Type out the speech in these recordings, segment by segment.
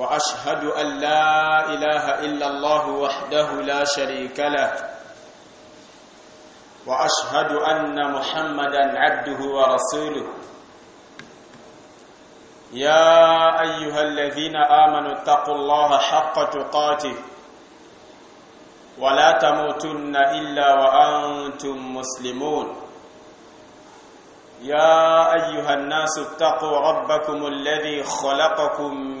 واشهد ان لا اله الا الله وحده لا شريك له واشهد ان محمدا عبده ورسوله يا ايها الذين امنوا اتقوا الله حق تقاته ولا تموتن الا وانتم مسلمون يا ايها الناس اتقوا ربكم الذي خلقكم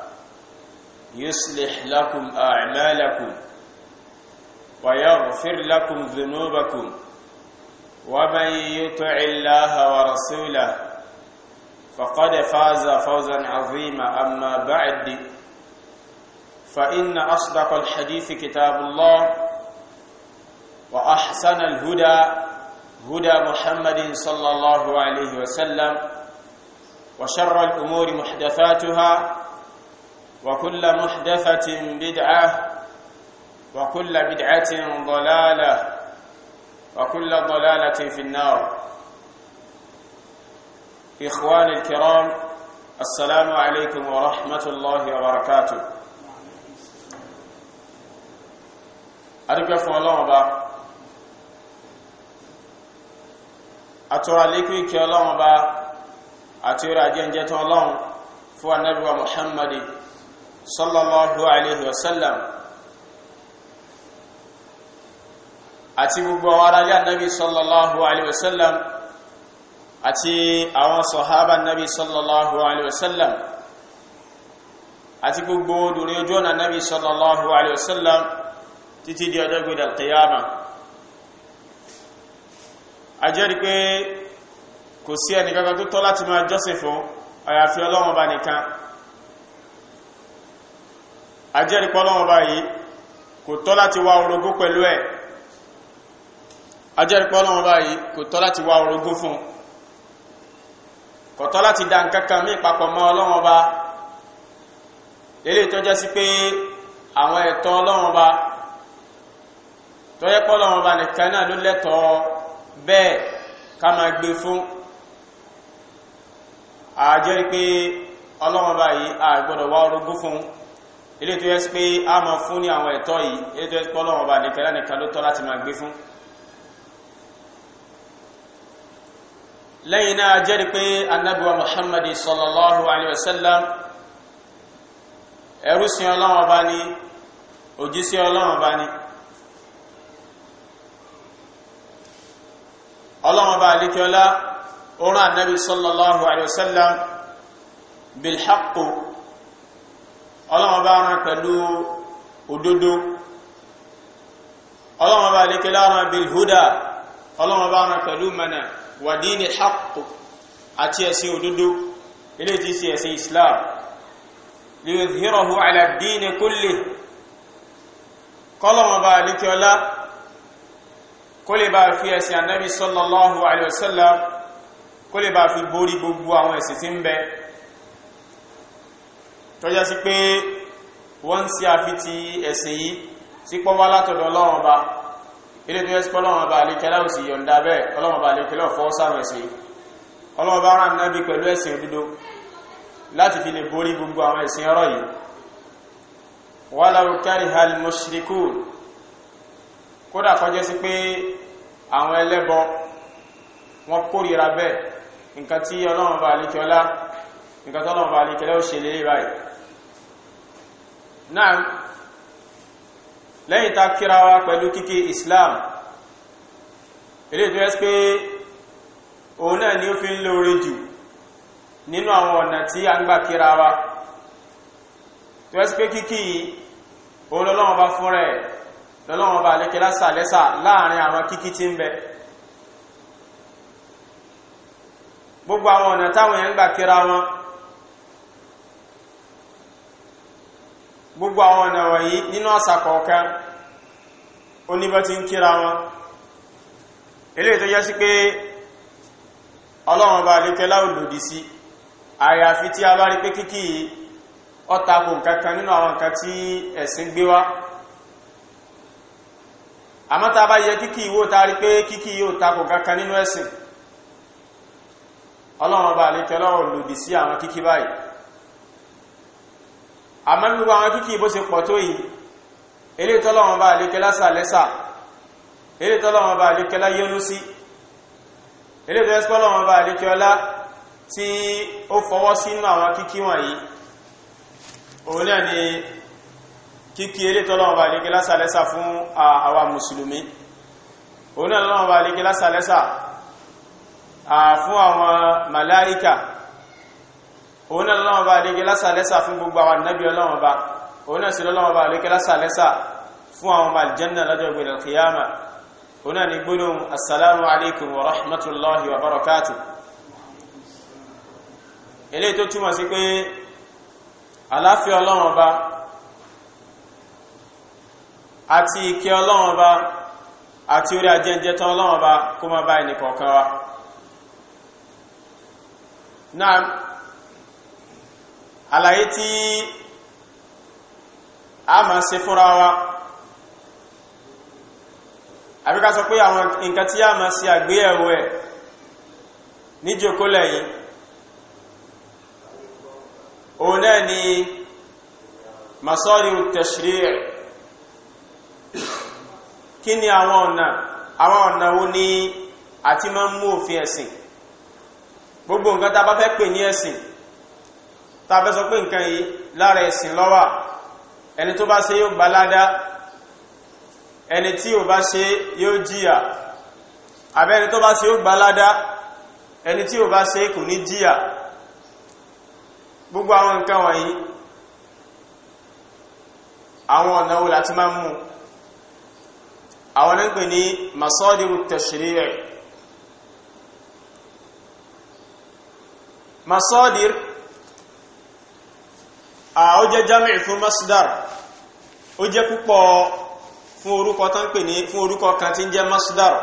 يصلح لكم أعمالكم ويغفر لكم ذنوبكم ومن يطع الله ورسوله فقد فاز فوزا عظيما أما بعد فإن أصدق الحديث كتاب الله وأحسن الهدى هدى محمد صلى الله عليه وسلم وشر الأمور محدثاتها وكل محدثة بدعة وكل بدعة ضلالة وكل ضلالة في النار إخوان الكرام السلام عليكم ورحمة الله وبركاته أرجو الله با أترى كي الله با أترى جنجة الله فوى النبي محمد sallallahu alayhi wa sallam àti gbogbo àwọn aráyà nabi sallallahu alayhi wa sallam àti àwọn sọ̀hábà nabi sallallahu alayhi wa sallam àti gbogbo olùrí ojú ọ̀nà nabi sallallahu alayhi wa sallam títí di ọjọ́ gbẹ̀dẹ̀ alqiyama a jẹ́rìí pé kò sí ẹnìkankan tó tọ́ láti máa jọ́sìn fún àyàfi Ọlọ́run bá nìkan ajẹ́rìpọ́lọ́wọ́ báyìí kò tọ́ láti wá orogún pẹ̀lú ẹ̀ ajẹ́rìpọ́lọ́wọ́ báyìí kò tọ́ láti wá orogún fún kò tọ́ láti dá nǹkankan mí papọ̀ mọ́ Ọlọ́run Ọba lélè tó jẹ́ sí pé àwọn ẹ̀tọ́ Ọlọ́run Ọba tó yẹ pé Ọlọ́run Ọba nìkan náà ló lẹ́tọ̀ọ́ bẹ́ẹ̀ ká máa gbé fún àjẹ́rí pé Ọlọ́run Ọba yìí wá orogún fún ilé tó yẹ sí pé a máa fún ní àwọn ẹ̀tọ́ yìí ilé tó yẹ sí pé ọlọ́run ọba àdékẹ́lá nìkan ló tọ́ láti máa gbé fún lẹ́yìn náà jẹ́rìí pé anábíwá muhammad sallallahu alayhi wa sallam ẹrú sí ọlọ́run ọba ní òjíṣẹ́ ọlọ́run ọba ní ọlọ́run ọba àdékẹ́lá ó rán anábí sallallahu alayhi wa sallam bilhaqq ọlọ́run bá rán pẹ̀lú òdodo ọlọ́run bá lékè láàrán bilhuda ọlọ́run bá rán pẹ̀lú mẹ́nà wàdíni haqqu àti ẹ̀sìn òdodo ilé tí sí ẹ̀sìn islam liyuzhirahu ala ad-din kulli kọ́lọ́run bá lékè ọlá kó lè bá fi ẹ̀sìn ànábì sallallahu alaihi wasallam fi borí gbogbo àwọn ẹ̀sìn tí ń bẹ tọ́já sí pé wọ́n sí àfi ti ẹ̀sìn yìí sí pọ́nwá látọ̀dọ̀ ọlọ́run ọba ilé tó yẹ sí pọ́lọ́run ọba àlékẹ́ láò sì yọ̀ǹda bẹ́ẹ̀ ọlọ́run ọba àlékẹ́ lọ́ọ̀ fọ́ sáwọn ẹ̀sìn ọlọ́run ọba rán nábì pẹ̀lú ẹ̀sìn òdodo láti fi lè borí gbogbo àwọn ẹ̀sìn ọ̀rọ̀ yìí walaw kariha al kórìíra bẹ́ẹ̀ nǹkan tí ọlọ́run ọba àlékẹ́ ṣe lélẹ́ báyìí naan lẹ́yìn ta kíra wa pẹ̀lú kíkí islam ilé tó yẹ́sí pé ni ó fi ń lóore jù nínú àwọn ọ̀nà tí a ń gbà kíra wa tó yẹ́sí pé kíkí òun lọ́lọ́wọ́ bá fún bá lẹ́kẹ́ lásà lẹ́sà láàrin gbogbo àwọn ọ̀nà táwọn yẹn ń gbà gbogbo àwọn ọ̀nà wọ̀nyí nínú àṣà kọ̀ọ̀kan oníbọ́ ti ń kíra wọn eléyìí tó sí pé ọlọ́run bá lékẹ́lá ò sí àyàfi tí a bá rí pé kíkí ọtakò nǹkankan nínú àwọn nǹkan tí ẹ̀sìn gbé wá àmọ́ bá yẹ kíkí ìwò tá rí pé kíkí yóò takò kankan nínú ẹ̀sìn ọlọ́run bá àmọ́ gbogbo àwọn dúkìá bó ṣe pọ̀ tó yìí ilé tọ́lọ́wọ́n bá àlékẹ́ lásà lẹ́sà ilé tọ́lọ́wọ́n bá àlékẹ́ láyénú sí ilé tọ́lọ́wọ́n bá àlékẹ́ ọlá tí ó fọwọ́ sínú àwọn kíkí wọ̀nyí òun náà ni kíkí ilé tọ́lọ́wọ́n bá àlékẹ́ lásà lẹ́sà fún àwa mùsùlùmí òun náà lọ́wọ́n bá àlékẹ́ lásà lẹ́sà fún àwọn màláíkà òun náà lọ́wọ́ bá adéke lásàlẹ́sà fún gbogbo àwọn ànábì ọlọ́wọ́ bá òun náà sì lọ́wọ́ bá adéke lásàlẹ́sà fún àwọn ọmọ aljanna lọ́jọ́ ìgbèrè kìyàmà òun náà ní gbónúhùn assalamu alaikum wa rahmatullahi wa barakatuh eléyìí tó túmọ̀ sí pé àláfíà ọlọ́wọ́ bá àti ìkẹ́ ọlọ́wọ́ bá àti orí ajẹ́jẹ́ tán ọlọ́wọ́ bá kó má bá ẹnì kọ̀ọ̀kan wa àlàyé tí a ma fúnra wa àbíká sọ pé àwọn nǹkan tí a máa ṣe àgbéyẹ̀wò ẹ̀ yìí òun náà ni masọ́rìrù tashri' kí ni àwọn ọ̀nà àwọn ọ̀nà wo ni ati ma ń mú òfin ẹ̀sìn gbogbo nǹkan tá a bá fẹ́ pè tàbẹ́ sọ pé nǹkan yìí lára ẹ̀sìn lọ́wà ẹni tó bá ṣe yóò gba ládá ẹni tí ò bá ṣe yóò jìyà àbẹ́ ẹni tó bá ṣe yóò gba ẹni tí ò bá ṣe kò ní jìyà gbogbo àwọn nǹkan wọ̀nyí àwọn ọ̀nà wo láti máa mú àwọn náà ní masọ́dìrù tashri' masọ́dìrù ó jẹ́ jami' fún masdar ó jẹ́ púpọ̀ fún orúkọ tán pè ní fún orúkọ kan tí ń jẹ́ masdar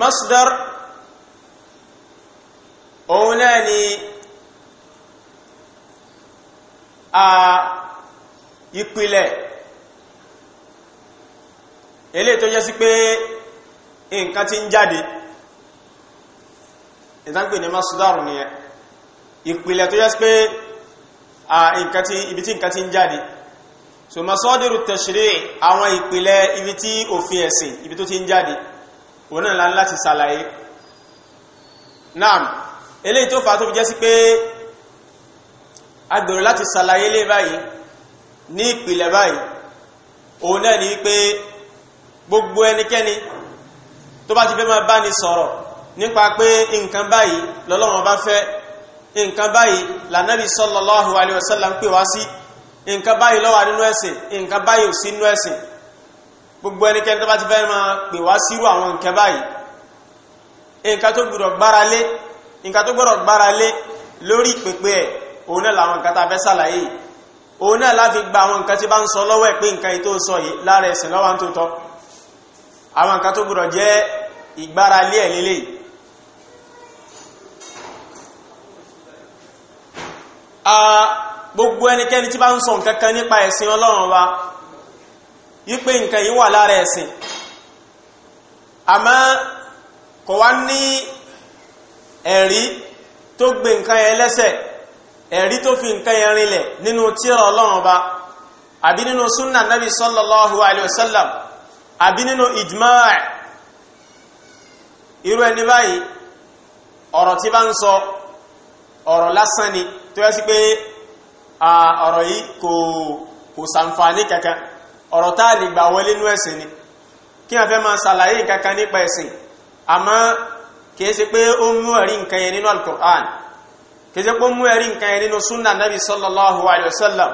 masdar òun náà ni a ìpìlẹ̀ eléyìí tó jẹ́ sí pé nǹkan tí ń jáde ìtànpè ní masdar nìyẹn ìpìlẹ̀ tó yẹ́ sí pé ibi tí nǹkan ti ń jáde so masadiru tashri' àwọn ìpìlẹ̀ ibi tí òfin ẹ̀sìn ibi tó ti ń jáde òun náà láti ṣàlàyé naam eléyìí tó fà tó fi jẹ́ sí pé agbèrò láti ṣàlàyé lé báyìí ní ìpìlẹ̀ báyìí òun náà ni pé gbogbo ẹnikẹ́ni tó bá ti fẹ́ máa bá ní sọ̀rọ̀ nípa pé nǹkan báyìí lọ́lọ́wọ́n bá fẹ́ nǹkan báyìí lànàbí sallallahu alayhi wa sallam ń pè wá sí nǹkan báyìí ló wà nínú ẹ̀sìn nǹkan báyìí ò sí nínú ẹ̀sìn gbogbo ẹnikẹ́ni tó bá ti fẹ́ máa pè wá sírú àwọn nǹkan báyìí nǹkan tó gbọ́dọ̀ gbára lé nǹkan tó gbọ́dọ̀ gbára lé lórí ìpèpè ẹ̀ òun náà làwọn nǹkan tá a fẹ́ sàlàyé òun náà láfi gba àwọn nǹkan tí bá ń sọ lọ́wọ́ ẹ̀ pé nǹkan yìí tó sọ yìí gbogbo ẹnikẹ́ni tí bá ń sọ nǹkan kan nípa ẹ̀sìn ọlọ́run wa wípé nǹkan yìí wà lára ẹ̀sìn àmọ́ kò wá ní ẹ̀rí tó gbé nǹkan yẹn lẹ́sẹ̀ ẹ̀rí tó fi nǹkan yẹn rinlẹ̀ nínú tírà ọlọ́run ọba àbí nínú sunna nábì sallallahu alayhi wa sallam àbí nínú ijmaa irú ẹni báyìí ọ̀rọ̀ tí bá ń sọ ọ̀rọ̀ lásán ni tó yẹ sí pé ọ̀rọ̀ yìí kò kò sàǹfààní kankan ọ̀rọ̀ tá a lè gbà wọlé nú ẹ̀sìn ni kí wọ́n fẹ́ máa ṣàlàyé nǹkan kan nípa ẹ̀sìn àmọ́ kìí ṣe pé ó mú ẹ̀rí nǹkan yẹn nínú alukur'an kìí ṣe pé ó mú ẹ̀rí nǹkan yẹn nínú sunna nabi sallallahu alayhi wa sallam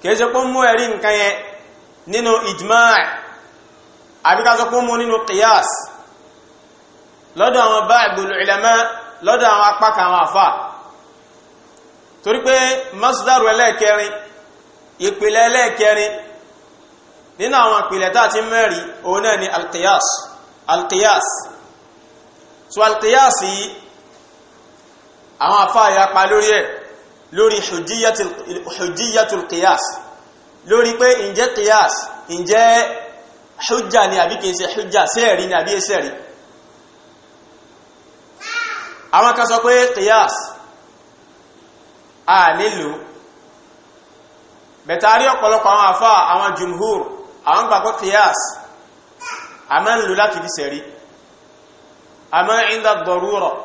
kìí ṣe pé ó mú ẹ̀rí nǹkan yẹn nínú ijmaa àbí ká sọ pé ó mú nínú qiyas lọ́dọ̀ àwọn ba'dul ulama lọ́dọ̀ àwọn apá kan àwọn àfáà torí pé masdaru ẹlẹ́ẹ̀kẹrin ìpìlẹ̀ ẹlẹ́ẹ̀kẹrin nínú àwọn ìpìlẹ̀ tá ti mẹ́rin òun náà ni alqiyas alqiyas so alqiyas yìí àwọn afá ìyapa lórí ẹ̀ lórí hujjiyatul qiyas lórí pé ǹjẹ́ qiyas ǹjẹ́ hujja ni àbí kìí ṣe hujja sẹ́ẹ̀rí ni àbí ẹsẹ̀rí àwọn kan sọ pé qiyas a nílò bẹ̀tàrí ọ̀pọ̀lọpọ̀ àwọn àfá àwọn jùmhur àwọn gbàgbọ́ kìyàs a máa ń lò láti fi sẹ̀rí a máa ń dá dọ̀rúrọ̀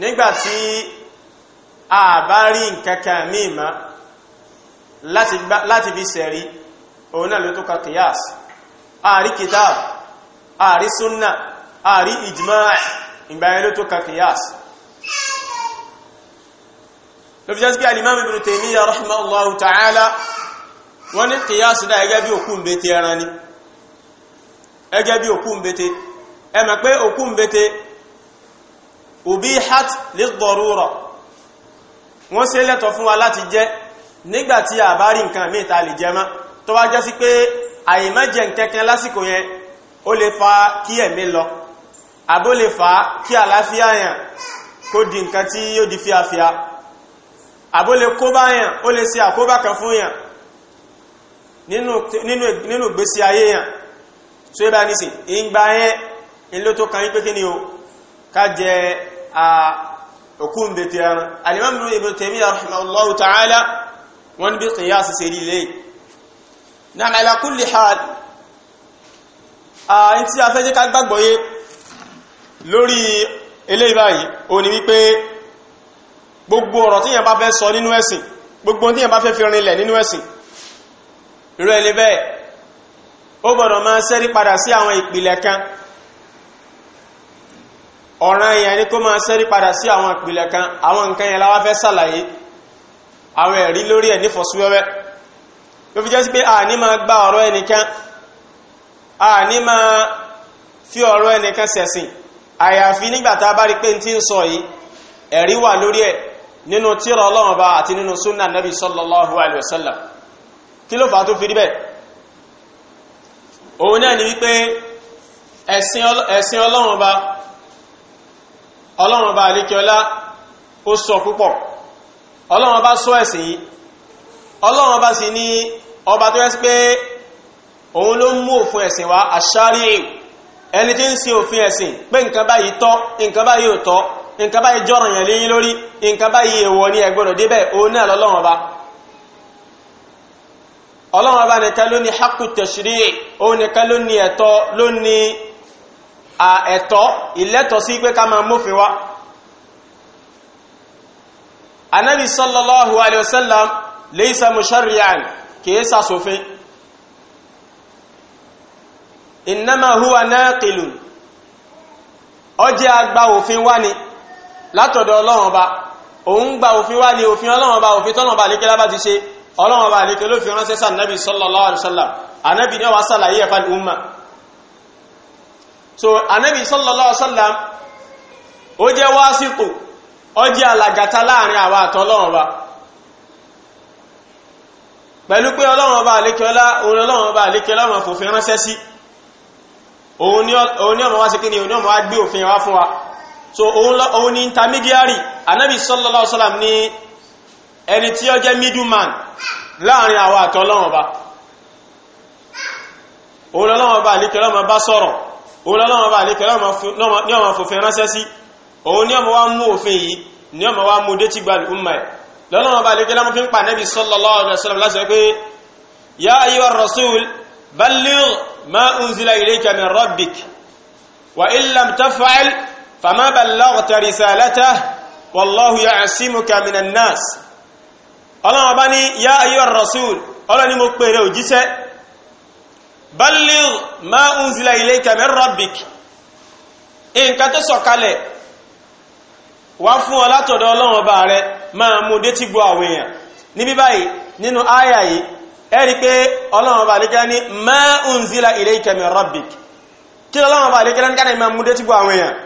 nígbàtí a bá rí nkankan mímá láti fi sẹ̀rí òun náà ló tó ka kìyàs a rí kitab a rí súnnà a rí ìjìmá ìgbàyẹ̀ ló tó ka kìyàs ló fi jásí pé alimami ibn Taymiyyah rahimahullahu ta'ala wọ́n ní kìyàsí dá ẹgẹ́ bí òkú mbete ẹran ni ẹgẹ́ bí òkú mbete ẹ mọ̀ pé òkú mbete ubihat lid-darura wọ́n ṣe lẹ́tọ̀ fún wa láti jẹ nígbàtí àbárí nǹkan míì ta lè jẹ mọ́ tó wá jásí pé àìmọ́jẹ nkẹ́kẹ́ lásìkò yẹn ó lè fa kí ẹ̀mí lọ àbó lè fa kí àlàáfíà yẹn kó di nǹkan tí yóò di fíafíà àbó lè kó bá yàn ó lè ṣe àkóbá kan fún yàn nínú ìgbésí ayé yàn tó yẹ bá ní sí ìgbà yẹn ìlú tó kan yí pé kí ni o ká jẹ òkú ń bètè ẹran alimami ibn Taymiyyah rahimahullahu ta'ala wọ́n bí qiyas ṣe rí lè náà ala kulli hal àyí tí a fẹ́ jẹ́ ká gbàgbọ́yé lórí eléyìí báyìí ó ní wípé gbogbo ọ̀rọ̀ tí yẹn bá fẹ́ sọ nínú ẹ̀sìn gbogbo tí yẹn bá fẹ́ fi rinlẹ̀ nínú ẹ̀sìn irú ẹni bẹ́ẹ̀ ó gbọ́dọ̀ máa ṣẹ́rí padà sí àwọn ìpìlẹ̀ kan ọ̀ràn yẹn ni kó máa ṣẹ́rí padà sí àwọn ìpìlẹ̀ kan àwọn nǹkan yẹn la wá fẹ́ ṣàlàyé àwọn ẹ̀rí lórí ẹ̀ nífọ̀síwẹ́wẹ́ ló fi jẹ́ sí pé àní máa gba ọ̀rọ̀ ẹnìkan àní máa fi ọ̀rọ̀ ẹnìkan ṣẹ̀sìn àyàfi nígbà tá a bá rí pé n ti ń sọ yìí ẹ̀rí wà lórí ẹ̀ nínú tírà ọlọ́run bá àti nínú súnà nabi sallallahu alaihi wasallam kí ló fà tó fi rí bẹ́ẹ̀ òun náà ni wípé ẹ̀sìn ọlọ́run bá ọlọ́run bá alékiọlá ó sọ púpọ̀ ọlọ́run bá sọ ẹ̀sìn yìí ọlọ́run bá sì ní ọba tó rẹ́sí pé òun ló mú òfin ẹ̀sìn wá àṣárí ẹni tí ń sin òfin ẹ̀sìn pé nǹkan báyìí tọ́ nǹkan báyìí ò tọ́ nǹkan báyìí jọ́ràn yẹn léyìn lórí nǹkan báyìí èèwọ̀ ní ẹgbọ́dọ̀ débẹ̀ òun náà lọ́lọ́wọ́n ọba ọlọ́wọ́n ọba nìkan ló ní haqqu tashri' òun nìkan ló ní ẹ̀tọ́ ló ní ẹ̀tọ́ ìlẹ́tọ̀ sí pé ká máa mófin wá anabi sallallahu alayhi wa sallam kìí sàsòfin innama huwa naqilun ó jẹ́ agba òfin wá ni látọ̀dọ̀ ọlọ́run ọba òun gba òfin wá ní òfin ọlọ́run ọba òfin tọ́lọ́run ọba àlékẹ́ lábá ti ṣe ọlọ́run ọba àlékẹ́ ló fi ránṣẹ́ sí ànábì sallallahu alaihi wasallam ànábì náà wá sàlàyé ẹ̀fà umma so ànábì sallallahu alaihi wasallam ó jẹ́ wásìkò ó jẹ́ alàgàtà láàrin àwa àtọ́lọ́run ọba pẹ̀lú pé ọlọ́run ọba àlékẹ́ ọlá òun ọlọ́run ọba àlékẹ́ lọ́mọ fòfin ránṣẹ́ sí òun ni ọmọ wá ni òun ni ọmọ wá gbé so òun ni intermediary anabi sallallahu alaihi wasallam ni ẹni tí ó jẹ́ middleman láàrin àwọn àti Ọlọ́run Ọba òun Ọlọ́run Ọba àlékẹ́ lọ́mọ bá sọ̀rọ̀ òun Ọlọ́run Ọba àlékẹ́ ní ọmọ fòfin ránṣẹ́ sí òun ní ọmọ wá mú òfin yìí ní ọmọ wá mú dé ti gbà lùmọ̀ ẹ̀ lọ́lọ́run Ọba àlékẹ́ lọ́mọ fi ń pa anabi sallallahu alaihi wasallam láti pé ya ayyuha rasul balligh ma unzila ilayka min rabbik wa in lam فما بلغت رسالته والله يعصمك من الناس ọlọ́run ọba ní yá ayé rasul ọlọ́run ni mo pèrè òjíṣẹ́ balil ma unzila ilayka min rabbik nǹkan tó sọ̀kalẹ̀ wá fún ọ látọ̀dọ̀ ọlọ́run ọba rẹ máa mú dé tí gbọ́ àwọn èèyàn níbí báyìí nínú àyà yìí ẹ̀rí pé ọlọ́run ọba àlejò ní ma unzila ilayka min rabbik kí ọlọ́run ọba àlejò ní ká ní máa mú dé tí gbọ́ àwọn èèyàn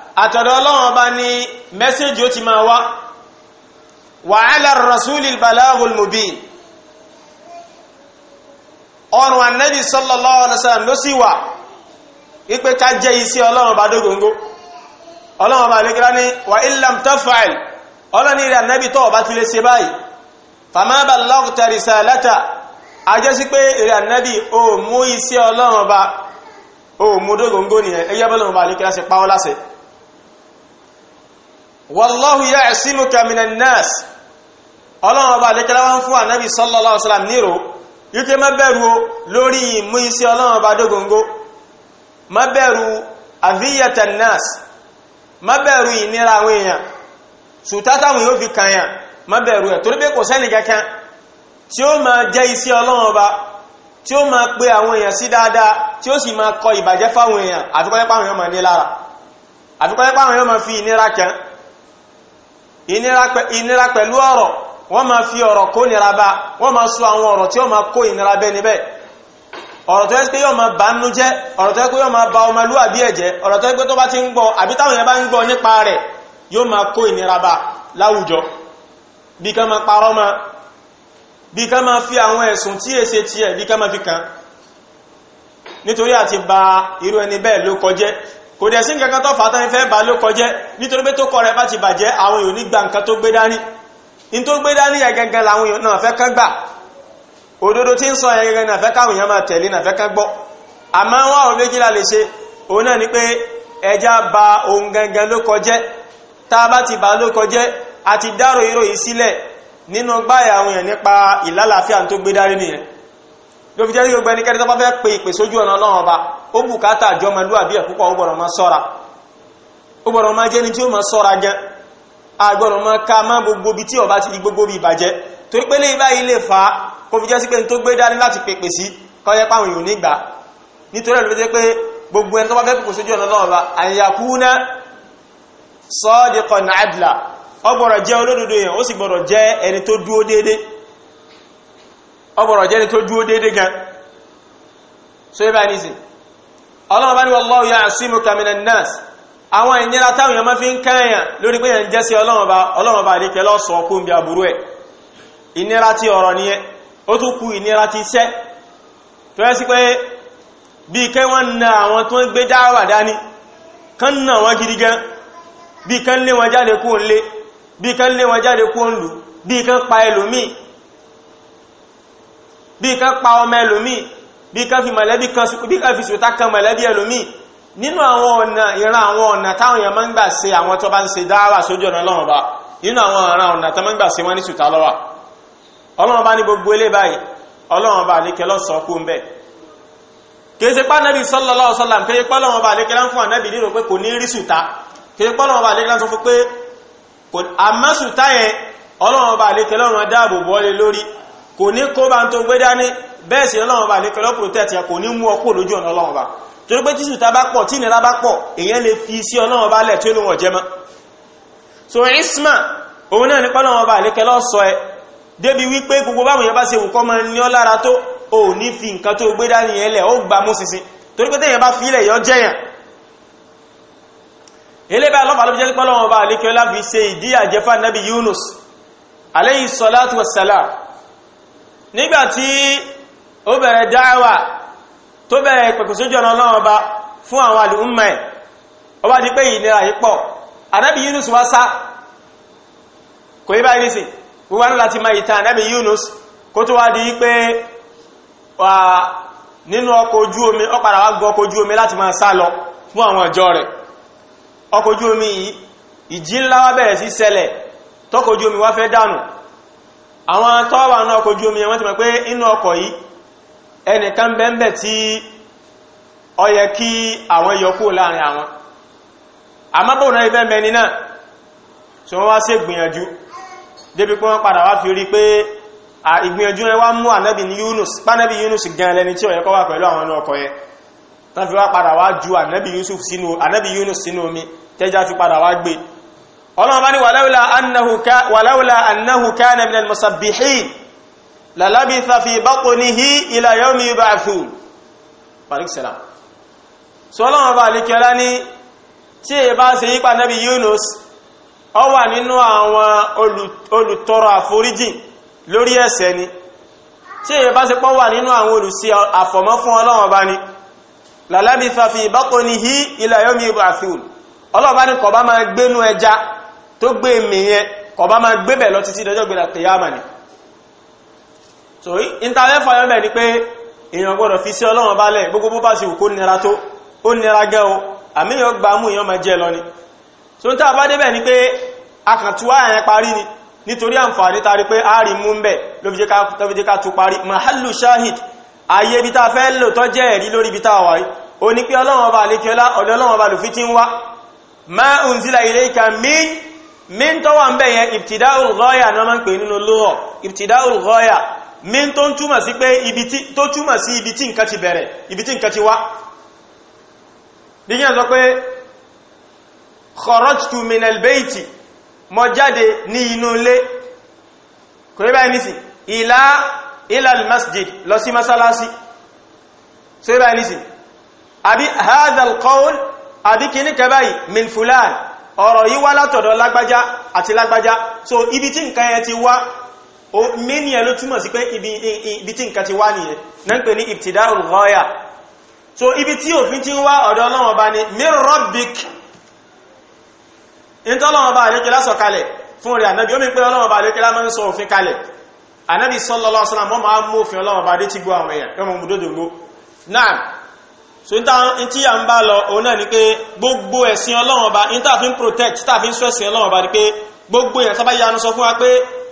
àtọ̀dọ̀ ọlọ́run ọba ni mẹ́sẹ̀jì ó ti máa wá wa ala rasúlì balagul mubin ọrùn ànábì sallallahu alaihi wasallam ló sì wà wípé ká jẹ́ iṣẹ́ ọlọ́run ọba dógóngó ọlọ́run ọba àlekíra ní wa illam taf'al ọlọ́ni ilẹ̀ ànábì tó ọba ti lè ṣe báyìí fama ballagta risalata ajẹ́sí pé ilẹ̀ ànábì ó mú iṣẹ́ wallahu ya'simuka minan nas ọlọ́run ọba àdékẹ́lá wá ń fún ànábì sallallahu alaihi wasallam nírò yíké má bẹ̀rù lórí ìmú iṣẹ́ ọlọ́run ọba dógóngó má bẹ̀rù adhiyatan nas má bẹ̀rù ìnira àwọn èèyàn sùtátàwọn yóò fi kàyàn má bẹ̀rù ẹ̀ torí pé kò sẹ́ni kankan tí ó máa jẹ́ iṣẹ́ ọlọ́run ọba tí ó máa pe àwọn èèyàn sí dáadáa tí ó sì máa kọ ìbàjẹ́ fáwọn èèyàn àfikọ́lẹ́pàwọn èèyàn máa ní lára àfikọ́lẹ́pàwọn èèyàn máa fi ìnira kàn ìnira pẹ̀lú ọ̀rọ̀ wọ́n máa fi ọ̀rọ̀ kó nira bá wọ́n máa sọ àwọn ọ̀rọ̀ tí ó máa kó ìnira bẹ́ níbẹ̀ ọ̀rọ̀ tó ẹ́ pé yọ́ máa bá nú jẹ́ ọ̀rọ̀ tó ẹ́ pé yọ́ máa ba ọmọlúwàbí ẹ̀jẹ́ ọ̀rọ̀ tó ẹ́ pé tó bá ti ń gbọ́ àbí táwọn èèyàn bá ń gbọ́ nípa rẹ̀ yóò máa kó ìnira bá láwùjọ bí ká máa parọ́ máa bí ká máa fi àwọn ẹ̀sùn tí èsè tiẹ̀ bí ká máa fi kàn nítorí àti ba irú ẹni bẹ́ẹ̀ ló kọjẹ́ kò dẹ̀ sí nǹkan tó fàtà ìfẹ́ bá ló kọjẹ́ nítorí pé tó kọ rẹ̀ bá ti bàjẹ́ àwọn èèyàn ní gba nǹkan tó gbé dání in tó gbé dání yẹn gangan làwọn èèyàn náà fẹ́ kán gbà òdodo tí ń sọ yẹn gangan náà fẹ́ káwọn èèyàn máa tẹ̀lé náà fẹ́ kán gbọ́ àmọ́ wọn ò méjìlá lè ṣe òun náà ni pé ẹja ba ohun gangan ló kọjẹ́ tá a bá ti bá ló kọjẹ́ a ti dárò ìró yìí sílẹ̀ nínú gbáyà àwọn èèyàn nípa pe ìpè sójú ọ̀nà ọlọ́run obu bùkátà àjọmọlúwàbí ẹ̀ púpọ̀ ó gbọ́dọ̀ máa sora ó gbọ́dọ̀ máa jẹ́ni tí ó máa sọ́ra ka ma gbogbo ọba ti gbogbo bi baje torí pé léyìí báyìí lè fà á kó fi jẹ́ sí pé n tó gbé dání láti pèpè sí kọ́yẹ́ gbogbo ẹni to bá fẹ́ pèpè sójú ọ̀nà ọba jẹ́ tó ọlọ́run bá ní wallahu ya'simuka minan nas àwọn ìnira táwọn èèyàn máa fi ń káyàn lórí pé yẹn jẹ́ sí ọlọ́run bá àdékẹ́ lọ́sọ̀ọ́ kó ń bí aburú ẹ̀ ìnira ti ọ̀rọ̀ nìyẹn ó tún kù ìnira ti iṣẹ́ tó yẹ sí pé bí kẹ́ wọ́n na àwọn tó ń gbé dáwà dání kán nà wọ́n gidi gan bí kán lé wọn bí ká fi mọ̀lẹ́bí kan bí ká fi ṣòta kan mọ̀lẹ́bí ẹlòmíì nínú àwọn ọ̀nà ìran àwọn ọ̀nà táwọn èèyàn máa ń gbà ṣe àwọn tó bá ń ṣe dáwà sójú ọ̀nà ọlọ́run bá nínú àwọn ọ̀nà ọ̀nà tó máa ń gbà ṣe wọ́n ní ṣùtà lọ́wà ọlọ́run bá ní gbogbo ilé báyìí ọlọ́run bá ní kẹlọ́ sọ kú ń bẹ̀ pa pá nẹ́bí sallallahu alaihi wasallam kéèṣe pá ọlọ́run bá ní kẹlá ń fún ànẹ́bí nínú pé kò ní rí ṣùtà kéèṣe pá ọlọ́run bá ní kẹlá ń sọ fún pé àmọ́ ṣùtà yẹn ọlọ́run bá ní kẹlá ń dáàbò bọ́lé lórí kò ní kó bá ń tó gbé dání bẹ́ẹ̀ sì lọ́wọ́ bá lékẹ́ lọ́ protect yẹ kò ní mú ọkọ̀ lójú ọ̀nà ọlọ́wọ́ bá torí pé títù ta bá pọ̀ tí ìnira bá pọ̀ èyàn lè fi sí ọlọ́wọ́ bá lẹ̀ tí ó lè wọ̀n jẹmọ́ so isma òun náà nípa lọ́wọ́ bá lékẹ́ lọ́ sọ ẹ débi wípé gbogbo báwọn yẹn bá ṣe wùkọ́ mọ́ ní ọ lára tó ò ní fi nǹkan tó gbé dání yẹn lẹ̀ ó gbà mú sinsin torí pé téèyàn bá fi ilẹ̀ yọ jẹ́yàn eléba alọ́fà ló fi jẹ́ pé lọ́wọ́ bá lékẹ́ ọlá fi ṣe ìdí àjẹfà nabi Yunus alayhi salatu wassalam nígbàtí ó bẹ̀rẹ̀ dáwà tó bẹ̀rẹ̀ pẹ̀pẹ̀ sójú ọ̀nà Ọlọ́run ọba fún àwọn àlùmọ̀ ẹ̀ ọ bá di pé ìnira yìí pọ̀ ànábì Yunus wá sá kò yí báyìí nísìn gbogbo anú láti máa ìta ànábì Yunus kó tó wá di pé wà nínú ọkọ̀ ojú omi ó padà wá ojú omi láti máa sá lọ fún àwọn ọjọ́ rẹ̀ ọkọ̀ ojú omi ìjì ńlá wá bẹ̀rẹ̀ sí omi wá fẹ́ dànù àwọn tọ́wà náà ọkọ̀ omi yẹn wọ́n ti mọ̀ pé ẹnìkan bẹ́ẹ̀bẹ̀ tí ó yẹ kí àwọn yọkú láàrin àwọn àmábòrò náà ibẹ́ mẹni náà tí wọ́n wá sí ìgbìyànjú débi pé wọ́n padà wá fi rí pé ìgbìyànjú rẹ̀ wá mú ànábì Yunus pánábì Yunus gan lẹni tí ó yẹ wà pẹ̀lú àwọn ọkọ̀ yẹ tán fi wá padà wá ju ànábì Yunus sínú omi tẹ́já fi padà wá gbé ọlọ́run bá ní wàláwùlá annahu kana minal musabbihin lalabitha fi batnihi ila yawmi yub'athun paríkìsìlá so ọlọ́run bá ní kẹlá ní tí è bá ṣe yípa nẹ́bí Yunus ọ wà nínú àwọn olùtọrọ àforíjìn lórí ẹ̀ṣẹ̀ ni tí è bá ṣe pọ́ wà nínú àwọn olùsí àfọ̀mọ́ fún ọlọ́run bá ní lalabitha fi batnihi ila yawmi yub'athun ọlọ́run bá ní kó bá máa gbénú ẹja tó gbé mìíyẹn kó máa gbébẹ̀ lọ títí dọjọ́ gbéra so ìntàwẹ́ fàyọ́ bẹ̀ ni pé èèyàn gbọ́dọ̀ fi sí ọlọ́run balẹ̀ gbogbo bó bá sì wù kó nira tó ó nira gẹ́ o àmì èèyàn gba mú èèyàn máa jẹ́ lọ ni so ń tàbá débẹ̀ ni pé akàntúwá yẹn parí ni nítorí àǹfààní tari pé a rí mú ń bẹ̀ ma unzila ilayka min min tọ́wà ń bẹ̀ yẹn ibtidaul ghaya náà min tó túmọ̀ sí pé ibi tí tó túmọ̀ sí ibi tí nǹkan ti bẹ̀rẹ̀ ibi tí nǹkan ti wá bí kí n sọ pé kharajtu min albayti mo jáde ní inú ilé kò rí báyìí nísìn ila ila almasjid lọ sí masalasi so rí báyìí nísìn àbí hadha alqawl àbí kíní kẹ min fulan ọ̀rọ̀ yí látọ̀dọ̀ lágbájá àti lágbájá so ibi tí nǹkan yẹn ti wá o mẹ́ni ẹ̀ ló sí pé ibi tí nǹkan ti wá nìyẹn na ń pè ní ibtida'ul ghaya so ibi tí òfin ti ń wá ọ̀dọ̀ ọlọ́wọ̀n bá ní min in tó ọlọ́wọ̀n bá àlékelá sọ kalẹ̀ fún rẹ̀ ànábì omi pé ọlọ́wọ̀n bá àlékelá máa ń sọ òfin kalẹ̀ ànábì sallallahu so protect sọ ẹ̀sìn ọlọ́wọ̀n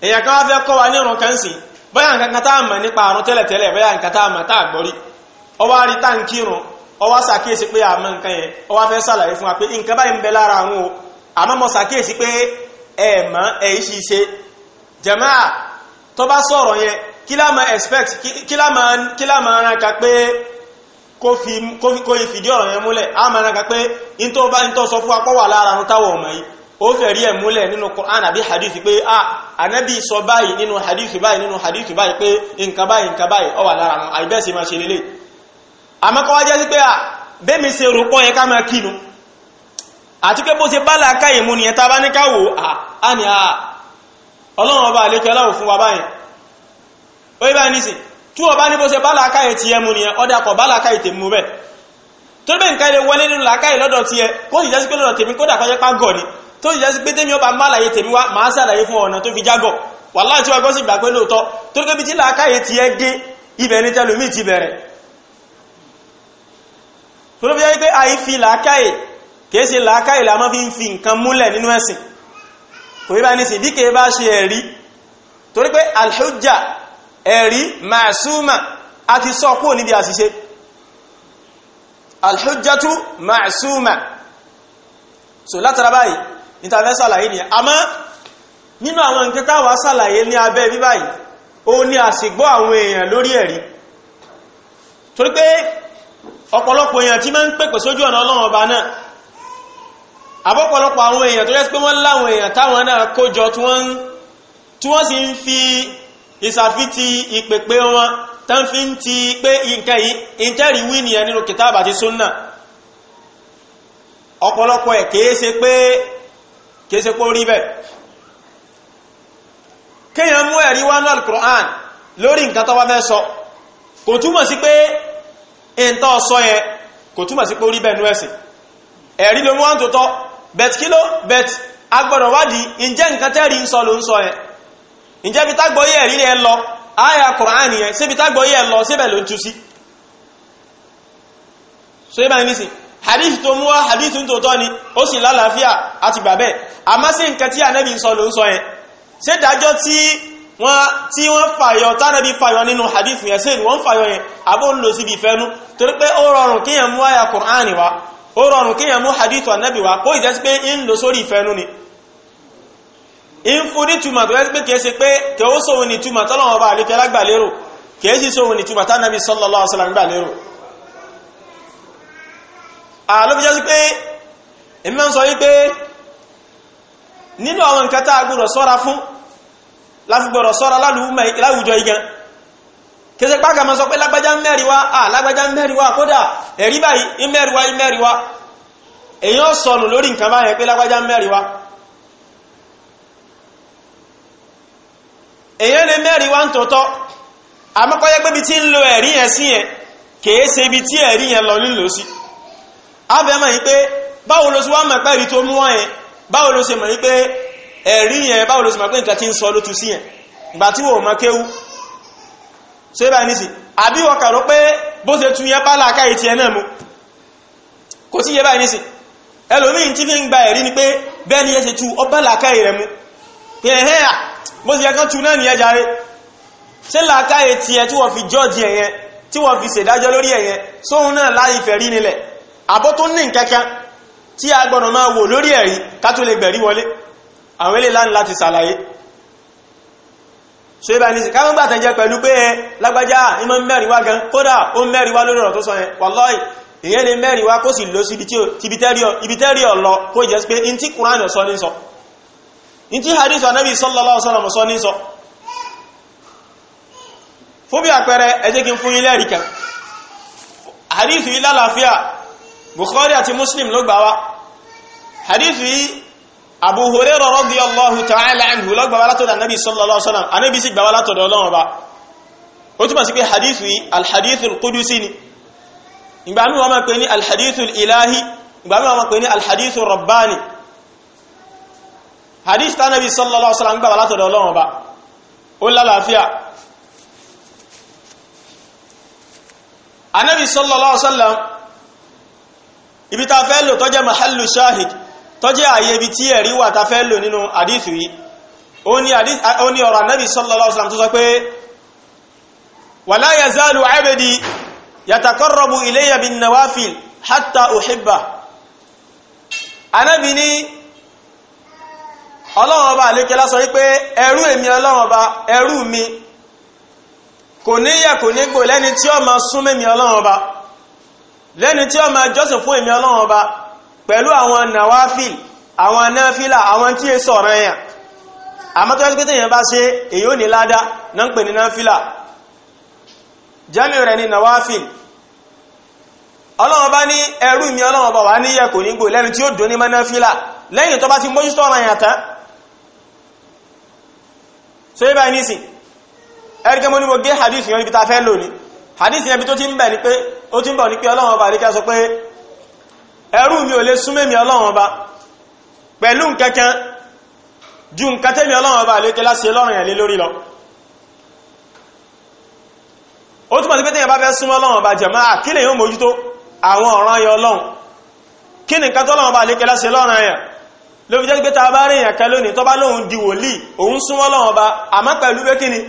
èyàn kan wá fẹ́ kọ́ wa ní ọ̀rọ̀ kan sí bóyá nǹkan kan tá a mọ̀ nípa àrùn tẹ́lẹ̀tẹ́lẹ̀ bóyá nǹkan tá a mọ̀ tá a gbọ́rí ọwọ́ àrí tá n kírun ọwọ́ sàkíyèsí pé àmọ́ nǹkan yẹn ọwọ́ fẹ́ sàlàyé fún wa pé nǹkan báyìí ń bẹ lára àwọn o àmọ́ mo sàkíyèsí pé ẹ mọ̀ ẹ tó bá sọ̀rọ̀ yẹn expect kí lá máa kí lá máa ran ka pé kó fi kó fìdí ọ̀rọ̀ yẹn múlẹ̀ á máa ran ka pé bá sọ fún wa pọ̀ wà ó fẹ̀rí ẹ̀ múlẹ̀ nínú Qur'an àbí hadithi pé a ah, anábì sọ báyìí nínú hadithi báyìí nínú hadithi báyìí pé nǹkan báyìí nǹkan báyìí ó wà lára wọn àìbẹ́sì máa ṣe lélẹ̀ àmọ́kọ́wá sí pé a ah, bẹ́mi ṣe rò pọ́ yẹ ká máa kínu àti pé bó ṣe bá mú nìyẹn tá a bá ní káwò ah, a ní a ọlọ́run ọba àlékẹ́ láwò fún wa báyìí ó yẹ báyìí nísìn tí wọ́n bá ní bó ṣe bá làákàyè tiẹ̀ mú nìyẹn ọdẹ akọ̀ bá làákàyè tèmi mú bẹ́ẹ̀ torí bẹ́ẹ̀ nǹkan ilé wọlé nínú làákàyè lọ́dọ̀ tiẹ̀ kó sì pé lọ́dọ̀ tèmi kódà kọjá pá ni tó sì jẹ́sí pé tẹ́mi ọba má àlàyé tèmi wá màá sàlàyé fún ọ̀nà tó fi jágọ̀ wàláhì tí wọ́n gbọ́ sí ìgbà pé lóòótọ́ tó kébi tí làákàyè ti ẹ́ dé ibẹ̀ ní tẹlomi ti bẹ̀rẹ̀ tó ló fi jẹ́ pé àì fi làákàyè kìí ṣe làákàyè la máa fi ń fi nǹkan múlẹ̀ nínú so látara báyìí ìtafẹ́ sàlàyé ni àmọ́ nínú àwọn nǹkan táwà sàlàyé ní abẹ́ bíbáyìí ó ní àsìgbọ́ àwọn èèyàn lórí ẹ̀rí torí pé ọ̀pọ̀lọpọ̀ èèyàn tí máa ń pèpè sójú ọ̀nà ọlọ́run ọba náà àbọ̀pọ̀lọpọ̀ àwọn èèyàn tó jẹ́ pé wọ́n láwọn èèyàn táwọn náà kójọ tí wọ́n sì ń fi ìsàfitì ọ̀pọ̀lọpọ̀ ẹ̀ kìí pé kéèsè pó rí bẹ́ẹ̀ kéèyàn mú ẹ̀rí wá náà al-Qur'an lórí nǹkan tó wá fẹ́ sọ kò túmọ̀ sí pé ìntọ́ sọ yẹn kò túmọ̀ sí pé ó rí bẹ́ẹ̀ nú ẹ̀sìn ẹ̀rí ló mú wá ń tó tọ́ bẹ̀t bet ló bẹ̀t agbọ̀dọ̀ wádìí ǹjẹ́ nǹkan tẹ́rí ń sọ ló ń sọ yẹn ǹjẹ́ bí tágbọ́yé ẹ̀rí rẹ̀ lọ àyà Qur'an yẹn síbi tágbọ́yé ẹ̀ lọ síbẹ̀ ló ń tú sí so yẹ́ hadith tó mú wá hadith tó tọ́ ni ó sì lálàáfíà àti gbàbẹ́ àmọ́ sí nǹkan tí ànẹ́bí sọ ló ń sọ yẹn ṣé dájọ́ tí wọ́n tí wọ́n fàyọ tánẹ́bí fàyọ nínú hadith yẹn ṣé wọ́n fàyọ yẹn àbó ń lò síbi ìfẹ́nu torí pé ó rọrùn kíyàn mú àyà Kùránì wá ó rọrùn kíyàn mú hadith ànẹ́bí wá kó ìjẹ́sí pé ń lò sórí ìfẹ́nu ni ń fún ní túmọ̀ tó yẹ pé kìí ṣe pé kìí ó sòwò ní túmọ̀ tọ́lọ́wọ́n bá àlékẹ́ lágbàlérò kìí sì sòwò ní túmọ̀ tánẹ́bí sallallahu alaihi wasallam àlóbíjá ah, sí pé èmi máa ń sọ wípé nínú àwọn nǹkan tá a gbọ́dọ̀ sọ́ra fún láti gbọ́dọ̀ sọ́ra láwùjọ igan kése pàkà máa sọ pé lágbájá mẹ́rìíwá à lágbájá mẹ́rìíwá kódà ẹ̀rí báyìí mẹ́rìíwá mẹ́rìíwá èyàn sọnù lórí nǹkan báyẹn pé lágbájá mẹ́rìíwá èyàn lè mẹ́rìíwá ń tòótọ́ àmọ́kọ́yẹ́ pé bí tí ń lo ẹ̀rí yẹn sí yẹn kèése bí tí ẹ̀rí yẹn lọ nílò sí abẹ́mọ̀ yìí pé báwo ló sì wá mọ̀ pé èyí tó mú wá yẹn báwo ló sì mọ̀ yìí pé ẹ̀rí yẹn báwo ló sì mọ̀ pé nǹkan tí ń sọ ló tu sí yẹn ìgbà tí wọ́n mọ̀ kéwú ṣé báyìí nìsí àbí wọ́n kà ló pé bó ṣe tu yẹn bá làákàyè tiẹ̀ náà mu kò sí yẹ báyìí nìsí ẹlòmíín tí fi ń gba ẹ̀rí ni pé bẹ́ẹ̀ ni yẹn ṣe tu ọ bá làákàyè rẹ̀ mu ẹ̀hẹ́ à bó ṣe yẹ kán tu náà nìyẹn járe ṣé làákàyè tiẹ̀ tí wọ́n fi jọ́ọ̀jì ẹ̀yẹn àbọ́ tó ní nkankan tí a gbọ́nà máa wò lórí ẹ̀rí ká tó lè gbẹ̀rí wọlé àwọn ilé láńlá ti sàlàyé ṣe bá ní ká mọ́gbà tẹ́jẹ́ pẹ̀lú pé eh, lágbájá ìmọ̀ mẹ́rin wá gan kódà ó mẹ́rin wá lórí ọ̀rọ̀ tó sọ yẹn wallahi ìyẹn lè mẹ́rin sallallahu alaihi wasallam sọ ní sọ fún bí àpẹẹrẹ ẹ jẹ́ kí lálàáfíà bukhari àti muslim ló gbà wá hadith yìí abu hurairah radiyallahu ta'ala anhu ló gbà wá látọ̀dọ̀ anabi sallallahu alaihi wasallam anabi sì gbà wá látọ̀dọ̀ ọlọ́run ba ó túmọ̀ sí pé hadith yìí alhadith alqudusi ni ìgbà mi wọ́n máa pè ní alhadith ilahi ìgbà mi wọ́n máa pè ní alhadith rabbani hadith tanabi sallallahu alaihi wasallam gbà wá látọ̀dọ̀ ọlọ́run ba ó lálàáfíà anabi sallallahu alaihi ibi ta fẹ́ lò tọ́jẹ́ mahallu shahid tọ́jẹ́ àyè ibi tí ẹ̀rí wà ta fẹ́ lò nínú àdífì yìí ó ní ọ̀rọ̀ anábì sallallahu alaihi wasallam tó sọ pé wala yazalu abdi yataqarrabu ilayya bin kò níyà kò nígbò lẹ́ni tí ó máa súnmẹ́mi ọlọ́run ọba lẹ́ni tí ó máa jọ́sìn fún èmi ọlọ́run ọba pẹ̀lú àwọn nawafil àwọn anáfílà àwọn tí è sọ̀rọ̀ ẹ̀yà àmọ́tọ́ ẹ́sì bá ṣe èyí ò ní ládá na ń pè ní náfílà jamiu rẹ̀ ni nawafil ọlọ́run ọba ní ẹrú mi ọlọ́run ọba wà ní yẹ kò ní gbò lẹ́ni tí ó dùn ní mọ́ náfílà lẹ́yìn tó bá ti mójú sọ̀rọ̀ ẹ̀yà tán so yíba ní sìn ẹ̀rí kẹ́mọ́ ní mo gé hadith yẹn bí tó ti ń bẹ̀ ni pé ó ti ń bọ̀ ni pé ọlọ́run ọba àríkà sọ pé ẹrú mi ò lè súnmẹ́mi ọlọ́run ọba pẹ̀lú nkankan ju nkan tẹ́mi ọlọ́run ọba àlékẹ́ láti ọlọ́run yẹn lé lórí lọ ó túnmọ̀ sí pé tẹ́yìn bá fẹ́ súnmọ́ ọlọ́run ọba jẹ̀mọ́ àkílẹ̀ yóò mójútó àwọn ọ̀ràn yọ ọlọ́run kí ni nkan tọ́lọ́run ọba àlékẹ́ láti ọlọ́run yẹn ló fi jẹ́ pé ta bá rí èèyàn lónìí tó bá lóun di wòlíì òun súnmọ́ ọlọ́run ọba àmọ́ pẹ̀lú pé kíni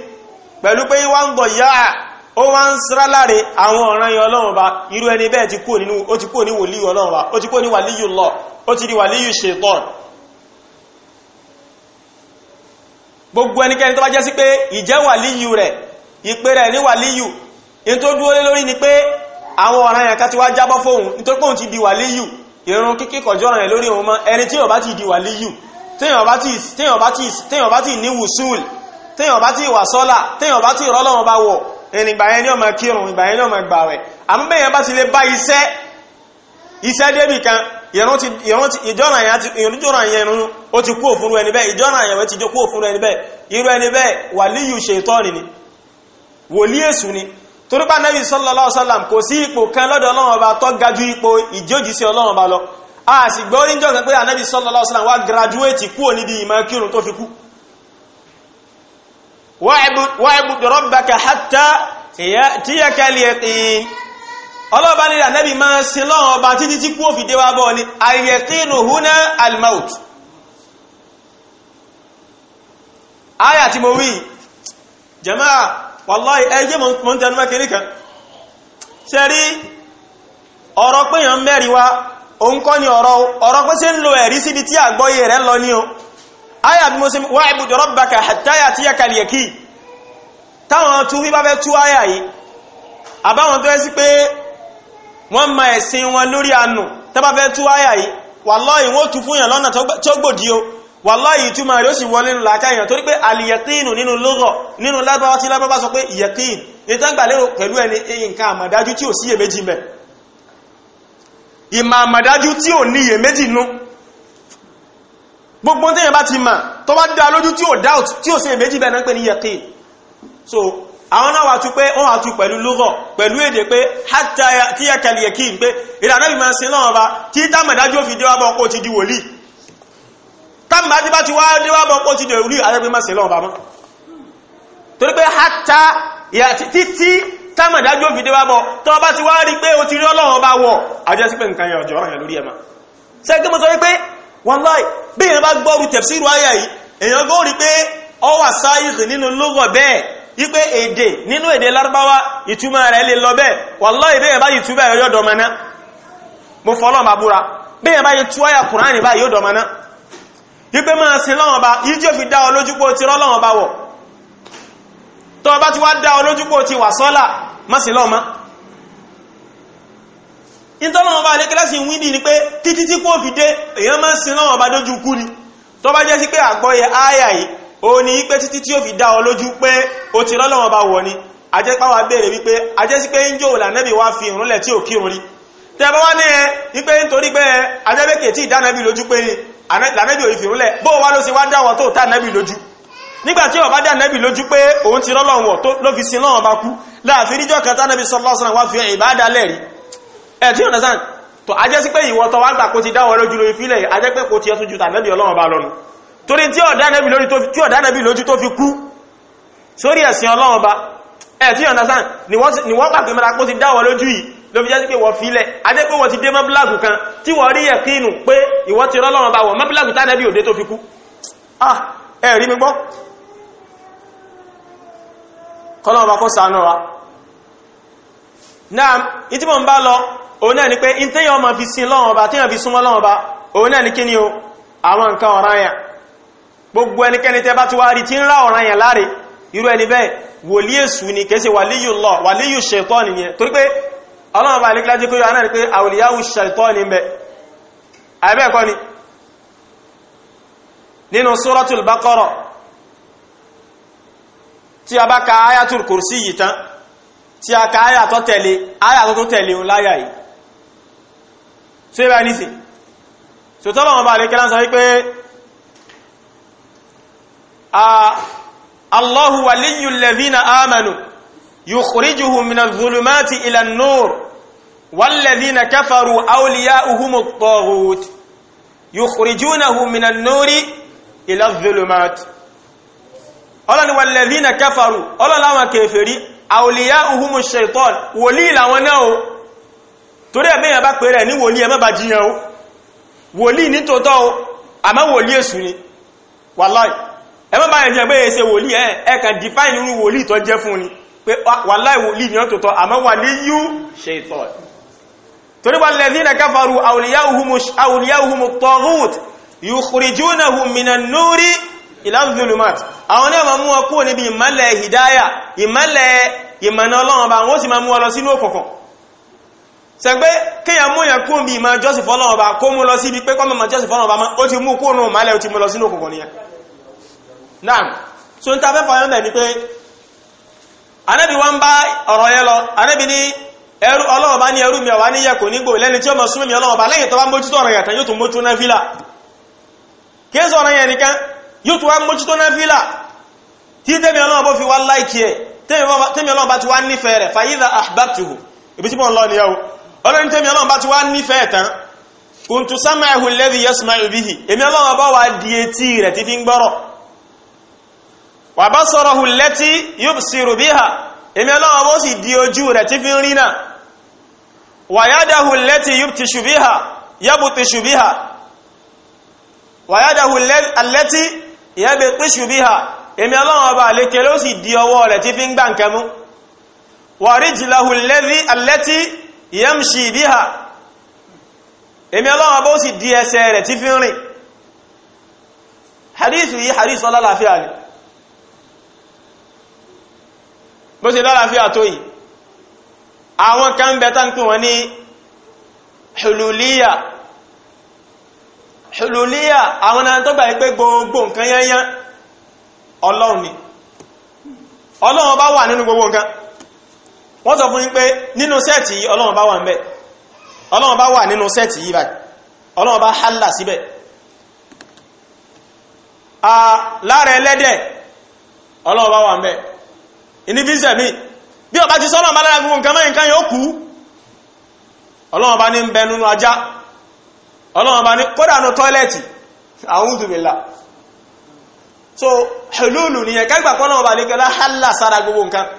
pẹ̀lú pé wá ń gbọ̀ yáà ó wá ń sra láre àwọn ọ̀ràn yẹn ọlọ́run ba irú ẹni bẹ́ẹ̀ ti kúrò nínú ó ti kúrò ní wòlíì ọlọ́run ba ó ti kúrò ní wàlíyù lọ ó ti di wàlíyù ṣètọ́n gbogbo ẹnikẹ́ni tó bá jẹ́ sí pé ìjẹ́ wàlíyù rẹ̀ ìpè rẹ̀ ní wàlíyù in tó dúró lé lórí ni pé àwọn bá ti ní wùsùl téèyàn bá ti wà sọ́là téèyàn bá ti rọ́lọ́run bá wọ̀ ìgbà yẹn ni ó máa kírun ìgbà yẹn ni ó máa gbààwẹ̀ àmọ́ bẹ́ẹ̀ yẹn bá ti lè bá iṣẹ́ iṣẹ́ débì kan ìjọ́nà yẹn ó ti kú òfúnrú ẹni bẹ́ẹ̀ ìjọ́nà yẹn ti kú òfúnrú ẹni bẹ́ẹ̀ irú ẹni bẹ́ẹ̀ wàlíyù ṣètọ́ni ni wòlí èṣù ni torípa nẹ́bí sallallahu alaihi wasallam kò sí ipò kan lọ́dọ̀ ọlọ́run ọba tó ga ju ipò ìjójísí ọlọ́run ọba lọ a sì gbọ́ oríjọ́ kan pé ànẹ́bí sallallahu alaihi wasallam wá graduate kúrò níbi ìmọ̀ kírun tó fi kú wa'bud rabbaka hatta ya'tiyaka al-yaqin ọlọ́ọ̀bá nílẹ̀ ànẹ́bì máa sin lọ́wọ́ ọba títí tí kú òfìdé wá bọ́ ní al-yaqinu húnná al-maut ayà tí mo wí jama'a wallahi ẹgbẹ́ mọ́ tẹnu aya bí mo ṣe wá ibùdó rabbaka hatta ya'tiyaka al-yaqin táwọn tún rí bá fẹ́ tú aya yìí àbáwọn tó yẹ sí pé wọ́n ma ẹ̀sìn wọn lórí àánú tó fẹ́ tú aya yìí wallahi wọ́n tú fún yàn lọ́nà tó gbòdì o wallahi ìtumọ̀ rẹ̀ ó sì wọlé nù làákàyàn torí pé al-yaqinu nínú lugha nínú lábáwá tí lábáwá sọ pé yaqin ní tẹ́gbà gbogbo tẹ́yìn bá ti ma tó bá dá lójú tí ó doubt tí ó ṣe méjì bẹ̀rẹ̀ pé ní yẹ̀kí so àwọn náà wà tún pé wọ́n wà tún pẹ̀lú lúgọ̀ pẹ̀lú èdè pé hátà tí yẹ kẹlì yẹ̀kí pé ìlànà bí máa ń ṣe náà bá tí támàdájú ó fi déwábọ̀ kó ti di wòlíì támàdájú bá ti wá déwábọ̀ kó ti di wòlíì àrẹ́gbẹ́ máa ṣe náà bá mọ́ torí pé hátà títí támàdájú ó fi déwábọ̀ tó bá ti wá rí pé ó ti rí Ọlọ́run bá wọ̀ àjẹsí pé nǹkan yẹn ọ̀jọ̀ wàláì bí èèyàn bá gbọ́rù tẹ̀síru àyà yìí èèyàn gbọ́ rí pé ọ wà sáyìdì nínú lógọ̀ bẹ́ẹ̀ wípé èdè nínú èdè lárúbáwá ìtumọ̀ rẹ̀ lè lọ bẹ́ẹ̀ wàláì bí èèyàn bá yìí tú bẹ́ẹ̀ yóò dọ̀mọ́ná mo fọlọ́ ma búra bí ba yìí tí ó fi dá ọ lójú pé o ti rọ́ lọ́wọ́n ba wọ̀ tó o bá ti wá dá ọ lójú ìtọ́lọ́wọ́n bá lékẹ́lá sí wíndì ní pé títí tí kò fi dé èyàn máa sin lọ́wọ́n bá dójú kú ni tó bá jẹ́ sí pé àgbọ́yẹ ááyà yìí o ní pé títí tí ó fi dá ọ lójú pé o ti rọ́lọ́wọ́n bá wọ̀ ni ajẹ́páwà béèrè wípé ajẹ́ sí pé ń jò lànẹ́bì wá fi ìrúnlẹ̀ tí ò kírun rí tẹ́ bá wá ní ẹ wípé nítorí pé ajẹ́bẹ̀kẹ̀ tí ìdánẹ́bì lójú pé ni lànẹ́bì ò fi ìrúnlẹ̀ bó wá ló sì wá dáwọn tó tá nẹ́bì lójú nígbàtí ó bá dá nẹ́bì lójú pé òun ti rọ́lọ́wọ́n tó ló fi sin lọ́wọ́n bá kú láàfin níjọ́ kan tá nẹ́bì sallallahu alaihi wá fi ìbádà lẹ́rìí ẹ̀ tí ọ̀nà sáà tó a jẹ́ sí pé ìwọ tó wá gbà kó ti dáwọ́ lójú lórí fílẹ̀ a jẹ́ pé kó ti ẹsùn ju tàbí ọlọ́run bá lọ́nu torí tí ọ̀dá nẹ́bí lójú tó fi kú sórí ẹ̀sìn ọlọ́run bá ẹ̀ tí ọ̀nà sáà ni wọ́n gbà pé mẹ́ra kó ti dáwọ́ lójú yìí ló fi jẹ́ sí pé wọ́n fílẹ̀ a jẹ́ pé wọ́n ti dé mọ́bíláàgù kan tí wọ́n rí ẹ̀kínu pé ìwọ ti rọ́lọ́run bá wọ̀ mọ́bíláàgù tá nẹ́bí òde tó fi kú ah ẹ̀rí mi gbọ́ kọ́lọ́run bá kọ́ sànú wa náà ìtí mọ̀ ń bá lọ òun náà ni pé in tẹ́yàn ọmọ fi sin lọ́wọ́n ọba tẹ́yàn fi súnmọ́ lọ́wọ́n ọba òun náà ni kí ni o àwọn nǹkan ọ̀ranyàn gbogbo ẹnikẹ́ni tẹ́ bá ti wá rí tí ń rá ọ̀ranyàn láre irú ẹni bẹ́ẹ̀ wòlí èṣù ni kẹsẹ̀ wàlíyù lọ wàlíyù ṣẹ̀tọ́ nìyẹn torí pé ọlọ́run ọba àlékílá jẹ́ kóyọ náà a ka ayatul kursi yìí tán tí a ka ayatọ̀ tẹ̀lé so yíba ní sí so tọ́lọ̀ wọn bá lè kẹ́lá sọ wípé Allahu waliyyul ladhina amanu yukhrijuhum minadh dhulumati ilan nur والذين كفروا أولياؤهم الطاغوت يخرجونه من النور إلى الظلمات ọlọ́ni والذين كفروا ọlọ́láwọn kèfèrí أولياؤهم الشيطان wòlí ìlàwọn náà torí ẹ̀mẹ́yàn bá pẹ̀rẹ̀ ní wòlí ẹmẹ́ bá jíyàn o wòlí ní tòótọ́ o àmá wòlí èsù ni wàláì ẹmẹ́ bá yẹn jẹ́ pé èsè wòlí ẹ̀ ẹ̀kàn define irú wòlí tó jẹ́ fún ni pé wàláì wòlí ní tòótọ́ àmá wà ní yú ṣe ìtọ́ torí wal ladhina kafaru awliyauhumu taghut yukhrijunahum minan nuri ila dhulumat àwọn náà ma ṣe pé kéèyàn mú yàn kúrò bí ìmọ̀ jọ́sìn fọ́lọ́run ọba kó mú lọ sí ibi pé kọ́mọ̀ mọ̀ jọ́sìn fọ́lọ́run ọba ó ti mú kúrò náà málẹ̀ ó ti mú lọ sínú òkùnkùn náà so n ta fẹ́ fọyọ́ bẹ̀ ni pé anábì wọ́n bá ọ̀rọ̀ ya lọ anábì ní ẹrú ọlọ́run ní ẹrú mi ọ̀wá ní yẹ kò ní gbò lẹ́ni tí ọlọ́run tẹ́mi ọlọ́run bá ti wá nífẹ̀ẹ́ tán kùntù sámàáhù lẹ́dí yasma'u bihi èmi ọlọ́run bá wà di etí rẹ̀ títí ń gbọ́rọ̀ wà bá sọ̀rọ̀ hù lẹ́tí yubsiru biha èmi ọlọ́run bó sì di ojú rẹ̀ tí fi ń rí náà wà yadahu lẹ́tí yubtishu biha yabtishu biha wà yadahu yamshi biha èmi ọlọ́wọ́ bó sì di ẹsẹ̀ rẹ̀ tí fi ń rìn hadith yìí hadith ọlálàáfíà ni bó sì lálàáfíà tó yìí àwọn kan bẹ̀ta ń pè wọn ní hululiya hululiya àwọn náà tó gbà pé gbogbo nǹkan yányán ọlọ́run ni ọlọ́run bá wà nínú gbogbo nǹkan wọ́n sọ fún pé nínú sẹ́ẹ̀tì yìí ọlọ́run bá wà ń bẹ̀ ọlọ́run bá wà nínú sẹ́ẹ̀tì yìí báyìí ọlọ́run bá a lára ẹlẹ́dẹ̀ ọlọ́run bá wà ń bẹ̀ ìní fi sẹ̀mí bí ọba ti sọ́lọ́run bá lára gbogbo nǹkan mẹ́rin kan yóò kú ọlọ́run bá ní ń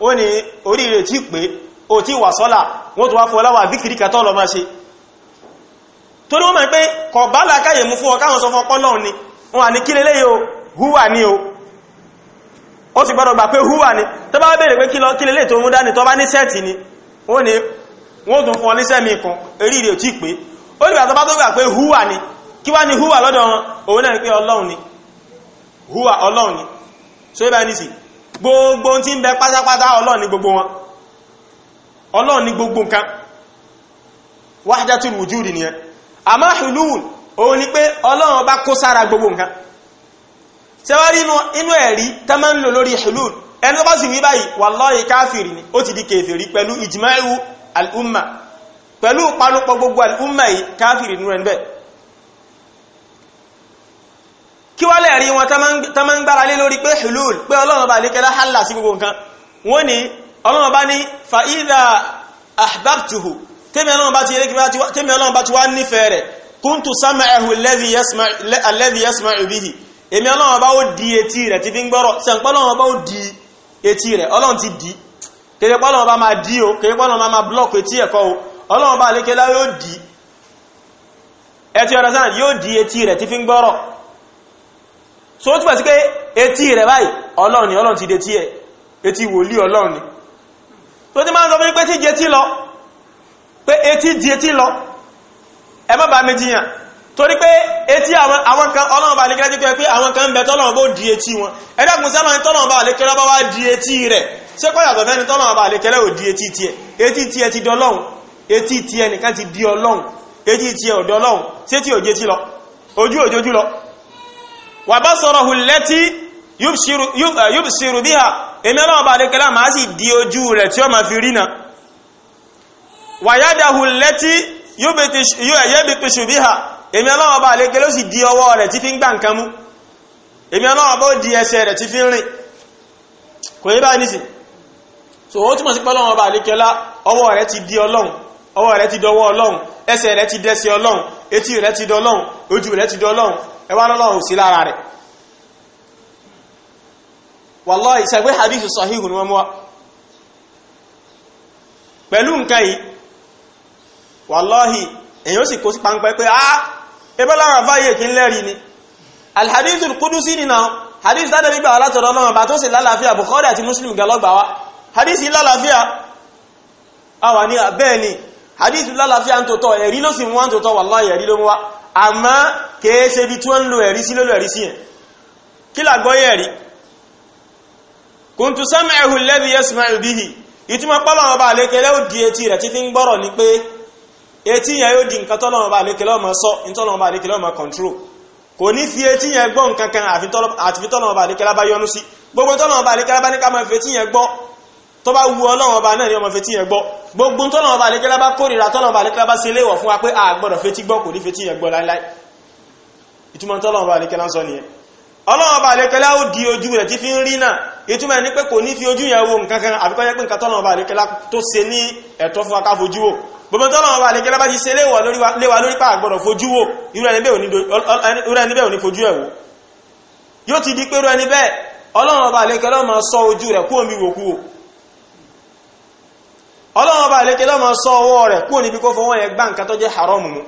ó ní oríire tí pé ó ti wà sọ́là wọ́n tó wá fún ọláwà zikiri kẹtọ́ lọ máa ṣe torí wọ́n mọ̀ pé kọ̀ bá làkáyè mú fún ọkáwọn sọ fún ọpọlọ́ ni wọ́n à ní kí lélẹ́ yóò húwà ní o ó sì gbọ́dọ̀ gbà pé húwà ní tó bá bèèrè pé kí lélẹ́ tó mú dání tó bá ní sẹ́ẹ̀tì ni wọ́n ni wọ́n tún fún ọ níṣẹ́ mi kan eríire tí pé ó nígbà tó bá tó gbà pé húwà ní kí wá ní húwà lọ́dọ̀ wọn òun náà ni pé ọlọ́run ni húwà ọlọ́run ni so ibà ní sí gbogbo tí ń bẹ pátápátá ọlọ́run gbogbo wọn ọlọ́run ni gbogbo nǹkan wahdatul wujudi nìyẹn àmọ́ òun ni pé bá kó gbogbo nǹkan tẹwárí inú ẹ̀rí tẹ́ ń lò lórí hulul ẹni tó bá wí báyìí wallahi káfìrì ni ti iwu al'umma kí wá lẹ́rí wọn tán máa ń gbára lé lórí pé hulul pé ọlọ́run bá lè kẹ́lá hálà sí gbogbo nǹkan wọ́n ni ọlọ́run bá ní fa'ida ahbabtuhu tẹ́mi ọlọ́run bá ti wá nífẹ̀ẹ́ rẹ̀ kuntu sam'ahu alladhi yasma'u bihi èmi ọlọ́run bá ó di etí rẹ̀ ti fi ń gbọ́rọ̀ sẹ́ǹpọ́ ọlọ́run bá ó di etí rẹ̀ ọlọ́run ti di kèrè pọ́lọ́run bá máa di o kèrè pọ́lọ́run máa blọ́ọ̀kù di etí rẹ̀ ti fi ń gbọ́rọ̀ so ó túnbọ̀ sí pé etí rẹ̀ báyìí ọlọ́run ni ọlọ́run ti dé tí ẹ̀ etí wòlí ọlọ́run ni tó ti máa ń sọ fún pé tí jẹ tí lọ pé etí di etí lọ ẹ má bá méjì yàn torí pé etí àwọn kan ọlọ́run bá lékẹ́lá jẹ́ pé àwọn kan ń bẹ tọ́lọ́run bó di etí wọn ẹ̀dàkùn sẹ́lọ́ ní tọ́lọ́run bá lékẹ́lá bá wá di etí rẹ̀ ṣé kọ́ yàtọ̀ fẹ́ni tọ́lọ́run bá lékẹ́lá ò di etí tiẹ̀ etí tiẹ̀ ti dọlọ́run etí tiẹ̀ nìkan ti di ọlọ́run etí tiẹ̀ ò dọlọ́run sétí òjé tí lọ ojú òjójú lọ wa basarahu allati yubsiru yubsiru eh, biha èmi ọlọ́wọ́ bá adékẹ́lá máa sì di ojú rẹ̀ tí ó ma fi rí na wa yadahu allati eh, yubtishu biha èmi ọlọ́wọ́ bá adékẹ́lá ó sì di ọwọ́ rẹ̀ tí fi ń gbà nǹkan mú èmi ọlọ́wọ́ bá ó di ẹsẹ̀ rẹ̀ tí fi ń rìn kò yí bá ní sí so ó túnmọ̀ sí pé ọlọ́wọ́ bá adékẹ́lá ọwọ́ rẹ̀ ti di ọlọ́run ọwọ́ rẹ̀ ti dọwọ́ ọlọ́run ẹsẹ̀ rẹ̀ ti dẹsẹ̀ ọlọ́run etí rẹ̀ ti dọ́lọ́hun ojú rẹ̀ ti dọ́lọ́hun ẹwà lọ́lọ́hun sí lára rẹ̀ wallahi ìṣẹ́gbé hadithu sahihun wọn mọ́ pẹ̀lú nǹkan yìí wallahi èyàn sì kó sí pàǹpẹ́ pé ah ebẹ́ láwọn àfáyè kí ń lẹ́rìí ni alhadithu kudusi nìna hadith tádẹ́ gbígbà alátọ̀rọ̀ náà bá tó sì lálàáfíà Bukhari àti Muslim galọ́gbà wa hadith lálàáfíà àwa ní bẹ́ẹ̀ ni hadith lálàáfíà ń tòótọ́ ẹ̀rí ló sì mú wọ́n tòótọ́ wallahi ẹ̀rí ló mú wá àmá kèé ṣe bí tí wọ́n ń lo ẹ̀rí sí lólò ẹ̀rí sí yẹn kí làgbọ́yé ẹ̀rí kuntu sam'ahu alladhi yasma'u bihi ìtumọ̀ pọ́lọ́wọ́ bá lékẹ́ lẹ́wọ́ di etí rẹ̀ tí fi ń gbọ́rọ̀ ní pé etí yẹn yóò di nǹkan tọ́lọ́wọ́ bá lékẹ́ lọ́mọ sọ ìtọ́lọ́wọ́ bá lékẹ́ lọ́mọ control kò ní fi etí yẹn gbọ́ nǹkan kan tó bá wu ọlọ́run ọba náà ni ọmọ fetí yẹn gbọ́ gbogbo tọ́lọ́run ọba àlékẹ́lá bá kórìíra tọ́lọ́run ọba àlékẹ́lá bá ṣe léèwọ̀ fún wa pé a gbọ́dọ̀ fetí gbọ́ kò ní fetí yẹn gbọ́ láíláí ìtumọ̀ tọ́lọ́run ọba àlékẹ́lá ń sọ nìyẹn ọlọ́run ọba àlékẹ́lá ó di ojú rẹ̀ tí fi ń rí náà ìtumọ̀ ẹni pé kò ní fi ojú yẹn wo nǹkan kan àfikọ́ yẹ pé nǹkan tọ́lọ́run ọba àlékẹ́lá tó ṣe ní ẹ̀tọ́ fún wa ká fojú wò gbogbo tọ́lọ́run ọba àlékẹ́lá bá ti ṣe léèwọ̀ léwa lórí pa àgbọ̀dọ̀ fojú wò irú ẹni bẹ́ẹ̀ ò ní fojú ẹ̀ wò yóò ti di pé irú ẹni bẹ́ẹ̀ ọlọ́run ọba àlékẹ́lá máa sọ ojú rẹ̀ kú omi wò kú wò ọlọ́wọ́n bá lékẹ́ lọ́mọ sọ ọwọ́ rẹ̀ kúrò níbi kó fọwọ́ yẹn gbá nǹkan tó jẹ́ haramu mu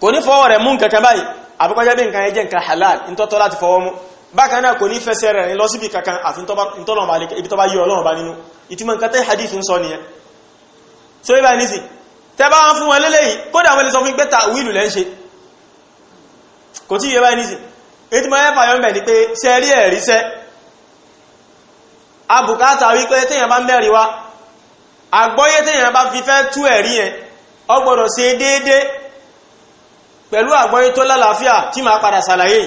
kò ní fọwọ́ rẹ̀ mú nǹkan báyìí àbúkọjẹ́ bí nǹkan yẹn jẹ́ nǹkan halal nítọ́tọ́ láti fọwọ́ mú bákan náà kò ní fẹsẹ̀ rẹ̀ ní lọ síbi kankan àfi ibi tó bá hadith ń sọ nìyẹn so ibà ní sí tẹ́ bá wọn fún wọn lélẹ́yìí kódà wọn lè sọ fún pẹ́ta wílù lẹ́ ń ṣe kò tí ìyẹ́bá ní sí wípé téèyàn bá ń mẹ́rin wá àgbọ́yé téèyàn bá fi fẹ́ tú ẹ̀rí yẹn ó gbọ́dọ̀ ṣe déédé pẹ̀lú àgbọ́yé tó lálàáfíà tí ma padà ṣàlàyé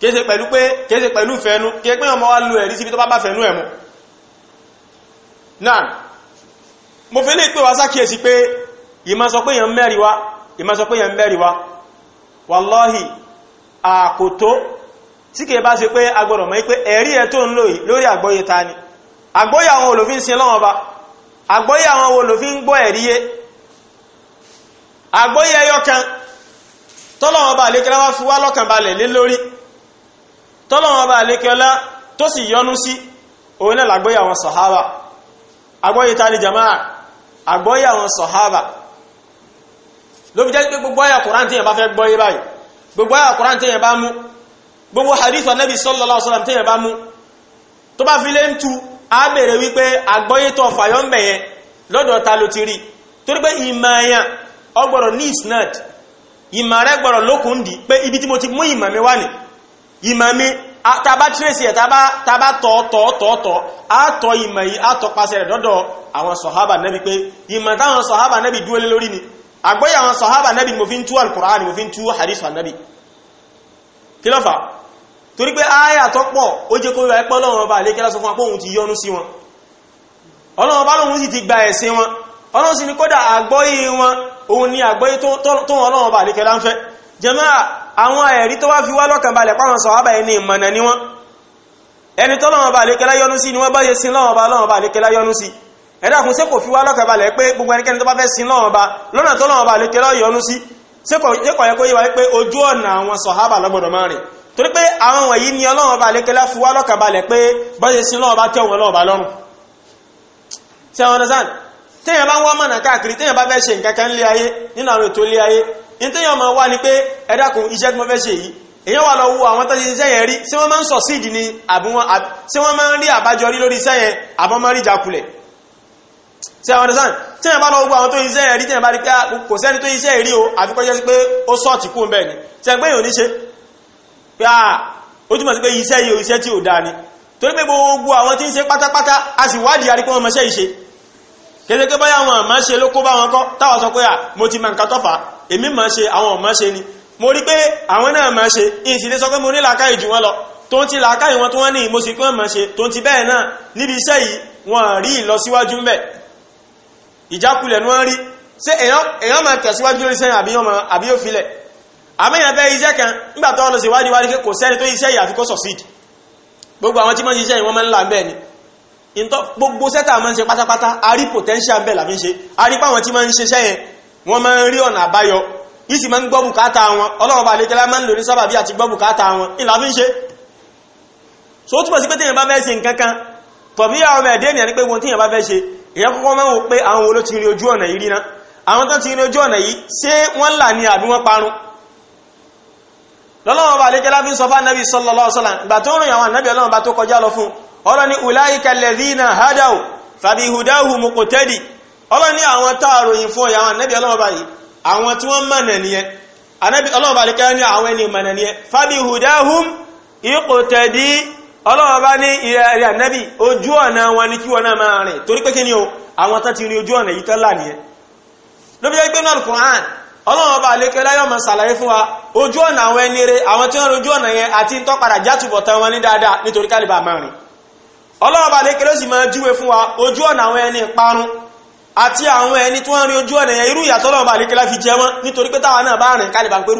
kéèṣe pẹ̀lú pé kéèṣe pẹ̀lú fẹ́nu kéèpé ọmọ wa lu ẹ̀rí síbi tó mo fẹ́ lè pè wá sákìyèsí pé ìmọ̀ sọ pé yẹn mẹ́rin wá sọ àkótó tí kìí bá ṣe pé agbọ́dọ̀ mọ̀ ẹ̀rí ẹ̀ tó ń lórí ni àwọn lọ́wọ́ àgbọ́yé àwọn wo ló fi ń gbọ́ ẹ̀ríyé àgbọ́yé ẹyọkan tọ́lọ̀wọ́n bá lékẹ́lá wá fi wá lọ́kàn balẹ̀ lé lórí tọ́lọ̀wọ́n bá lékẹ́lá tó sì yọ́nú sí òun náà àwọn sàhábà jama'a àgbọ́yé àwọn sàhábà ló fi jẹ́ pé gbogbo àyà kùrán tíyàn bá fẹ́ gbọ́yé báyìí gbogbo àyà kùrán tíyàn tu a bèèrè wípé àgbọ́yétọ̀ fàyọ́ ta ló ti rí torí pé ìmọ̀ ẹ̀yàn ọgbọ̀rọ̀ ní isnad ìmọ̀ rẹ̀ ibi tí mo ti mú ìmọ̀ mi wá ní ìmọ̀ mi tàbá tírèsì ẹ̀ tàbá tọ́ọ̀tọ̀ọ̀tọ̀ àtọ̀ ìmọ̀ yìí àtọ̀ rẹ̀ lọ́dọ̀ àwọn sọ̀hábà nẹ́bi pé ìmọ̀ táwọn sọ̀hábà nẹ́bi dúró lé lórí ni àgbọ́yé àwọn sọ̀hábà nẹ́bi mo fi ń tú al-Qur'an torí pé ááyà tó pọ̀ ó jẹ́ kó rẹ̀ pọ́ lọ́wọ́ ọba àlékẹ́lá sọ fún apóhun ti yọ́nú sí wọn ọlọ́wọ́ bá lóhun sì ti gba ẹ̀sìn wọn ọlọ́wọ́ sì ni kódà àgbọ́yé wọn òun ni àgbọ́yé tó wọn ọlọ́wọ́ ọba àlékẹ́lá ń fẹ́ jẹ́mọ́ àwọn ẹ̀rí tó wá fi wá lọ́kàn balẹ̀ ni wọn ẹni tó nwa ọba torí pé àwọn wọ̀nyí ni ọlọ́run bá lékelá fi wá lọ́kàn balẹ̀ pé bọ́sẹ̀ sí lọ́wọ́ bá tẹ́ wọn lọ́wọ́ bá lọ́rùn tí àwọn ọ̀nà sáà téèyàn bá ń wá mọ̀nà káàkiri téèyàn bá fẹ́ ṣe nǹkan ni pé ẹ dákun iṣẹ́ tí mo fẹ́ ṣe yìí èyàn wà lọ wo àwọn tó ṣe iṣẹ́ ni àbí wọn sí wọ́n máa ń rí àbájọrí lórí iṣẹ́ yẹn àbọ́n máa ń rí ìjákulẹ̀ sí àwọn ọ̀dọ́sán tí wọ́n bá lọ wo àwọn tó iṣẹ́ yẹn tí wọ́n bá rí pé ah, kò sẹ́ni tó iṣẹ́ yẹn o àfikọ́jẹ́ sí pé ó sọ́ọ̀tì kú bẹ́ẹ̀ tí wọ́n gbé pé à ah, ó túnmọ̀ sí pé iṣẹ́ yìí iṣẹ́ tí ò dáa ni torí pé gbogbo àwọn tí ń ṣe pátápátá a sì wádìí àríkọ́ wọn mọ́ṣẹ́ ìṣe kéde pé báyà wọn àmọ́ ṣe ló kó bá wọn kọ́ táwọn sọ pé à ah, mo ti mọ nǹkan tọ́fà èmi mọ̀ ṣe àwọn ọmọ ṣe ni mo rí pé àwọn náà mọ̀ ṣe ìsìlẹ̀ sọ pé mo ní làákàyè jù wọn lọ tó ń ti làákàyè wọn tó wọ́n ní mo sì pé wọn mọ̀ ṣe tó ń ti bẹ́ẹ̀ náà níbi iṣẹ́ yìí wọn rí ìlọsíwájú ń bẹ̀ ìjákulẹ̀ ni wọ́n rí ṣé èèyàn máa tẹ̀síwájú lórí sẹ́yìn àbí yóò filẹ̀ àmẹ́yàn bẹ́ iṣẹ́ kan nígbà tó lọ sí wádìí wádìí kò sẹ́ni tó iṣẹ́ yìí àfi kó succeed gbogbo àwọn tí mọ́ iṣẹ́ yìí wọ́n máa ń là ń bẹ́ẹ̀ ni gbogbo sẹ́tà máa ń ṣe pátápátá a rí potential bẹ́ẹ̀ làfi ń ṣe a rí pàwọn tí máa ń ṣiṣẹ́ yẹn wọ́n máa rí ọ̀nà àbáyọ yìí sì gbọ́ bùkátà wọn ọlọ́run so túbọ̀ sí pé téèyàn bá fẹ́ ṣe nǹkan kan tọ̀bí àwọn ọmọ ẹ̀dẹ́ ènìyàn ní pé wọn téèyàn bá fẹ́ ṣe èyàn kọ́kọ́ máa ń wò pé tó ti rí ojú ọ̀nà yìí ṣé wọ́n là ní àbí wọ́n parun lọ́lọ́wọ́ bá lékẹ́ láfi sọ bá nàbí sallallahu alaihi wasallam ìgbà tó rìn àwọn nàbí ọlọ́wọ́ bá tó kọjá lọ fún ọlọ́ ni ulaika alladhina hadaw fabihudahu muqtadi ọlọ́ ni àwọn táàrò yìí fún ìyàwọn nàbí ọlọ́wọ́ bá yìí àwọn tí wọ́n mọ̀nà nìyẹn anábì ọlọ́wọ́ bá lékẹ́ ní àwọn ẹni mọ̀nà nìyẹn fabihudahum iqtadi ọlọ́wọ́ ọlọ́run ọba àlékẹ́ láyọ̀ mọ̀ sàlàyé fún wa ojú ọ̀nà àwọn ẹni rẹ̀ àwọn tí wọ́n rojú ọ̀nà yẹn àti tọ́padà játùbọ̀ tán wọn ní dáadáa nítorí kálíbà márùn ọlọ́run ọba àlékẹ́ ló sì máa júwe fún wa ojú ọ̀nà àwọn ẹni parun àti àwọn ẹni tí wọ́n rí ojú ọ̀nà yẹn irú ìyàtọ̀ ọlọ́run ọba àlékẹ́ láfi jẹ wọn nítorí pé táwa náà bá rìn kálíbà pé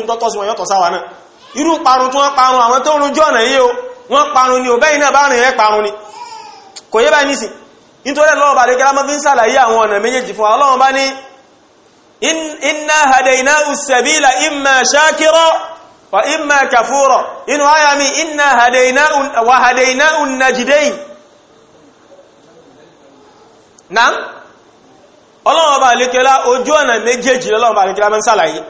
irú parun in inna hadaynahu sabila imma shakira wa imma kafura inú aya mi inna hadaynahu wa hadaynahu najdain nam Ọlọ́run ba le kela ojú ọ̀nà méjèèjì Ọlọ́run ba le kela man ṣàlàyé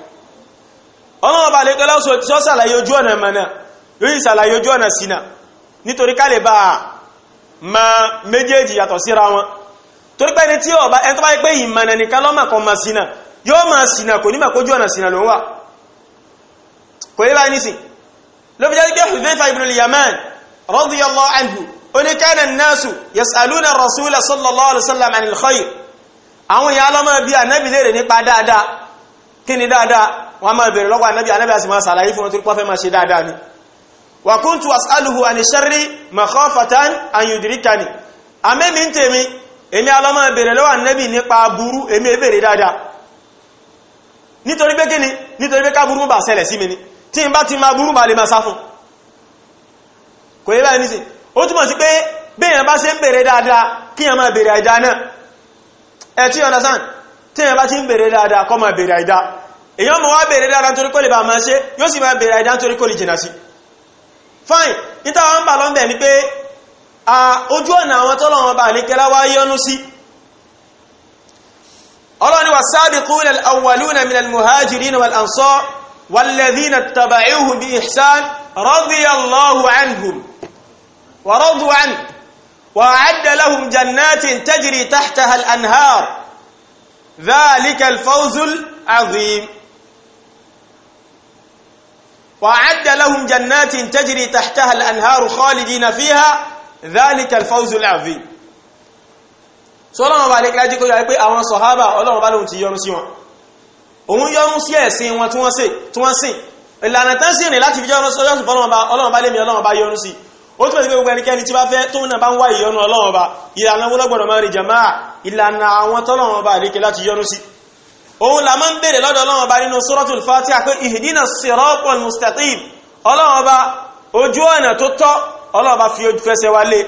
Ọlọ́run ba le kela so so ṣàlàyé ojú ọ̀nà mana yóò ṣàlàyé ojú ọ̀nà sina nítorí ká lè bá ma méjèèjì yàtọ̀ síra wọn torí pé ni tí ó bá en tó bá pé imana nìkan lo ma kon ma sina yóò máa sìnà kò nímọ̀ kójú ọ̀nà sìnà ló ń wà kò yí báyìí nísìn ló fi jẹ́ pé Hudhayfa ibn al-Yaman radiyallahu anhu ó ní kana an-nasu yas'aluna ar-rasula sallallahu alaihi wasallam anil khair àwọn ìyá lọ́mọ bí ànábì léèrè nípa dáadáa kí ni dáadáa wọ́n máa bèèrè lọ́wọ́ ànábì ànábì àti máa sàlàyé fún ọtún pọ́fẹ́ máa ṣe dáadáa ni wa kuntu as'aluhu an sharri nítorí pé kí ni nítorí pé ká burú bà ṣẹlẹ̀ sí mi ni tí n bá ti ma burú bà lè ma sá fún kò yẹ báyìí nísìn ó túmọ̀ sí pé béèyàn bá ṣe ń bèèrè dáadáa kí èèyàn máa bèèrè àìdá náà ẹ tí understand tí èèyàn bá ti ń bèèrè dáadáa kọ́ máa bèèrè àìdá èèyàn mọ̀ wá bèèrè dáadáa nítorí kó lè bá máa ṣe yóò sì máa bèèrè àìdá nítorí kó lè jìnà sí fine níta wọn bà lọ́nbẹ̀ ni pé ojú ọ̀nà àwọn tọ́lọ̀ wọn bà ní kẹlá wá yọnu sí ọlọ́ni wà sáàbìkúnà al'awwaluna min al na wal’ansọ́ wàlẹ̀dí na ladhina taba'uhu bi ihsan radiyallahu anhum wa radu an wa adda lahum jannatin tajri tahtaha al-anhar dhalika al-fawzu al-azim wa adda lahum jannatin tajri tahtaha al-anhar khalidina fiha dhalika al-fawzu al-azim so ọlọ́run bá lékílá jí kó yà pé àwọn sọ̀hábà ọlọ́run bá lóhun ti yọ́nú sí wọn òun yọ́nú sí ẹ̀sìn wọn tí wọ́n sìn ìlànà tán sí rìn láti fi jọ́nú sí ọlọ́run bá lémi ọlọ́run bá yọ́nú sí ó túnbẹ̀ sí pé gbogbo ẹnikẹ́ni tí bá fẹ́ tó náà bá ń wá ìyọ́nú ọlọ́run bá ìlànà wọn lọ́gbọ̀dọ̀ máa rìn jàmáà ìlànà àwọn tọ́lọ́run bá lékè láti yọ́nú sí òun là máa ń bèèrè lọ́dọ̀ ọlọ́run bá nínú suratul Fatiha pé ihdina siratal mustaqim ọlọ́run bá ojú ọ̀nà tó tọ́ ọlọ́run bá fi ojú fẹsẹ̀ wa lé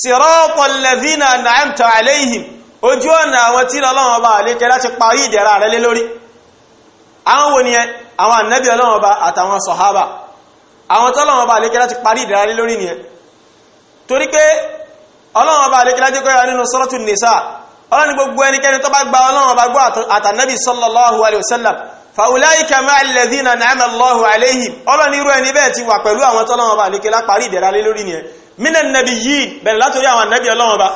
sirọ́pọ̀ lẹ́dínà nàímtà aléhìm ojú ọ̀nà àwọn tí Ọlọ́run Ọba àlékẹ́ láti parí ìdẹ̀ra rẹ̀ lé lórí àwọn wo ni àwọn ànábì Ọlọ́run Ọba àtàwọn sọ̀hábà àwọn tọ́lọ́run Ọba àlékẹ́ láti parí ìdẹ̀ra lé máa lẹ́dínà nàímà Allahu aléhìm Ọlọ́run irú ẹni bẹ́ẹ̀ ti wà pẹ̀lú àwọn tọ́lọ́run Ọba àlékẹ́ láti parí ìdẹ̀ra lé lórí nìyẹn minan nabiyyin bẹ̀rẹ̀ látòrí àwọn ànábì ọlọ́wọ́n ba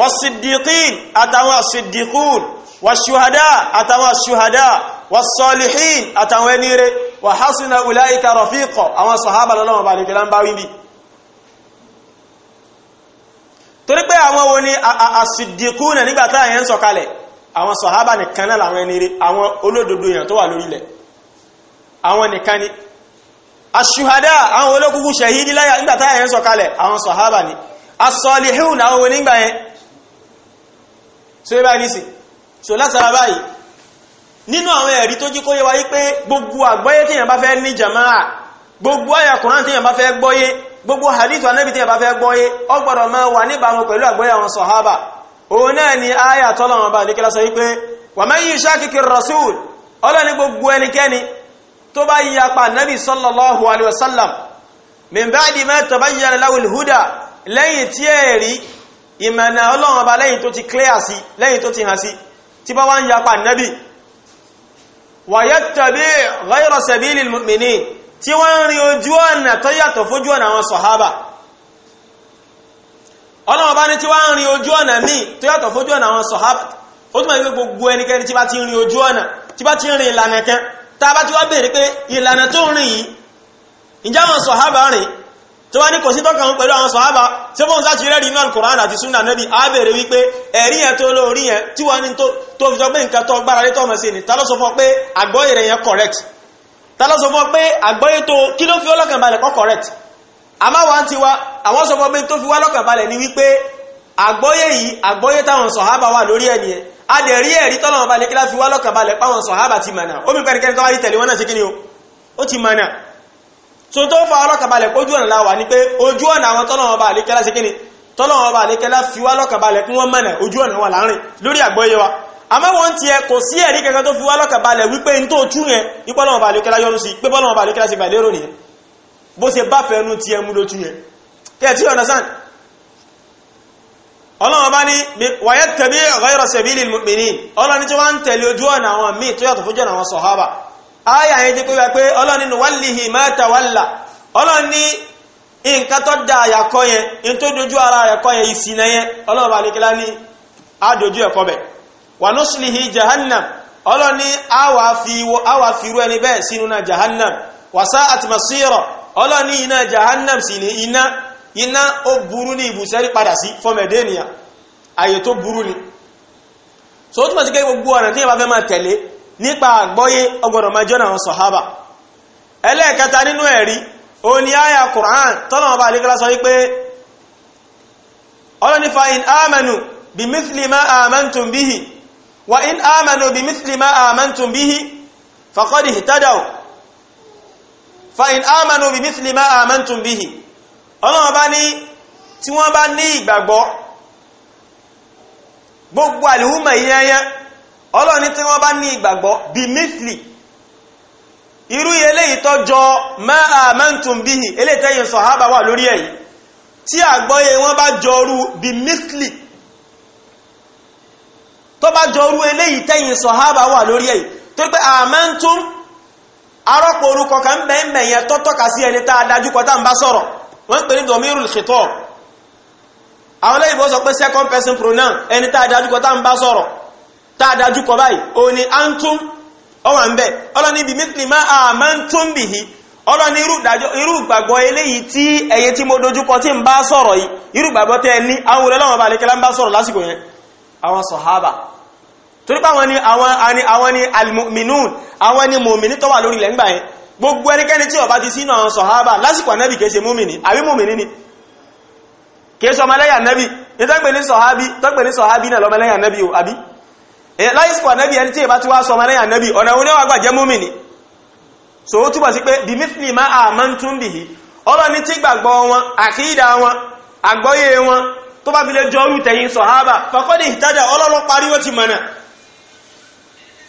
was-siddiqin àtàwọn as-siddiqun wash-shuhada àtàwọn ash-shuhada was-salihin àtàwọn ẹni rere wa hasuna ulaika rafiqa àwọn sàhábà lọ́wọ́n ba nìkẹ́lá ń bá wí bí torí pé àwọn wo ni as-siddiqun nígbà tá àyẹn sọ̀kalẹ̀ àwọn sàhábà nìkan náà làwọn ẹni àwọn olódodo èèyàn tó wà lórílẹ̀ àwọn nìkan ni aṣùhádá àwọn olókùnkùn ṣẹ̀hídí láyà nígbàtá ẹ̀yẹn sọ̀kalẹ̀ àwọn sọ̀hábà ni asọ̀lẹ̀hún àwọn onígbà yẹn so yẹ báyìí nìsí so látara báyìí nínú àwọn ẹ̀rí tó jí kó yẹ wáyé pé gbogbo àgbọ́yé tí yẹn bá jama'a gbogbo àyà kùrán tí yẹn bá gbogbo hadith anabi tí yẹn bá fẹ́ gbọ́yé ó gbọ́dọ̀ máa wà níbàámu pẹ̀lú àgbọ́yé àwọn sọ̀hábà òun náà ni àyà tọ́lọ̀ wọn rasul ọlọ́ni gbogbo tó bá yí apá nabi sallallahu alaihi wasallam min ba'di ma tabayyana lahul huda lẹ́yìn tí ẹ̀ rí ìmọ̀nà ọlọ́run ọba lẹ́yìn tó ti clear sí lẹ́yìn tó ti hàn sí tí bá wá ń yapa nabi wa yattabi ghayra sabilil mu'minin tí wọ́n rí ojú ọ̀nà tó yàtọ̀ fojú ọ̀nà àwọn sọ̀hábà ọlọ́run ọba ní tí wọ́n rí ojú ọ̀nà míì tó yàtọ̀ fojú ọ̀nà àwọn sọ̀hábà ó túnmọ̀ ní gbogbo ẹnikẹ́ni tí bá ti rí ojú ọ̀nà tí bá ti rí ìlànà kan tá a bá ti wá béèrè pé ìlànà tó ń rìn yìí ǹjẹ́ àwọn sọ̀hábà rìn tó wá ní kò sí tọ́kàn pẹ̀lú àwọn sọ̀hábà tí wọ́n sá ti rẹ́rì inú àti súnà nẹ́bí a béèrè wípé ẹ̀rí yẹn tó lórí yẹn tí wọ́n ní tó fi sọ pé nǹkan ni ta ló sọ fún ọ pé àgbọ́yé rẹ̀ yẹn correct ta ló sọ fún ọ pé adẹ̀rí ẹ̀rí tọ́lọ̀wọ̀n balẹ̀ kí láfi wá lọ́kàn balẹ̀ páwọn sọ̀hábà ti mọ̀nà omi pẹ̀rẹ̀kẹ́ni tó wá rí tẹ̀lé wọn náà sí kí ni ó ti mọ̀nà so tó fa ọlọ́kàn balẹ̀ kójú ọ̀nà láwà ní pé ojú ọ̀nà àwọn tọ́lọ̀wọ̀n balẹ̀ kí láfi kí ni tọ́lọ̀wọ̀n balẹ̀ kí láfi wá lọ́kàn balẹ̀ kí wọ́n mọ̀nà ojú ọ̀nà wà láàrin lórí àgbọ́yé wa àmọ́ wọn tiẹ̀ kò sí ẹ̀rí kankan tó fi wá balẹ̀ wípé ọlọ́run bá ní wàyẹ́ tẹ̀bí ghayra sabilil mu'minin ọlọ́run tí wọ́n ń tẹ̀lé ojú ọ̀nà àwọn míì tó yàtọ̀ fójú ọ̀nà àwọn sọ̀hábà ayà yẹn ti pé pé ọlọ́run ní wàlìhì ma tawalla ọlọ́run ní nǹkan tó da àyàkọ́ yẹn ní tó dojú ara àyàkọ́ yẹn ìsìnà yẹn ọlọ́run bá ní kílá ní àdojú ẹ̀kọ́ bẹ̀ wà nuslihi jahannam ọlọ́run ní àwà fi iná ó burú ní ibùsẹ́rí padà sí fọ́mẹ̀dé ènìyàn àyè tó burú ni so ó túnmọ̀ sí pé gbogbo ọ̀nà tí yẹn bá fẹ́ máa tẹ̀lé nípa àgbọ́yé ọgbọ̀dọ̀ máa jọ́nà àwọn sọ̀hábà ẹlẹ́ẹ̀kẹta nínú ẹ̀rí ó ní àyà Qur'an tọ́nà ọba àlékọ́lá sọ wípé ọlọ́ni fa in amanu bi mithli ma amantum fa in amanu bi mithli ma amantum bihi ọlọ́run bá ní tí wọ́n bá ní ìgbàgbọ́ gbogbo àlìhúmọ̀ ìyẹyẹ ọlọ́run ní tí wọ́n bá ní ìgbàgbọ́ bí mithli irú eléyìí tọ́jọ ma amantum bihi eléyìí tẹ́yìn sọ̀hábà wà lórí èyí tí wọ́n bá jọrú bí mithli tó bá jọrú sọ̀hábà wà lórí tó pé arọ́pọ̀ kan bẹ́ẹ̀ tọ́tọ́ka sí ẹni tá a dájú ń bá wọ́n pè ní domirul khitab àwọn lẹ́yìnbó sọ pé second person pronoun ẹni tá a dájúkọ tá ń bá sọ̀rọ̀ tá a báyìí òun ni antum ọwà ń bẹ̀ ọlọ́ni bí mithli ma amantum bihi ọlọ́ni irú ìgbàgbọ́ eléyìí tí ẹ̀yin tí mo dojúkọ tí ń bá sọ̀rọ̀ yìí irú ìgbàgbọ́ tẹ́ ẹ ní àwọn òrẹ́lẹ́ wọn bá lè kẹ́lá ń bá sọ̀rọ̀ lásìkò gbogbo ẹnikẹ́ni tí ó bá ti sínú àwọn sọ̀hábà lásìkò ànábì kìí ṣe múmìnì àbí múmìnì ni kìí ṣe ọmọlẹ́yà ànábì ní tọ́gbẹ̀ ní sọ̀hábì tọ́gbẹ̀ ní sọ̀hábì náà lọ́mọlẹ́yà ànábì o àbí lásìkò ànábì ẹni tí ó bá ti wá sọ ọmọlẹ́yà ànábì ọ̀nà so ó túbọ̀ sí pé bí mífìlì má a máa ń tún bì í ọlọ́ni tí gbàgbọ́ wọn àkídà wọn àgbọ́yé wọn tó bá fi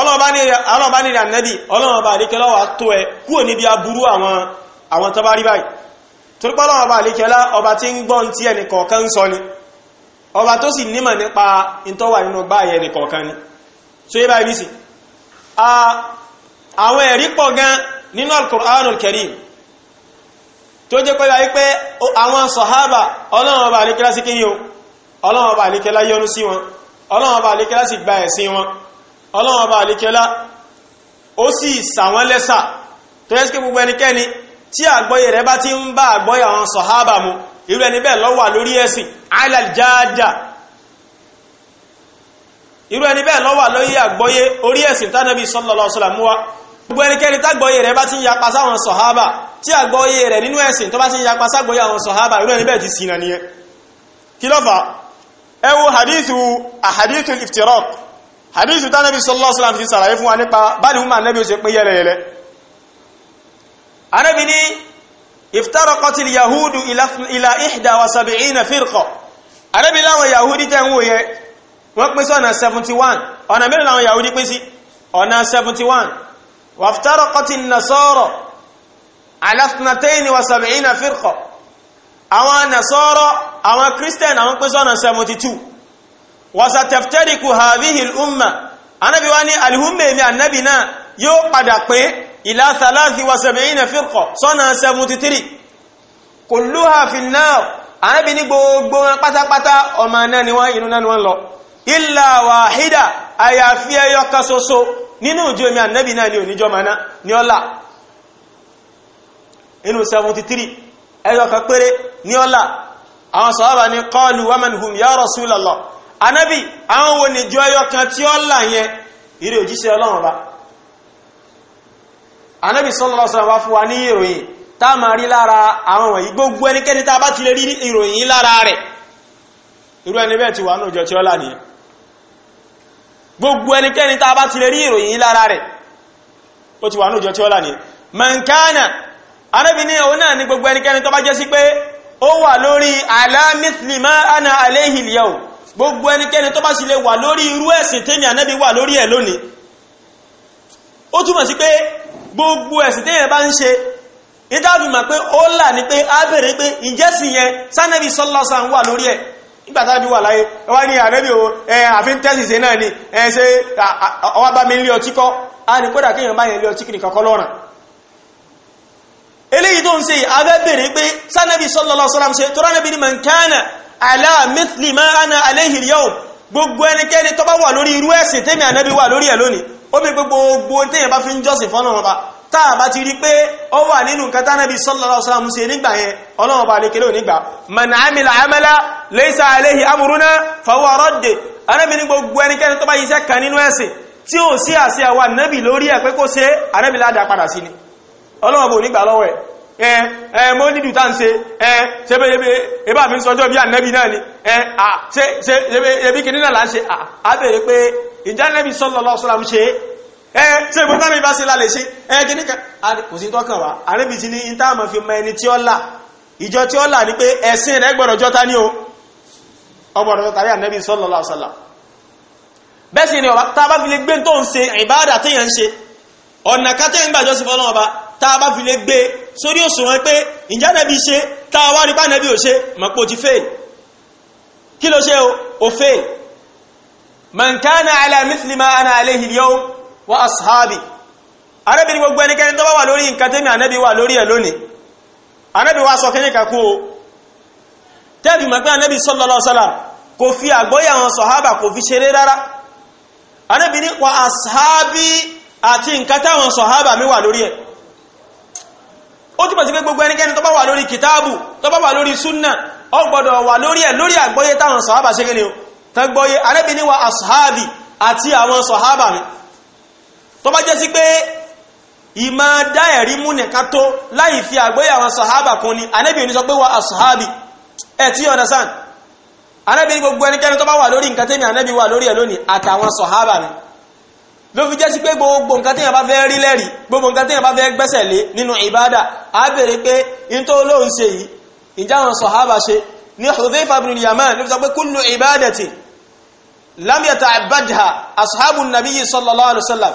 ọlọ́ọ̀bá nílẹ̀ ànẹ́bì ọlọ́ọ̀bá àríkẹ́lọ́wà tó ẹ kúrò níbi aburú àwọn tọ́bá rí báyìí torípọ́ ọlọ́ọ̀bá àríkẹ́lá ọba tí ń gbọ́n tí ẹnì kọ̀ọ̀kan sọ ni ọba tó sì nímọ̀ nípa ìtọ́wà nínú gbáyẹ ẹnì kọ̀ọ̀kan ni so yíba ibi sí àwọn ẹ̀rí pọ̀ gan nínú Al-Qur'anul Karim tó jẹ́ pẹ́lá wípé àwọn sọ̀hábà ọlọ́ọ̀bá àríkẹ́lá sí ni o ọlọ́ọ̀bá àríkẹ́lá yọ́nú sí wọn ọlọ́ọ̀bá àríkẹ́lá ọlọ́run ọba àlékẹ́lá ó sì sàwọn lẹ́sà tó yẹ́ sí gbogbo ẹnikẹ́ni tí àgbọ́yẹ̀ rẹ̀ bá ti ń bá àgbọ́yẹ̀ àwọn sọ̀hábà mu irú ẹni bẹ́ẹ̀ ló wà lórí ẹ̀sìn alàjáàjà irú ẹni bẹ́ẹ̀ ló wà lórí àgbọ́yẹ̀ orí ẹ̀sìn tánàbí sallallahu alaihi wasallam mú wá gbogbo ẹnikẹ́ni tágbọ́yẹ̀ rẹ̀ bá ti ń yapa sáwọn sọ̀hábà tí àgbọ́yẹ̀ hadithu ta nabi sallallahu alaihi wasallam fi sàlàyé fún wa nípa báyìí wọn nabi ó ṣe pé yẹlẹyẹlẹ anabi ni iftaraqat al-yahudu ila ihda wa sab'ina firqa anabi láwọn yahudi tẹ́ ń wò wọ́n pín sí 72 wasataftariku hadhihi al-umma anabi wani al-umma mi annabi na yóò padà pé ila 73 firqa sọ́nà 73 kulluha fi an-nar anabi ní gbogbo wọn pátápátá ọmọ náà ni wọ́n inú náà ni lọ illa wahida àyàfi ẹyọ kan nínú ìjọ omi annabi náà ni oníjọ mana ni ọlá inú 73 ẹyọ kan péré ni ọlá àwọn sọ̀rọ̀ ni qalu wa man hum ya rasulallah anábì àwọn wo ni jọ ẹyọ kan tí ó là yẹn ìrè òjíṣẹ́ ọlọ́run bá anábì sallallahu alaihi wasallam wá fún wa ní ìròyìn tá a máa rí lára àwọn wọ̀nyí gbogbo ẹnikẹ́ni tá a bá ti lè rí ìròyìn lára rẹ̀ irú ẹni bẹ́ẹ̀ ti wà nùjọ tí ó là nìyẹn gbogbo ẹnikẹ́ni tá bá ti lè rí ìròyìn lára rẹ̀ ó ti wà nùjọ tí ó là nìyẹn mankana anábì ní òun náà ni gbogbo ẹnikẹ́ni tó bá jẹ́ sí pé ó wà lórí ala ana alayhi al gbogbo ẹnikẹ́ni tó bá sì lè wà lórí irú ẹ̀sìn tẹ́mi ànábì wà lórí ẹ̀ lónìí ó túmọ̀ sí pé gbogbo ẹ̀sìn tẹ́yẹ̀ bá ń ṣe ìdáàbì mà pé ó là ní pé á bèèrè pé ìjẹ́sì yẹn sánẹ́bì sọ́lọ́sà ń wà lórí ẹ̀ nígbàtàbí wà láyé ọwá ní ànábì ni ẹ ṣe ọwá bá mi a ní kódà kéèyàn bá yẹn lé ọtí kìnnìkan kọ́ eléyìí tó ń ṣe abẹ́ pé sánẹ́bì sọ́lọ́sà ala mithli ma ana alayhi al-yawm gbogbo ẹnikẹ́ni tó bá wà lórí irú ẹ̀sìn tèmi ànábì wà lórí ẹ̀ lónìí ó mi gbogbo téèyàn bá fi ń jọ́sìn fọ́nà ọba táà bá ti rí pé ó wà nínú nǹkan tánàbí sallallahu alaihi wasallam ṣe nígbà yẹn ọlọ́run ọba àlékelé ò nígbà man amila amala laysa alayhi amruna fahuwa radd anábì ní gbogbo ẹnikẹ́ni tó bá yíṣẹ́ nígbà lọ́wọ́ ẹ̀ ẹ mọ́ nídù tá ń ṣe ẹ ṣe bẹ́ ẹbá fi ń sọjọ́ bí ànẹ́bí náà ni ẹ eh, ṣe bí kìnnà là ń ṣe àbẹ̀rẹ̀ pé ìjánẹ́bí sallallahu alaihi wasallam ṣe ẹ eh, ṣe ìbọn tánàbí bá ṣe lálẹ́ ṣe ẹ eh, kìnnì kan kò sí tọ́kàn wá àrẹ́bí ti ní ìtààmà fi mọ ẹni tí ó là ìjọ tí ó là ní pé ẹ̀sìn rẹ̀ gbọ́dọ̀ jọta ní o ọgbọ̀dọ̀ jọta rí ànẹ́bí sallallahu alaihi wasallam bẹ́ẹ̀ sì ni ọba tá a bá fi lè gbé tó ń ṣe ìbáàdà téèyàn ń ṣe ọ̀nà ká téèyàn gbàjọ́sí fọ́lọ́wọ́ bá tá a bá fi lè gbé sórí òṣùwọ̀n pé ìjà nẹ́bí ṣe tá a wá rí bá nẹ́bí ò ṣe mọ̀pọ̀ ti fail kí ló ṣe o fail man kana ala mithli ma ana alayhi al-yawm wa ashabi arábìnrin gbogbo ẹnikẹ́ni tó bá wà lórí nǹkan tẹ́mi ànẹ́bí wà àwọn sọ̀hábà mi wà lórí ẹ̀ ó túnbọ̀ sí pé gbogbo ẹnikẹ́ni tó bá wà lórí kìtáàbù tó bá wà lórí súnà ó gbọ́dọ̀ wà lórí ẹ̀ lórí àgbọ́yé táwọn sọ̀hábà ṣe gẹ́ni o tẹ́gbọ́yé arẹ́bìnrin wa ashabi àti àwọn sọ̀hábà mi tó bá jẹ́ sí pé ìmọ̀ dá ẹ̀rí mú nìkan tó láì fi àgbọ́yé àwọn sọ̀hábà wa ashabi ẹ̀ tí understand arẹ́bìnrin gbogbo ẹnikẹ́ni tó bá wà lórí nǹkan tẹ́mi arẹ́bìnrin wà lórí ẹ̀ ló fi jẹ́ sí pé gbogbo nǹkan tí èèyàn bá fẹ́ rí lẹ́rìí gbogbo nǹkan tí èèyàn bá fẹ́ gbẹ́sẹ̀ lé nínú ìbádà á béèrè pé in tó lóun ṣe yìí ìjà àwọn sọ̀hábà ṣe ní Hudhayfa ibn Yaman ló fi sọ pé kullu ìbádàtì lam yata'abbadha ashabu nabiyyi sallallahu alaihi wasallam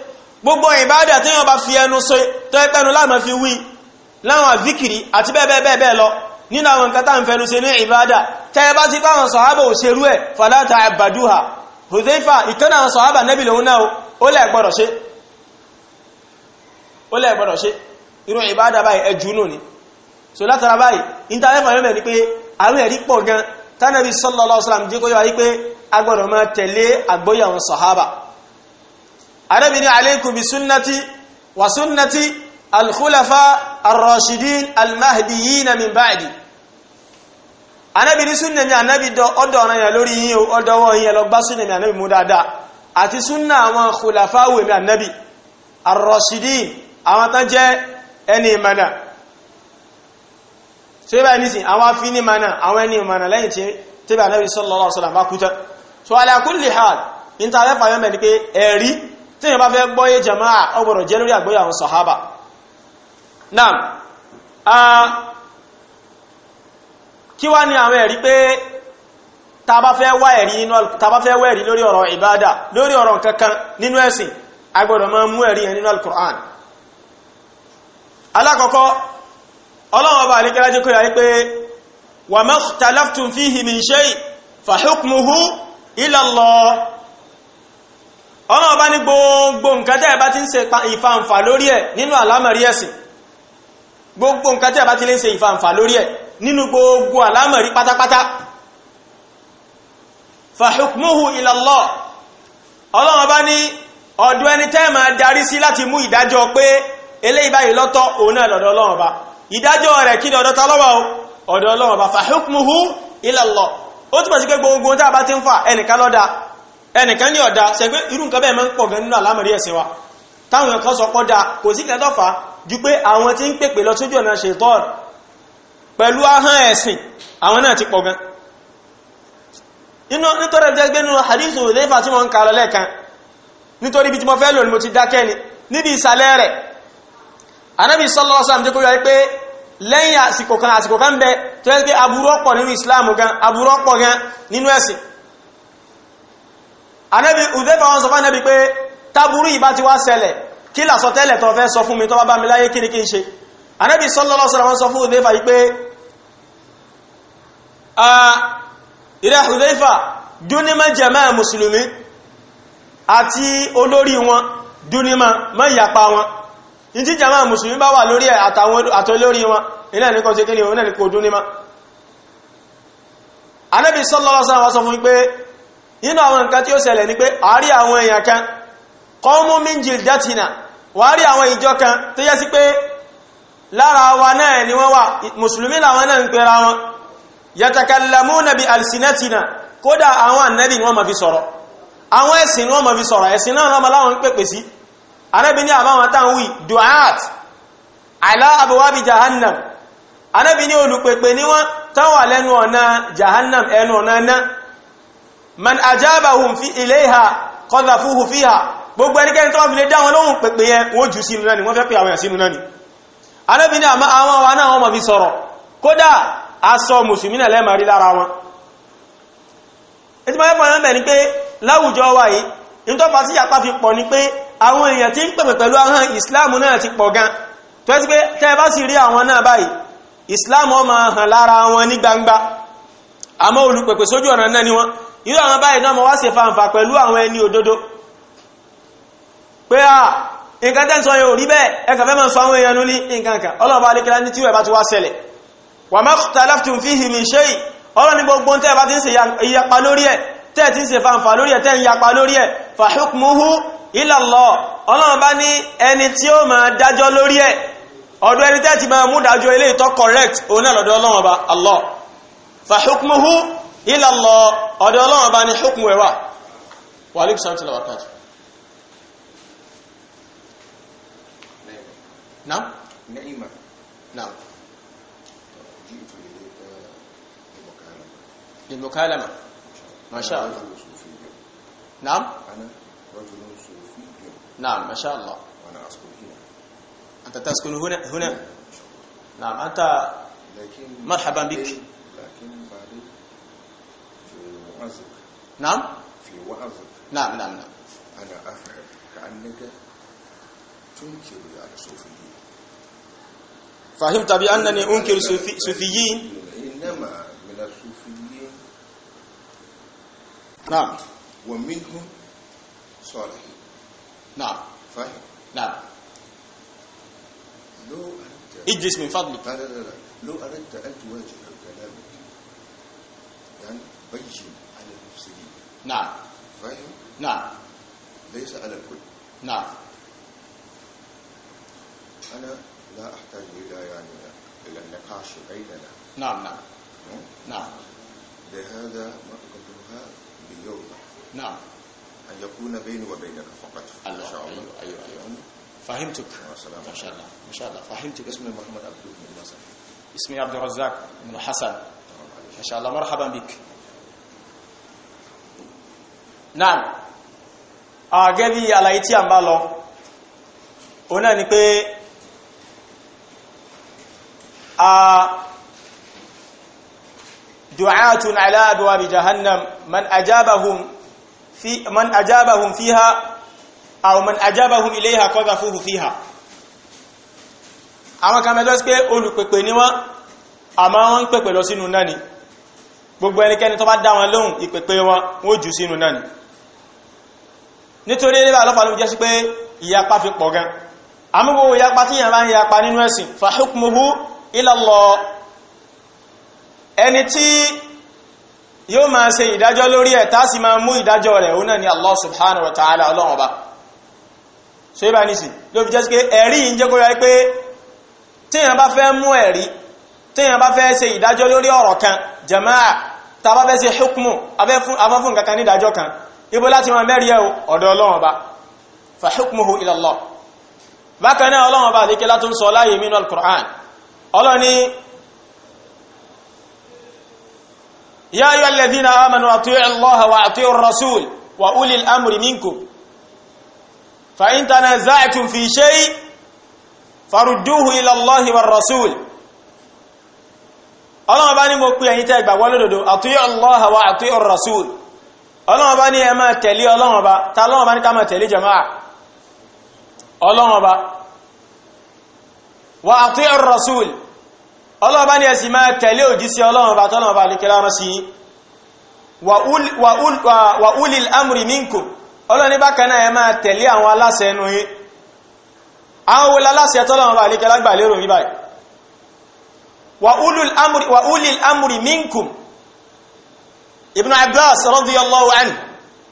gbogbo ìbádà tí wọ́n bá fi ẹnu sọ tó ẹ pẹ́nu láàmà fi wí láwọn àzíkìrí àti bẹ́ẹ̀ bẹ́ẹ̀ bẹ́ẹ̀ lọ nínú àwọn nǹkan tá ń fẹnu ṣe ní ìbádà tẹ́ bá ti báwọn sọ̀hábà òṣèlú ẹ̀ fàlátà àbàdúhà Hudhaifa ìkánà àwọn sọ̀hábà nẹ́bì lòun náà ó lẹ̀ gbọ́dọ̀ ṣe ó lẹ̀ sallallahu alaihi wasallam jẹ́ kó yọ wáyé pé agbọ́dọ̀ máa Ànábì ní alaykum bi sunnati wa sunnati al-khulafa ar-rashidin al-mahdiyyin min ba'di Ànábì ní sunna mi Ànábì do ọ̀dọ̀ ran yan lórí yín o ọ̀dọ̀ wọn yín lọ gbà sunna mi Ànábì mú dáadáa àti sunna àwọn khulafa we mi Ànábì ar-rashidin àwọn tán jẹ́ ẹni mana so ba ni sin àwọn fi ni mana àwọn ẹni mana lẹ́yìn tí tí ba Ànábì sallallahu alaihi wasallam bá so ala kulli hal in ta fa yan be ni pé ẹ̀rí tí èyàn bá fẹ́ gbọ́yé jama'a ọgbọ̀rọ̀ jẹ́ lórí àgbọ́yé àwọn sọ̀hábà náà a kí wá ní àwọn ẹ̀rí pé tá bá fẹ́ wá ẹ̀rí lórí ọ̀rọ̀ ìbádà lórí ọ̀rọ̀ kankan nínú ẹ̀sìn agbọ́dọ̀ máa mú ẹ̀rí yẹn nínú al alákọ̀ọ́kọ́ ọlọ́wọ́ ọlọ́run bá ní gbogbo nǹkan tẹ́ ẹ bá ti ń ṣe ìfàǹfà lórí ẹ̀ nínú àlámọ̀rí ẹ̀sìn gbogbo nǹkan tẹ́ ẹ bá ti lè ṣe ìfàǹfà lórí ẹ̀ nínú gbogbo àlámọ̀rí pátápátá fàhùkmúhù ilallah ọlọ́run ní ọ̀dọ̀ ẹni tẹ́ ẹnìkan ní ọ̀dá ṣe pé irú nǹkan bẹ́ẹ̀ máa ń pọ̀ gan nínú àlámọ̀rí ẹ̀sìn wa táwọn kan sọ pọ́dá kò sí kẹtọ́ fà ju pé àwọn tí ń pèpè lọ sójú ọ̀nà ṣètọ́ọ̀nù pẹ̀lú ahọ́n ẹ̀sìn àwọn náà ti pọ̀ gan inú nítorí ẹ̀jẹ̀ gbé nínú hadithu ìdẹ́fà tí wọ́n ń kalọ lẹ́ẹ̀kan nítorí ibi tí mo fẹ́ lò ní mo ti dákẹ́ ni níbi ìsàlẹ̀ rẹ̀ anábì sallallahu alaihi wasallam jẹ́ yọ pé lẹ́yìn àsìkò kan àsìkò kan bẹ tó yẹ pé aburú ọ̀pọ̀ nínú ìsìláàmù gan aburú ọ̀pọ̀ gan nínú ẹ̀sìn anẹ́bí ùdẹ́fà wọn sọ fún anẹ́bí pé tábúrú ìbá ti wá ṣẹlẹ̀ kí làsọ tẹ́lẹ̀ tó fẹ́ sọ fún mi tó bá bá mi láyé kí ni kí n ṣe anẹ́bí sallallahu alaihi wasallam sọ fún ùdẹ́fà yìí pé ìrẹ́ ùdẹ́fà dúnímọ̀ jẹ̀mẹ́ mùsùlùmí àti olórí wọn dúnímọ̀ mọ́ ìyapa wọn ìjí jẹ̀mẹ́ mùsùlùmí nínú àwọn nǹkan tí ó ṣẹlẹ̀ ní pé àárí àwọn èèyàn kan kọ́mú minjil dátìnà wà á rí àwọn ìjọ kan tó yẹ sí pé lára wa náà ni wọ́n wà mùsùlùmí làwọn náà ń pera wọn yatakallamuna bi alsinatina kódà àwọn ànábì ni wọ́n ma fi sọ̀rọ̀ àwọn ẹ̀sìn ma fi sọ̀rọ̀ ẹ̀sìn náà lọ́mọ láwọn ń pèpè sí ànábì ní àbáwọn táwọn jahannam ànábì ní olùpèpè ní wọ́n táwọn jahannam ẹnu man ajabahum fi ilayha qadhafuhu fiha gbogbo ẹnikẹ́ni tó wá fi lè dá wọn lóhùn pẹ̀pẹ̀ yẹn wọ́n jù sínú náà ni wọ́n fẹ́ pẹ̀ àwọn ìyàsínú náà ni anábi ní àmá àwọn wa náà wọ́n ma fi sọ̀rọ̀ kódà aṣọ mùsùlùmí náà lẹ́mà rí lára wọn ìtìmọ̀ ẹ̀fọ́ ẹ̀mẹ́ ni pé láwùjọ wa yìí ní tó fàá sí yàpá fi pọ̀ ni pé àwọn èèyàn ti ń pẹ̀pẹ̀ pẹ̀lú ahọ́n ìsìláàmù náà ti pọ̀ gan tó ẹ́sí pé tẹ́ bá sì rí àwọn náà báyìí ìsìláàmù ó máa hàn lára wọn ní gbangba àmọ́ olùpẹ̀pẹ̀ sójú ọ̀nà náà ni wọ́n irú àwọn báyìí náà mọ̀ wá ṣe fàǹfà pẹ̀lú àwọn ẹni òdodo pé à nǹkan tẹ́ ń sọ yẹn ò rí bẹ́ẹ̀ ẹ kàn fẹ́ mọ̀ sọ àwọn èèyàn nú ní nǹkan kan ọlọ́ọ̀bá alékẹ́lá ní tí ó ẹ̀bá ti wá ṣẹlẹ̀ wà má tàlàftùn fihi min shay ọlọ́ ní gbogbo tẹ́ ẹ̀bá ti ń ṣe ìyapa lórí ẹ̀ tẹ́ ti ń ṣe bá ti máa mú dájọ́ eléyìí tó ila Allah ọ̀dọ̀ ọlọ́run bá ní ṣókùn ẹ̀wà wà ní ìṣàmì tìlọ̀ wákàtí náà náà للمكالمة ما شاء الله نعم أنا رجل صوفي نعم ما شاء الله وأنا أسكن هنا أنت تسكن هنا هنا نعم أنت مرحبا بك وعظ نعم في وعظك نعم نعم نعم أنا أفهم كأنك تنكر على الصوفيين فهمت بأنني أنكر الصوفيين إنما من الصوفيين نعم ومنهم صالحين نعم فاهم نعم لو أنت اجلس من فضلك لا لا لا لو أردت أن تواجه كلامك يعني بين المفسدين نعم فاهم؟ نعم ليس على الكل نعم أنا لا أحتاج إلى يعني إلى النقاش بيننا نعم نعم نعم, نعم. لهذا ما أقدمها باليوم نعم أن يكون بيني وبينك فقط ما إن شاء الله أيوة أيوة, أيوة. فهمتك ما شاء الله ما شاء الله فهمتك اسمي محمد عبد من مصر اسمي عبد الرزاق بن حسن ما شاء الله مرحبا بك náà àgẹ́ ah, bí àlàyé tí a ń bá lọ òun náà ni pé a ah, du'atun ala abwabi jahannam man ajabahum fi man ajabahum fiha aw man ajabahum ilayha qadhafuhu fiha àwọn kan mẹ́jọ́ sí pé olùpèpè ní wọ́n àmá wọ́n ń pèpè lọ sínú gbogbo ẹnikẹ́ni tó bá dá wọn lóhùn ìpèpè wọn wọ́n jù sínú náà ni nítorí eré bá lọ́fà ló jẹ́ sí pé ìyapa fi pọ̀ gan amúgbò ìyapa tí yàrá ń yapa nínú ẹ̀sìn fa hukmuhu ila Allah ẹni tí yóò máa ṣe ìdájọ́ lórí ẹ̀ tásí máa mú ìdájọ́ rẹ̀ òun náà ni Allah subhanahu wa ta'ala ọlọ́run ọba so yíba ní sí ló fi jẹ́ sí pé ẹ̀rí yìí ń jẹ́ kóyá pé ibo láti máa mẹ́rí ẹ̀ ọ̀dọ̀ ọlọ́run ọba fa hukmuhu ila Allah bákan náà ọlọ́run ọba àdíkẹ́ látún sọ láyé mínú al-Qur'an ọlọ́ni ya ayyuhal ladhina amanu ati'u Allaha wa ati'u ar-rasul wa ulil amri minkum fa in tanaza'tum fi shay'in farudduhu ila Allahi rasul ọlọ́run ọba ní mo pè ẹ̀yin tẹ́ gbàgbọ́ lódodo ati'u Allaha wa ati'u rasul ọlọ́wọ́n bá ní ẹ máa tẹ̀lé ọlọ́wọ́n bá ta ọlọ́wọ́n bá ní ká máa tẹ̀lé jama'a ọlọ́wọ́n bá wa àti ar-rasul ọlọ́wọ́n bá ní ẹ sì máa tẹ̀lé òjíṣẹ́ ọlọ́wọ́n bá tọ́lọ́wọ́n bá lékẹ́lá rán sí wa ulil amri minkum ọlọ́ni bákan náà ẹ máa tẹ̀lé àwọn aláṣẹ ẹnu yìí ibn abbas radiyallahu anhu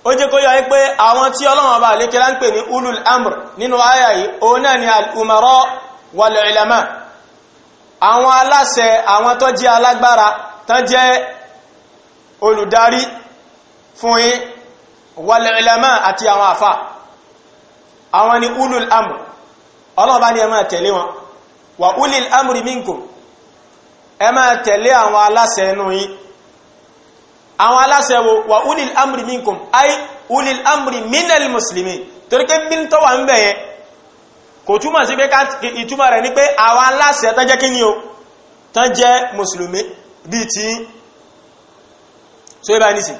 ó jẹ́ kó yọ wípé àwọn tí ọlọ́run ọba àlékẹ́lá ń pè ní ulul amr nínú àyà yìí òun náà ni al-umara wal ulama àwọn aláṣẹ àwọn tó jẹ́ alágbára tán jẹ́ olùdarí fún yín wal ulama àti àwọn àfà àwọn ni ulul amr ọlọ́run bá ní ẹ máa tẹ̀lé wọn wà ulil amri minkum ẹ máa tẹ̀lé àwọn aláṣẹ inú yín àwọn aláṣẹ wo wà ulil amri minkum ay ulil amri minal muslimin torí pé min tó wà ń bẹ̀ yẹn kò túmọ̀ sí pé ìtumọ̀ rẹ̀ ní pé àwọn aláṣẹ tán jẹ́ kí ni o tán jẹ́ mùsùlùmí bíi ti so ibà nìsí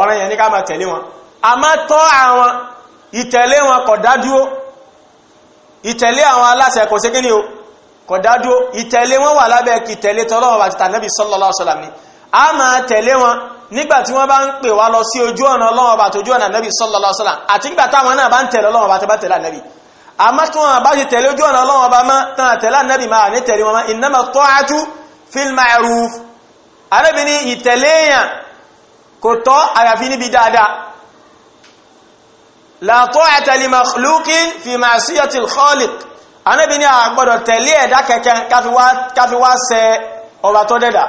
ọ̀rọ̀ yẹn ní ká máa tẹ̀lé wọn a máa tọ́ àwọn ìtẹ̀lé wọn kò dádúó ìtẹ̀lé àwọn aláṣẹ kò sí kí ni o kò dádúó ìtẹ̀lé wọn wà lábẹ́ ìtẹ̀lé tọ́lọ́wọ́ àti tànàbí sallallahu alaihi wasallam a máa tẹ̀lé wọn nígbà tí wọ́n bá ń pè wá lọ sí ojú ọ̀nà ọlọ́run ọba tójú ọ̀nà nẹ́bí sallallahu alaihi wasallam àti nígbà táwọn náà bá ń tẹ̀lé ọlọ́run ọba tó bá tẹ̀lé ànẹ́bí àmọ́ tí wọ́n bá ti tẹ̀lé ojú ọ̀nà ọlọ́run ọba mọ́ tán àtẹ̀lé ànẹ́bí máa ní tẹ̀lé wọn mọ́ innama ta'atu fil ma'ruf ànẹ́bí ní ìtẹ̀lé èèyàn kò tọ́ àyàfi níbi dáadáa la ta'ata li makhluqin fi ma'siyatil khaliq ànẹ́bí ní àgbọ̀dọ̀ tẹ̀lé ẹ̀dá kẹ̀kẹ́ káfi wá ọba tó dẹ́dàá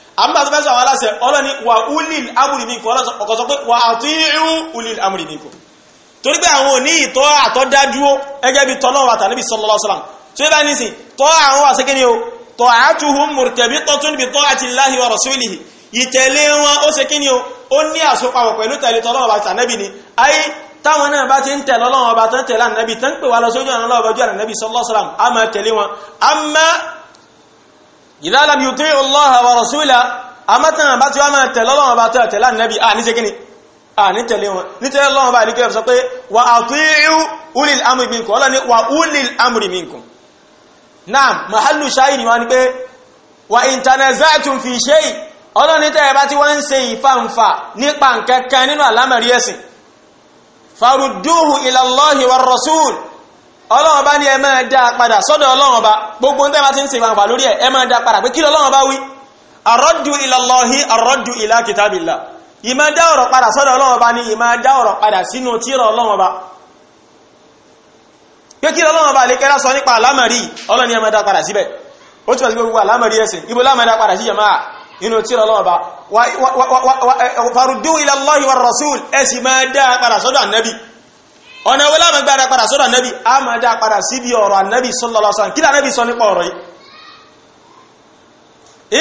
àmúgbà tó fẹ́ sọ àwọn aláṣẹ ọlọ́ni wà ulil amri minkum ọkọ̀ sọ pé wà ati'u ulil amri minkum torí pé àwọn òní ìtọ́ àtọ́dájú ẹgẹ́ bí tọ́lọ́wọ́ àtàlẹ́bí sallallahu alaihi wasallam tí ó bá ní sí tọ́ àwọn àṣẹ́kẹ́ ni o tọ́ àátúhùn mùrùtẹ̀bí tọ́tún bí tọ́ àti láhì wa rasulihi ìtẹ̀lé wọn ó ṣe kí ni o ó ní àsopapọ̀ pẹ̀lú tẹ̀lé tọ́lọ́wọ́ àtàlẹ́bí ni ayé táwọn náà bá ti ń tẹ̀lọ́ lọ́wọ́ bá tán tẹ̀lá nàbí tán pè wá lọ sójú àná lọ́wọ́ bá ju àná nàbí sallallahu alaihi wasallam á máa tẹ̀lé wọn idha lam yuti'u Allah wa rasulahu amátàn bá ti wá máa tẹ̀lé Ọlọ́run bá tẹ̀lé tẹ̀lé ànábì à ní ṣekíní à ní tẹ̀lé wọn ní tẹ̀lé Ọlọ́run bá ní kí sọ pé wa ati'u ulil amri ọlọ́run bá ní ẹ máa dá padà sọ́dọ̀ ọlọ́run bá gbogbo tẹ́ bá ti ń ṣe ìwànfà lórí ẹ ẹ máa dá padà pé kí lọ́run bá wí àrọ́dù ìlàlọ́hí àrọ́dù ìlà kìtàbìlà ìmá dá ọ̀rọ̀ padà sọ́dọ̀ ọlọ́run bá ní ìmá dá ọ̀rọ̀ padà sínú tírà ọlọ́run bá pé kí lọ́run bá lè kẹ́rà sọ nípa àlámàrí ọlọ́run ni ẹ máa dá padà síbẹ̀ ó túnmọ̀ sí gbogbo àlámàrí ẹ̀sìn ibo ọ̀nà wọlé àmà gbára padà sọ́dọ̀ ànábì a máa dá padà sí bí ọ̀rọ̀ ànábì sallallahu alaihi wasallam kí ànábì sọ nípa ọ̀rọ̀ yìí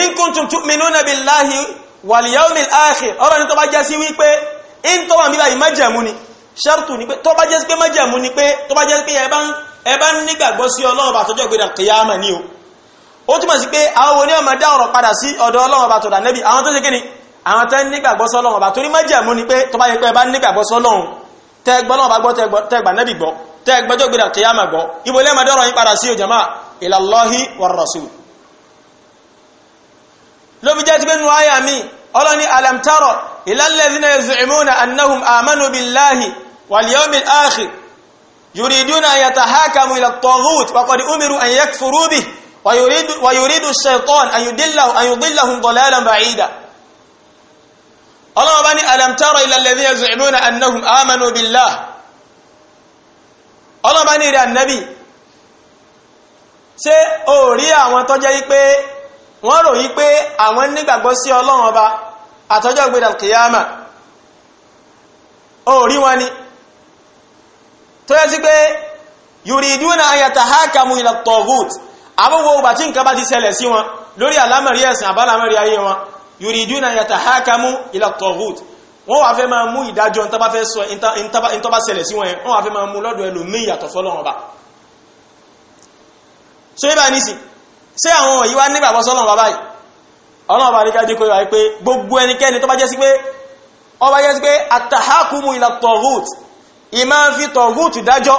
in kuntum tu'minuna billahi wal yawmil akhir ọ̀rọ̀ ni tó bá jẹ́ sí wípé in tó wà nílà yìí májẹ̀mú ni ṣẹ́rùtù ni pé tó bá jẹ́ sí pé májẹ̀mú ni pé tó bá jẹ́ sí pé ẹ bá ń nígbàgbọ́ sí ọlọ́run bá tọjọ́ ìgbéra tẹ́gbọ́n náà bá gbọ́ tẹ́gbà nẹ́bì gbọ́ tẹ́gbẹ́jọ́ gbéra kìyàmà gbọ́ ibo lẹ́mà dọ́rọ̀ yín padà sí o jama ilallahi war rasul lóbi jẹ́ ti gbé nù áyà mi ọlọ́ni alam tara ọlọ́wọ́ bá ní alam tara ila alladhina yaz'umuna annahum amanu billah ọlọ́wọ́ bá ní ìrẹ́ ànábì ṣé o rí àwọn tó jẹ́ wípé wọ́n rò wípé àwọn nígbàgbọ́ sí ọlọ́wọ́n ọba àtọ́jọ́ gbé dàkìyàmà o rí wọn ni tó yẹ sí pé yuriduna an yatahakamu ila at-taghut àwọn wo bàtí nǹkan bá ti ṣẹlẹ̀ sí wọn lórí àlámẹ̀rí ẹ̀sìn àbálámẹ̀rí ayé wọn yuriduna yatahakamu ila taghut wọ́n wá fẹ́ máa mú ìdájọ́ ntaba fẹ́ sọ ntaba ṣẹlẹ̀ sí wọn yẹn wọ́n wá fẹ́ máa mú lọ́dọ̀ ẹlòmíì yàtọ̀ fọ́lọ́run ọba so yíba nísì ṣé àwọn yìí wá nígbàgbọ́ sọ́lọ́run bàbá yìí ọlọ́run ọba ní ká jẹ́ kó yọ pé gbogbo ẹnikẹ́ni tó bá jẹ́ sí pé ọba jẹ́ sí pé atahakumu ila taghut ìmáa fi taghut dájọ́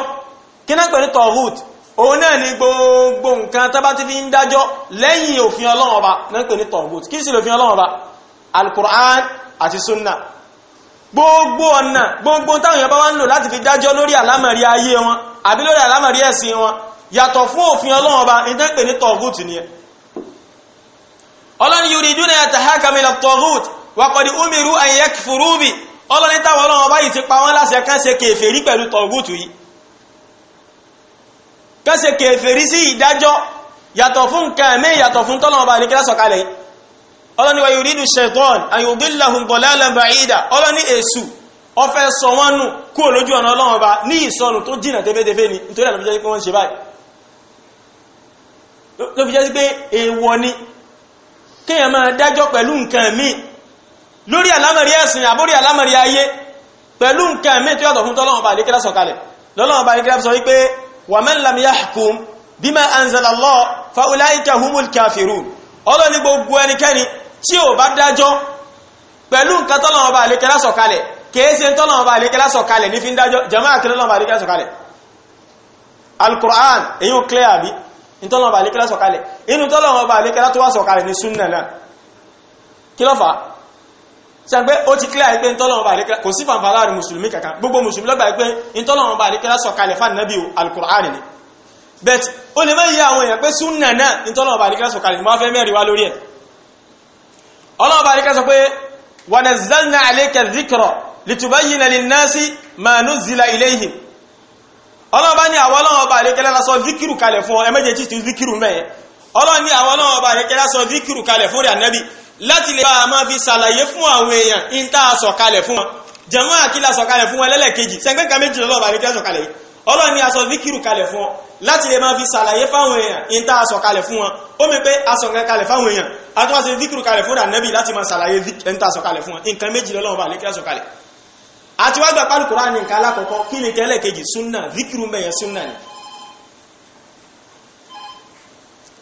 kí náà pẹ̀lú taghut òun náà ni gbogbo nǹkan tábà ti fi ń dájọ́ lẹ́yìn òfin ọlọ́run ọba náà ń pè ní tọ̀gùt kí sì lòfin ọlọ́run ọba alukur'an àti sunna gbogbo ọ̀nà gbogbo táwọn èèyàn bá wá ń lò láti fi dájọ́ lórí àlámọ̀rí ayé wọn àbí lórí àlámọ̀rí ẹ̀sìn wọn yàtọ̀ fún òfin ọlọ́run ọba ní tẹ́ ń ní tọ̀gùt umiru an yakfuru bi ọlọ́ni táwọn ọlọ́run ọba yìí ti pa wọ́n láṣẹ kán ṣe kẹsẹ̀ kèfèrí sí ìdájọ́ yàtọ̀ fún nǹkan mẹ́ yàtọ̀ fún tọ́lọ̀ ọba nìkílá sọ̀kalẹ̀ ọlọ́ni wa yuridu shaitan an yudillahum dalalan ba'ida ọlọ́ni èṣù ó fẹ́ sọ wọ́n nù kúrò lójú ọ̀nà Ọlọ́run ní ìsọnù tó jìnà tẹ́fẹ́tẹ́fẹ́ ni nítorí àlọ́ fi jẹ́ pé wọ́n ṣe báyìí ló fi jẹ́ pé èèwọ̀ ni kéèyàn máa dájọ́ pẹ̀lú nǹkan míì lórí àlámọ̀rí ẹ̀sìn àbórí àlámọ̀rí ayé pẹ̀lú nǹkan míì tó yàtọ̀ fún tọ́lọ́run ọba ومن لم يحكم بما أنزل الله فأولئك هم الكافرون ọlọ́ ní gbogbo ẹnikẹ́ni tí ò bá dájọ́ pẹ̀lú nǹkan tọ́lọ̀wọ́ bá lè kẹ́lá sọ̀kalẹ̀ kèése tọ́lọ̀wọ́ bá lè kẹ́lá sọ̀kalẹ̀ ní fi ń dájọ́ jama'a kí lọ́lọ́wọ́ bá lè kẹ́lá sọ̀kalẹ̀ al-Qur'an clear bí in tọ́lọ̀wọ́ bá lè kẹ́lá sọ̀kalẹ̀ inú tọ́lọ̀wọ́ bá lè kẹ́lá tó wá sọ̀kalẹ̀ ní súnnà náà kí sẹ́gbẹ́ ó ti kílá ẹgbẹ́ ìtọ́lọ́wọ́n bá àríkẹ́lá kò sí fàǹfà láàrin mùsùlùmí kankan gbogbo mùsùlùmí lọ́gbà ẹgbẹ́ ìtọ́lọ́wọ́n bá àríkẹ́lá sọ̀kalẹ̀ fún ànábì alukur'ani ni bẹ́ẹ̀ ó lè mẹ́yẹ àwọn èèyàn pé súnà náà ìtọ́lọ́wọ́n bá àríkẹ́lá sọ̀kalẹ̀ ni wọ́n fẹ́ mẹ́rin wá lórí ẹ̀ ọlọ́wọ́n bá àríkẹ́ sọ pé wa nazzalna alayka dhikra litubayyina lin-nasi ma nuzzila ilayhim ọlọ́wọ́n bá ní àwọn ọlọ́wọ́n bá àríkẹ́lá sọ zikiru kalẹ̀ fún ẹ méjèèjì ti zikiru mẹ́yẹn ọlọ́run ní àwọn ọlọ́run ọba àdékẹ́lá sọ díkìrù kalẹ̀ fún rẹ̀ ànábì láti lè bá a máa fi ṣàlàyé fún àwọn èèyàn ń tá a sọ kalẹ̀ fún wọn jẹ̀mọ́ àkílà sọ kalẹ̀ fún wọn lẹ́lẹ́kejì sẹ́ńpẹ́ kan méjì lọ́lọ́run ọba àdékẹ́lá sọ kalẹ̀ yìí ọlọ́run ní a sọ díkìrù kalẹ̀ fún ọ láti lè máa fi ṣàlàyé fáwọn èèyàn ń tá a sọ kalẹ̀ fún wọn ó mi pé a sọ nǹkan kalẹ̀ fáwọn èèyàn a tún wá ṣe díkìrù kalẹ̀ fún ànábì láti máa ṣàlàyé ń tá sọ kalẹ̀ fún wọn nǹkan méjì lọ́lọ́run ọba àdékẹ́lá sọ kalẹ̀ àti wá gbà pálukùrá ní nǹkan alákọ̀ọ́kọ́ kí ni tẹ́lẹ̀ kejì súnà díkìrù mẹ́yẹ súnà ni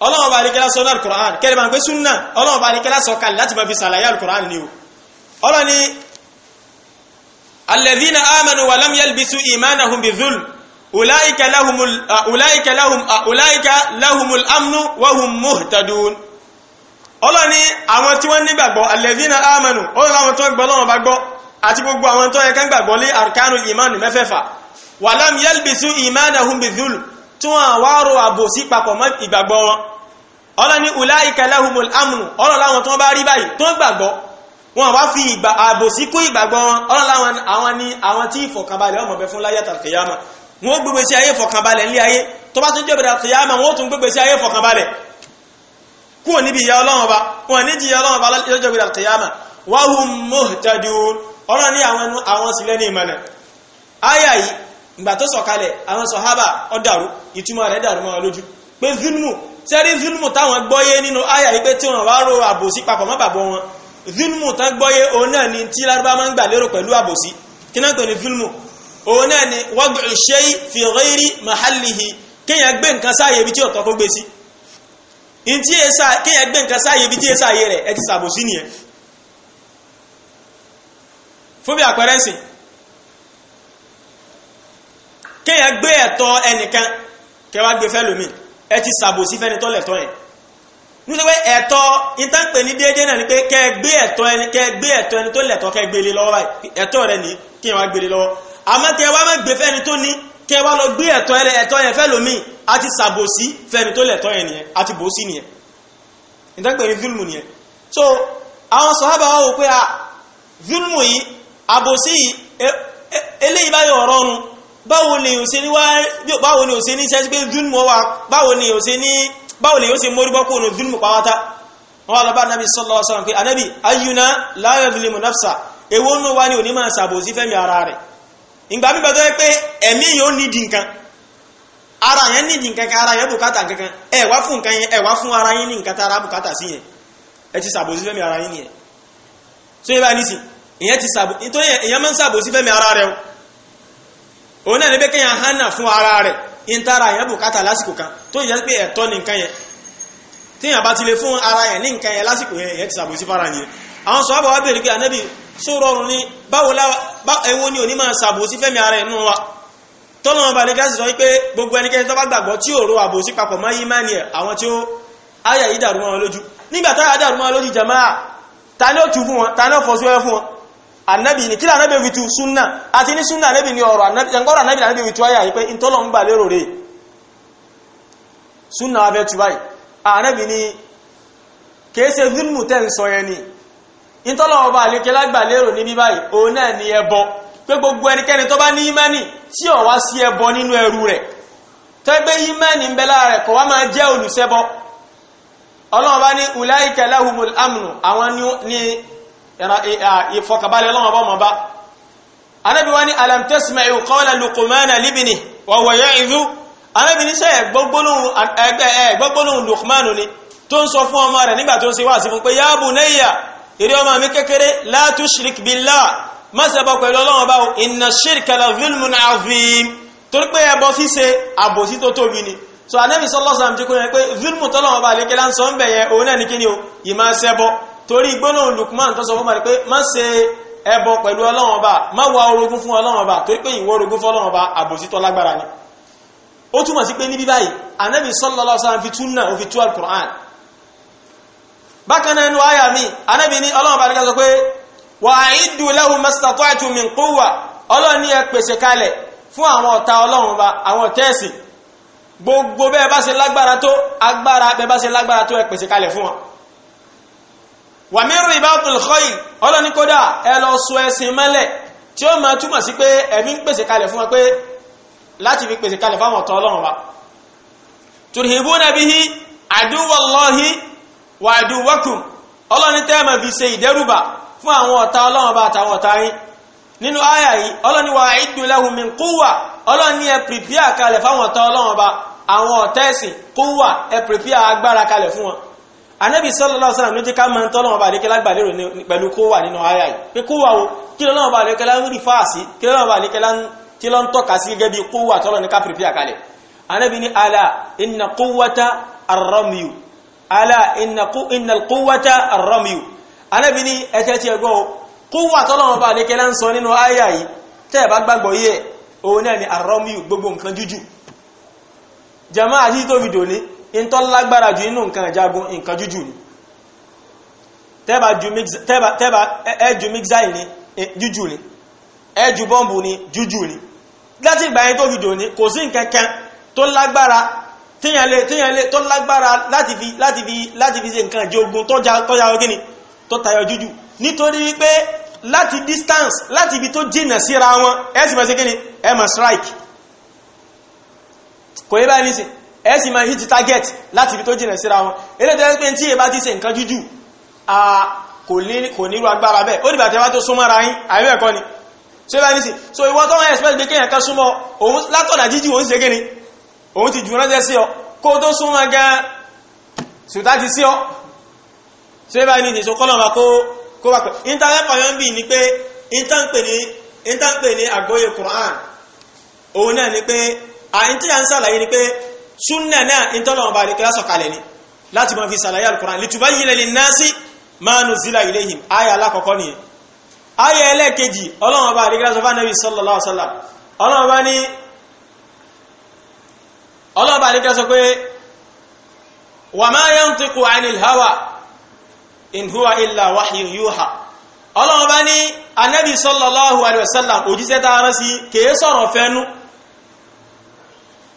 ọlọ́run bá àríkẹ́lá sọ náà alukur'an kẹ́lẹ́ máa gbé súnà ọlọ́run bá àríkẹ́lá sọ kalẹ̀ láti máa fi sàlàyé alukur'an ni o ọlọ́run ni alladhina amanu wa lam yalbisu imanahum bidhulm ulaika lahumul ah, ulaika lahum ah, ulaika lahumul amnu wa hum muhtadun ọlọ́run ni àwọn tí wọ́n nígbàgbọ́ alladhina amanu ọlọ́run àwọn tó gbọ́ tí wọ́n wá ro àbòsí papọ̀ mọ́ ìgbàgbọ́ wọn ọlọ́ ní ulaika lahumul amnu ọlọ́ láwọn tó bá rí báyìí tó gbàgbọ́ wọn wá fi àbòsí kún ìgbàgbọ́ wọn ọlọ́ láwọn àwọn ní àwọn tí ìfọ̀kànbalẹ̀ ọmọ bẹ fún láyé tàkìyàmà wọn gbogbo sí ayé ìfọ̀kànbalẹ̀ ní ayé tó bá tún jẹ́ bẹ̀rẹ̀ tàkìyàmà wọn tún gbogbo sí ayé ìfọ̀kànbalẹ̀ kúrò níbi ìgbà tó sọ̀kalẹ̀ àwọn sọ̀hábà ọ̀dàrú ìtumọ̀ rẹ̀ dàrú mọ́ lójú pé zulmù sẹ́rí zulmù táwọn gbọ́yé nínú àyà yìí pé tí wọ́n wá ro àbòsí papọ̀ mọ́ bàbọ̀ wọn zulmù tán gbọ́yé òun náà ni tí lárúbá máa ń gbà lérò pẹ̀lú àbòsí kí náà pè ní zulmù òun náà ni wọ́gbù ṣe fi ghairi mahalihi kéèyàn gbé nǹkan sáàyè ibi tí ọ̀tọ̀ kó gbé sí kéèyàn gbé nǹkan sáàyè ibi tí èsà ayé rẹ̀ ẹ ti ṣàbòsí nìyẹn fún bí àpẹẹrẹ sìn kéèyàn gbé ẹ̀tọ́ ẹnìkan kẹwàá gbé fẹ́ lómi ẹ ti ṣàbòsí fẹ́ni tọ́lẹ̀ tọ́ yẹn nítorí pé ẹ̀tọ́ ìtànpẹ̀ ní déédé náà ni pé kẹ́ gbé ẹ̀tọ́ ẹni kẹ́ gbé ẹ̀tọ́ ẹni tó lẹ̀tọ́ kẹ́ gbélé lọ́wọ́ báyìí ẹ̀tọ́ rẹ ní kí wàá gbélé lọ́wọ́ àmọ́ kẹ́ wàá má gbé fẹ́ni tó ní kẹ́ wàá lọ gbé ẹ̀tọ́ nìyẹn ìtànpẹ̀ ní zulmù so àwọn sàhábà wá wò pé zulmù yìí báwo lè yóò ṣe ní wá báwo ni o ṣe ní sẹ́sí pé dúnmọ̀ wà báwo ni yóò ṣe ní báwo lè yóò ṣe mórí bọ́kù ní pàwátá lọ bá pé anábì ayuna la yazlimu nafsa èwo nù wá ní òní máa ṣàbòsí fẹ́mi ara rẹ̀ ìgbà mi bàtọ́ pé ẹ̀mí yóò nǹkan ara yẹn nídìí nǹkan kan ara yẹn bùkátà kankan ẹ wá ara yín ní nǹkan tára bùkátà sí yẹn so òun náà ní pé kéèyàn hánà fún ara rẹ̀ in tara yẹn bùkátà lásìkò kan tó yẹ pé ẹ̀tọ́ ní nǹkan yẹn téèyàn bá ti lè fún ara yẹn ní nǹkan yẹn lásìkò yẹn yẹn ti sàbòsí fara yẹn àwọn sọ́ọ́bà wa bèrè pé ànábì sórọrùn ní báwo ẹwọ́ ni òní máa sàbòsí fẹ́mi ara ẹ̀ nù wa tọ́nà ọba ní gáàsì sọ wípé gbogbo ẹnikẹ́ni tó bá gbàgbọ́ tí òru àbòsí papọ̀ mọ́ yìí mánìyàn àwọn tí ó anabi ni kí lànà bẹ fi tu sunna àti ní sunna anabi ni ọ̀rọ̀ ẹnkọrọ anabi lànà bẹ fi tu ayé àyípẹ ntọ́lọ̀ ń bà lérò rẹ̀ sunna wa fẹ́ tu báyìí anabi ni kèése zulmù tẹ́ ń sọ yẹn ni ntọ́lọ̀ ọba àlékè lágbà lérò níbí báyìí òun náà ni ẹbọ pé gbogbo ẹnikẹ́ni tó bá ní ìmánì tí ò wá sí ẹbọ nínú ẹrú rẹ̀ tó gbé ni ìfọkàbalẹ̀ ọlọ́run ọba ọmọba anábi wá ní alam tasma'u qawla luqmana libni wa huwa ya'idhu anábi ní sẹ́yẹ̀ gbọ́gbọ́lóhùn luqmanu ni tó ń sọ fún ọmọ rẹ̀ nígbà tó ń ṣe wá sí fún pé ya bunayya eré ọmọ mi kékeré la tushrik billah mọ́sẹ̀bọ̀ pẹ̀lú ọlọ́run ọba inna shirka la zulmun azim torí pé ẹbọ ṣíṣe àbòsí tó tóbi ni so anábi sallallahu alaihi wasallam ti kó yẹn pé zulmu tọ́lọ́run ọba àlékelá ń sọ ń bẹ̀yẹ òun náà ní kíni torí gbólóhùn Lukman tó sọ fún mari pé má ṣe ẹbọ pẹ̀lú ọlọ́run ọba má wá orogún fún ọlọ́run ọba torí pé ìwọ orogún fún ọlọ́run ọba àbòsítọ́ lágbára ni ó túmọ̀ sí pé níbi báyìí anabi sallallahu alaihi wasallam fi túnà ó fi tú al-Qur'an bákan náà inú àyà mi anabi ní ọlọ́run ọba nígbà sọ pé wa a'iddu lahum mastata'tum min quwwa ọlọ́run ní ẹ pèsè kalẹ̀ fún àwọn ọ̀tá ọlọ́run ọba wàmírù ìbáàbùl khayr ọlọ́ni kódà ẹ lọ so ẹsìn mẹ́lẹ̀ tí ó máa túmọ̀ sí pé ẹ̀mí ń pèsè kalẹ̀ fún wọn pé láti fi pèsè kalẹ̀ fáwọn ọ̀tọ̀ ọlọ́run wa turhibuna bihi aduwallahi wa aduwakum ọlọ́ni tẹ́ẹ̀mà fi ṣe ìdẹ́rùbà fún àwọn ọ̀tá ọlọ́run bá àtàwọn ọ̀tá yín nínú àyà yìí ọlọ́ni wa a'iddu lahum min quwwa ọlọ́ni ẹ pìpìà kalẹ̀ fáwọn ọ̀tá ọlọ́run bá àwọn ọ̀tá ẹ̀sìn quwwa ẹ pìpìà agbára kalẹ̀ fún wọn anabi sallallahu alaihi wasallam ló jẹ́ ká máa ń tọ́ lọ́wọ́ bá àlékẹ́ lágbàlérò pẹ̀lú kó wà nínú ayá yìí pé kó wà o kí lọ́wọ́ bá àlékẹ́ lá ń rí fáàsì kí lọ́wọ́ bá àlékẹ́ lá ń tí lọ́n tọ́ka sí gẹ́gẹ́ bí kó wà tọ́lọ́ ní ká pèpè àkàlẹ̀ anabi ni ala inna quwwata arramiyu ala inna quwwata arramiyu anabi ni ẹ̀kẹ́ tí gbọ́ o kó wà tọ́lọ́wọ́ bá àlékẹ́ lá ń sọ nínú ayá yìí tẹ́ ẹ bá gbàgbọ́ yẹ òun náà ni arramiyu gbogbo nǹkan jújù jama àti tóbi dòní in tó lágbára jù inú nǹkan ìjagun nǹkan jújù ni tẹ́bà ẹjù mixai ni jújù ni ẹjù bọ́m̀bù ni jújù ni láti ìgbà yẹn tó fi dò ní kò sí nǹkan kan tó lágbára tíyàn lè tíyàn lè tó lágbára láti fi láti fi láti fi ṣe nǹkan ìjogun tó ja tó ja tó tayọ jújù nítorí wípé láti distance láti ibi tó jìnà síra wọn ẹ sì mọ̀ sí kíni ẹ mọ̀ strike kò yẹ báyìí nísìnyí ẹ sì máa hit target láti ibi tó jìnà síra wọn eléyìí tẹ́lẹ̀ pé tí èyí bá ti ṣe nǹkan jújù kò nílò agbára bẹ́ẹ̀ ó dìbà tẹ́wà tó súnmọ́ra yín àìwẹ̀ ẹ̀kọ́ ni ṣé bá ní sí so ìwọ tó wọ́n expect pé kéèyàn kan súnmọ́ òun látọ̀nà jíjù òun ṣe kíni òun ti jù ránṣẹ́ sí ọ kó tó súnmọ́ gan ṣùtá ti Quran òun náà ni pé àyíntí à súnà náà ìtọ́lọ̀wọ̀n bá rikẹ́ lásọ̀kalẹ̀ ni láti mọ́ fi sàlàyé al-Qur'an litubayyina lin-nasi ma nuzila ilayhim aya alákọ̀ọ́kọ́ ni aya ẹlẹ́ẹ̀kejì ọlọ́wọ̀n bá rikẹ́ lásọ̀fà Nabi sallallahu alaihi wasallam ọlọ́wọ̀n bá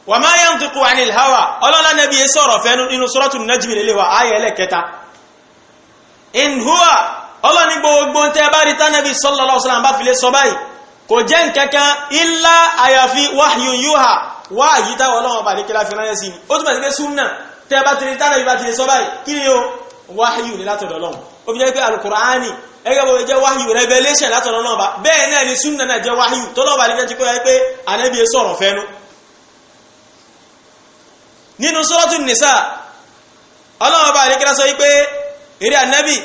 wa ma yantiqu anil hawa ọlọ́lá nẹ́bí yẹ sọ̀rọ̀ fẹ́nu nínú suratul najmi lè wà ayẹ ẹlẹ́kẹta in huwa ọlọ́ni gbogbo tẹ́ bá rí tánẹ́bí sallallahu alaihi wasallam bá fi lè sọ báyìí kò jẹ́ nkankan illa àyàfi wahyun yuha wá yìí táwọn ọlọ́wọ́n bá ní kílá fi ránṣẹ́ sí ni ó túnbọ̀ sí pé súnmọ́ tẹ́ bá ti rí tánẹ́bí bá ti lè sọ báyìí kí ni o wáyù ní látọ̀dọ̀ Ọlọ́run ó fi jẹ́ nínú sọ́ọ̀tù nìsà ọlọ́run bá àríkẹ́lá sọ wípé eré ànábì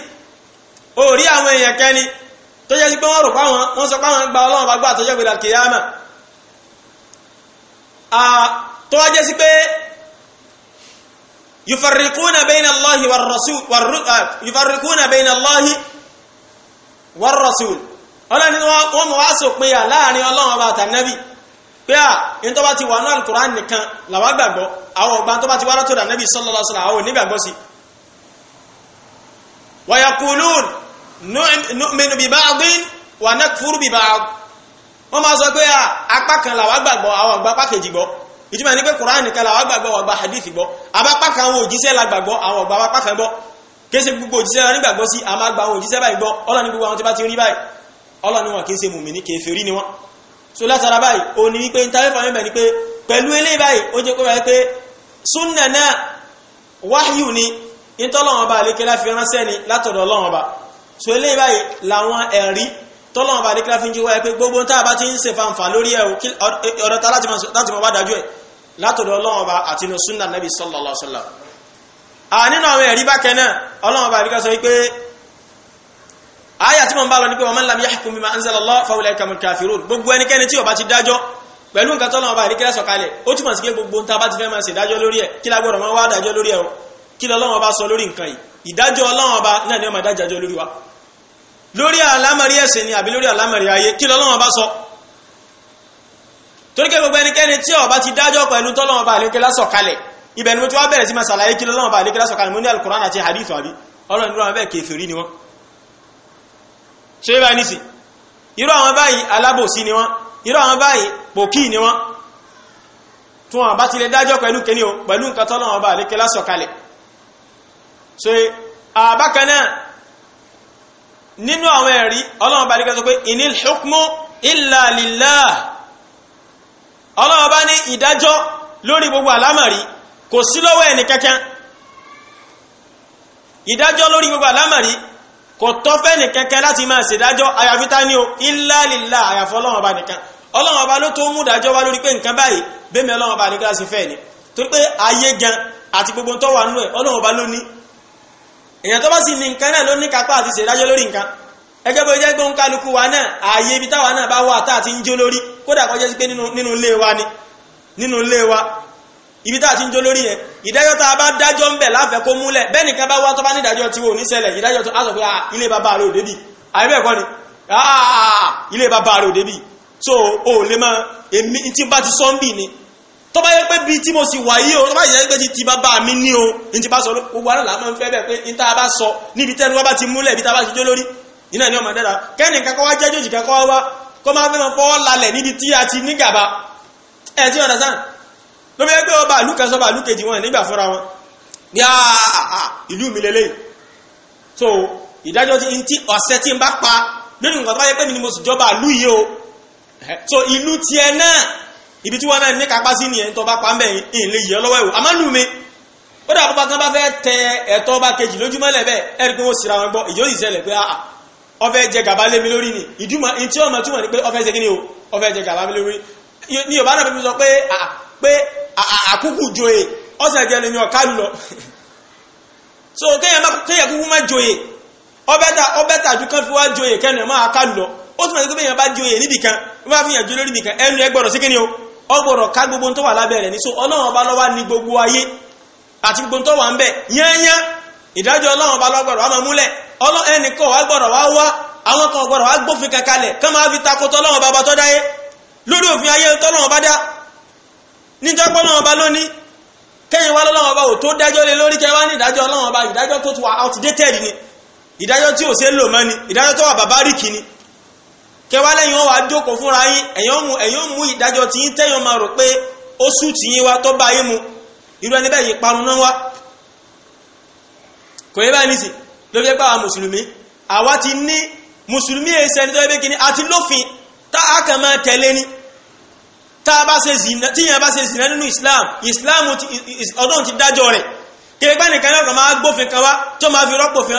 ó rí àwọn èèyàn kẹni tó jẹ́ sí pé wọ́n rò páwọn wọ́n sọ páwọn gba ọlọ́run bá gbà tó jẹ́ gbèdà kìyàmà tó wá jẹ́ sí pé yufarrikuna bayna Allahi war bá tànábì pé à ní tó bá ti wà ní alukoran nìkan làwọn gbàgbọ́ àwọn ọgbà tó bá ti wá látọ̀dọ̀ ànábì sallallahu alaihi wasallam àwọn onígbàgbọ́ sí. wa yaqulun nu'minu bi ba'din wa nakfuru bi ba'd. wọ́n máa sọ pé à apá kan làwọn gbàgbọ́ àwọn ọgbà apá kejì gbọ́ ìtumọ̀ ní pé koran nìkan làwọn gbàgbọ́ àwọn ọgbà hadith gbọ́ abápá kan wo òjíṣẹ́ la gbàgbọ́ àwọn ọgbà apá kan gbọ́ kése gbogbo òjíṣẹ́ la nígbàgbọ́ sí àmàgbà àwọn òjíṣẹ́ báyìí gbọ́ ọlọ́ni gbogbo àwọn tí bá ti rí báyìí ọlọ́ni wọn kì mùmí ní kèfèrí ni wọ́n so látara báyìí o ní wípé ntàfẹ́fà mẹ́bẹ̀ ni pé pẹ̀lú eléyìí báyìí ó jẹ́ kó báyìí pé súnà náà wáyù ni ìtọ́lọ́wọ́n bá àlékẹ́lá fi ránṣẹ́ ni látọ̀dọ̀ ọlọ́wọ́n bá so eléyìí báyìí làwọn ẹ̀rí tọ́lọ́wọ́n bá àlékẹ́lá fi ń jíwáyé pé gbogbo tá a bá ti ń ṣe fanfà àyà tí mo ń bá lọ ní pé waman lam yahkum bima anzala Allah fa ulaika humul kafirun gbogbo ẹnikẹ́ni tí ó bá ti dájọ́ pẹ̀lú nǹkan tọ́lọ́ ọba àríkẹ́lẹ́ sọ̀kalẹ̀ ó túmọ̀ sí pé gbogbo ń ta bá ti fẹ́ máa ṣe ìdájọ́ lórí ẹ̀ kí lágbọ́dọ̀ máa wá dájọ́ lórí ẹ̀ o kí lọ́lọ́wọ́ bá sọ lórí nǹkan yìí ìdájọ́ ọlọ́wọ́ bá náà ni ó máa dájọ́ lórí wa lórí àlámọ̀rí ẹ̀sìn ni àbí lórí àlámọ̀rí ayé kí lọ́lọ́wọ́ bá sọ torí pé gbogbo ẹnikẹ́ni tí ó bá ti dájọ́ pẹ̀lú tọ́lọ́wọ́ bá àríkẹ́lẹ́ sọ̀kalẹ̀ ibẹ̀ ni mo ti wá bẹ̀rẹ̀ sí máa ṣàlàyé kí lọ́lọ́wọ́ bá àríkẹ́lẹ́ sọ̀kalẹ̀ mo ní alukuran àti hadith àbí ọlọ́run ní wọn bẹ́ẹ̀ kèfèrí ni wọn so yẹ́ báyìí nísì irú àwọn báyìí alábòsí ni wọ́n irú àwọn báyìí pòkí ni wọ́n tún wọn bá ti lè dájọ́ pẹ̀lú kẹni o pẹ̀lú so àbákan náà nínú àwọn ẹ̀rí ọlọ́wọ́n bá lékẹ́ sọ pé inil hukmu illa lillah ọlọ́wọ́n bá ní ìdájọ́ lórí gbogbo àlámọ̀rí kò tọ́ fẹ́ni kẹ́kẹ́ láti máa ṣèdájọ́ àyàfi ní o illa lillah àyàfọ́ ọlọ́run ọba nìkan ọlọ́run ọba ló tó mú dájọ́ wá lórí pé nǹkan báyìí bẹ́ẹ̀mi ọlọ́run ọba nìkan láti fẹ́ ni torí pé ayé gan àti gbogbo tó wà nú ẹ̀ ọlọ́run ọba ló ní èèyàn tó bá sì ní nǹkan náà ló ní kápá àti ṣèdájọ́ lórí nǹkan ẹgbẹ́ bó jẹ́ gbọ́n kálukú wa náà ààyè ibi táwa náà bá wà tá àti ń jó lórí kódà kọjá sí pé nínú ilé wa ni nínú ilé wa ibi tá a ti ń jó lórí yẹn ìdájọ́ tá a bá dájọ́ ń bẹ̀ láfẹ́ kó múlẹ̀ bẹ́ẹ̀ nìkan bá wá tó bá ní ìdájọ́ tiwo oníṣẹ̀lẹ̀ ìdájọ́ tó aṣọ pé ah, ilé bàbá rẹ̀ ò débì àìbẹ́ẹ̀ kọ́ ni ah, ilé bàbá rẹ̀ ò so o lè mọ èmi tí bá ti sọ́ ń bì ni tó bá yẹ pé bíi tí mo sì wà yìí o tó bá yẹ pé ti bàbá mi ní o ní ti bá sọ gbogbo àná làá máa ń fẹ́ bẹ́ẹ̀ pé ní tá a bá sọ níbi tẹ́nu wá bá ti múlẹ̀ ibi tá a bá ti jó ni ọmọ dẹ́ra kẹ́ni kankan wá jẹ́jọ́ jì kankan wá kó máa fẹ́ máa fọwọ́ lálẹ̀ níbi tí a ti ní gàba ẹ̀ tí ọ̀dà ló bẹ́ẹ̀ pé ọba ìlú kan sọba ìlú kejì wọn nígbà fúnra wọn bí a ìlú mi lélẹ́yìn so ìdájọ́ tí ti ọ̀sẹ̀ tí n bá pa lórí nǹkan tó bá yẹ pé mi ni mo sì jọba ìlú yìí o so ìlú tiẹ̀ náà ibi tí wọn náà ní kápá sí nìyẹn tó bá pa mẹ́rin ìyìn lè yẹ lọ́wọ́ ẹ̀wò àmọ́ lù mi ó dà bọ́ kan bá fẹ́ tẹ ẹ̀tọ́ ọba kejì lójúmọ́lẹ̀ bẹ́ẹ̀ ẹ̀rí pé wọ́n sira wọn gbọ́ ìjọ ìṣẹ̀lẹ̀ ah, ah, ni ìdúmọ̀ ìtí ọmọ ni pé ọfẹ́ ṣe kí ni o ni Yorùbá náà fi sọ pé ah, pé àkúkù joyè ọ̀sẹ̀ jẹ́ ni ọ̀ká lọ so kéèyàn kúkú má joyè ọbẹ̀ta ọbẹ̀ta ju kan fi wá joyè kẹ́nu ẹ̀ máa o lọ ó túnmọ̀ sí pé èèyàn bá joyè níbì kan ó bá fi ẹnu ẹ o ọ ka ká gbogbo tó wà so ọlọ́run ọba ló wà gbogbo ayé àti gbogbo tó wà ń bẹ̀ yányán ìdájọ́ ọba wà wá àwọn kan gbófin kán máa fi ọba lórí níjọ́ pọ́ lọ́wọ́ ọba lónìí kẹ́yìn wá lọ́wọ́ ọba ò tó dájọ́ lé lórí kẹwàá ní ìdájọ́ ọlọ́wọ́ ọba ìdájọ́ tó wà outdated ni ìdájọ́ tí ò ṣe lò mọ́ ni ìdájọ́ tó wà bàbáríkì ni kẹwàá lẹ́yìn wọn wà jókòó fúnra yín ẹ̀yàn mú ìdájọ́ tí yín tẹ́yàn máa rò pé ó sùn tì yín wá tó bá yín mu irú ẹni bẹ́ẹ̀ yìí parun náà wá kò yẹ báyìí nìsí ló fi gbà wá mùsùlùmí àwa ti ní mùsùlùmí èsẹ̀ nítorí pé kìíní àti lófin tá a kàn máa tẹ̀lé ni tíyàn bá ṣe zìnà nínú islam islam ọlọ́run ti dájọ́ rẹ̀ kẹgbẹ́ nìkan náà kan máa gbófin kan wá tó máa fi rọ́pò fin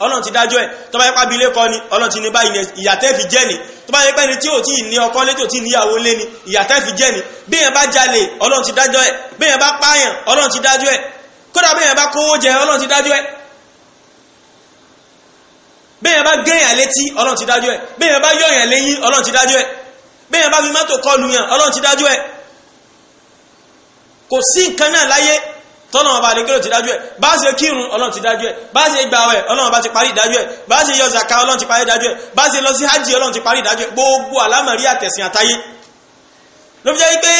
ọlọ́run ti dájọ́ ẹ̀ tó bá yẹpa bí ilé kọ́ ni ọlọ́run ti ní báyìí ìyàtẹ́ fi jẹ́ ni tó bá yẹpa ni tí ò tí ní ọkọ lé tí ò tí níyàwó lé ni ìyàtẹ́ fi jẹ́ ni bíyàn bá jalè ọlọ́run ti dájọ́ ẹ̀ bíyàn bá pààyàn ọlọ́run ti dájọ́ ẹ̀ kódà bíyàn bá kówó jẹ ọlọ́run ti dájọ́ ẹ̀ bíyàn bá gẹ́yàn létí ọlọ́run ti dájọ́ ẹ̀ bíyàn bá yọ̀yàn léyín ọlọ́run ti dájọ́ ẹ̀ bẹ́ẹ̀ bá fi mọ́tò kọlu yàn ọlọ́run ti dájú ẹ̀ kò sí nǹkan náà láyé tọ́nà ọba àdékèrò ti dájú ẹ̀ bá ṣe kírun ọlọ́run ti dájú ẹ̀ bá ṣe gbààwẹ̀ ọlọ́run ọba ti parí ìdájú ẹ̀ bá ṣe yọ zaka ọlọ́run ti parí ìdájú ẹ̀ bá ṣe lọ sí hajj ọlọ́run ti parí ìdájú ẹ̀ gbogbo àlámọ̀rí àtẹ̀sìn àtayé ló fi jẹ́ pé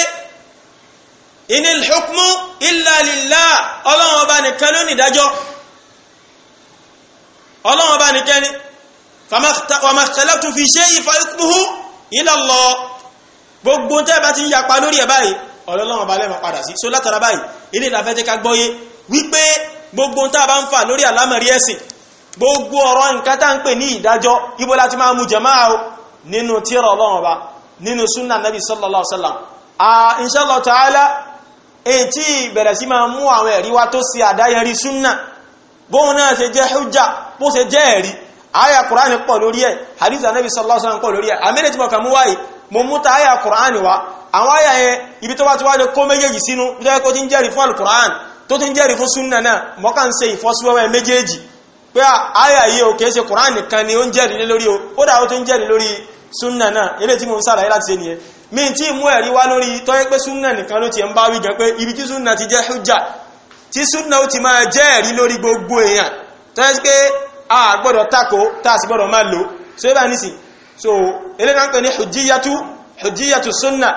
inil hukmu illa ọlọ́run ọba nìkan ló ní ìdájọ́ ọlọ́run ọba nìkan ni famakhtalafu fi shay'in fa hukmuhu ilallah gbogbo tẹ́ bá ti ń yapa lórí ẹ̀ báyìí ọlọ́lọ́wọ́n bá lẹ́mọ̀ padà sí so látara báyìí ilé ìlàfẹ́ jẹ́ ká gbọ́yé wípé gbogbo tá a bá ń fà lórí àlámọ̀rí ẹ̀sìn gbogbo ọ̀rọ̀ nǹkan tá ń pè ní ìdájọ́ ibo láti máa mú jàmáà o nínú tírà ọlọ́wọ́n bá nínú súnà nàbì sallallahu aya qur'ani pọ̀ lórí ẹ̀ hadith anabi sallallahu alaihi wasallam pọ̀ lórí ẹ̀ amene tí mo kàn mú wáyìí mo mú ta aya qur'ani wa àwọn aya yẹn ibi tó bá ti wá lè kó méjèèjì sínú nítorí kó ti ń jẹ́rìí fún alukur'an tó ti ń jẹ́rìí fún sunna na mo kàn ń ṣe ìfọ́síwẹ́wẹ́ méjèèjì pé aya yìí o kìí ṣe qur'an nìkan ni ó ń jẹ́rìí lé lórí o kódà ó ti ń jẹ́rìí sunna na eléyìí tí mo ń sàlàyé láti ṣe nìyẹn mi tí mú ẹ̀rí wá lórí tó yẹ pé sunna nìkan ló ti ń bá wí gan pé ibi tí sunna ti jẹ́ hujja tí sunna ó ti máa jẹ́rìí lórí gbogbo èèyàn tó yẹ pé a gbọ́dọ̀ tako tá a sì gbọ́dọ̀ máa lò so ẹ bá ní sí so ilé náà ń pè ní hujjiyatu hujjiyatu sunna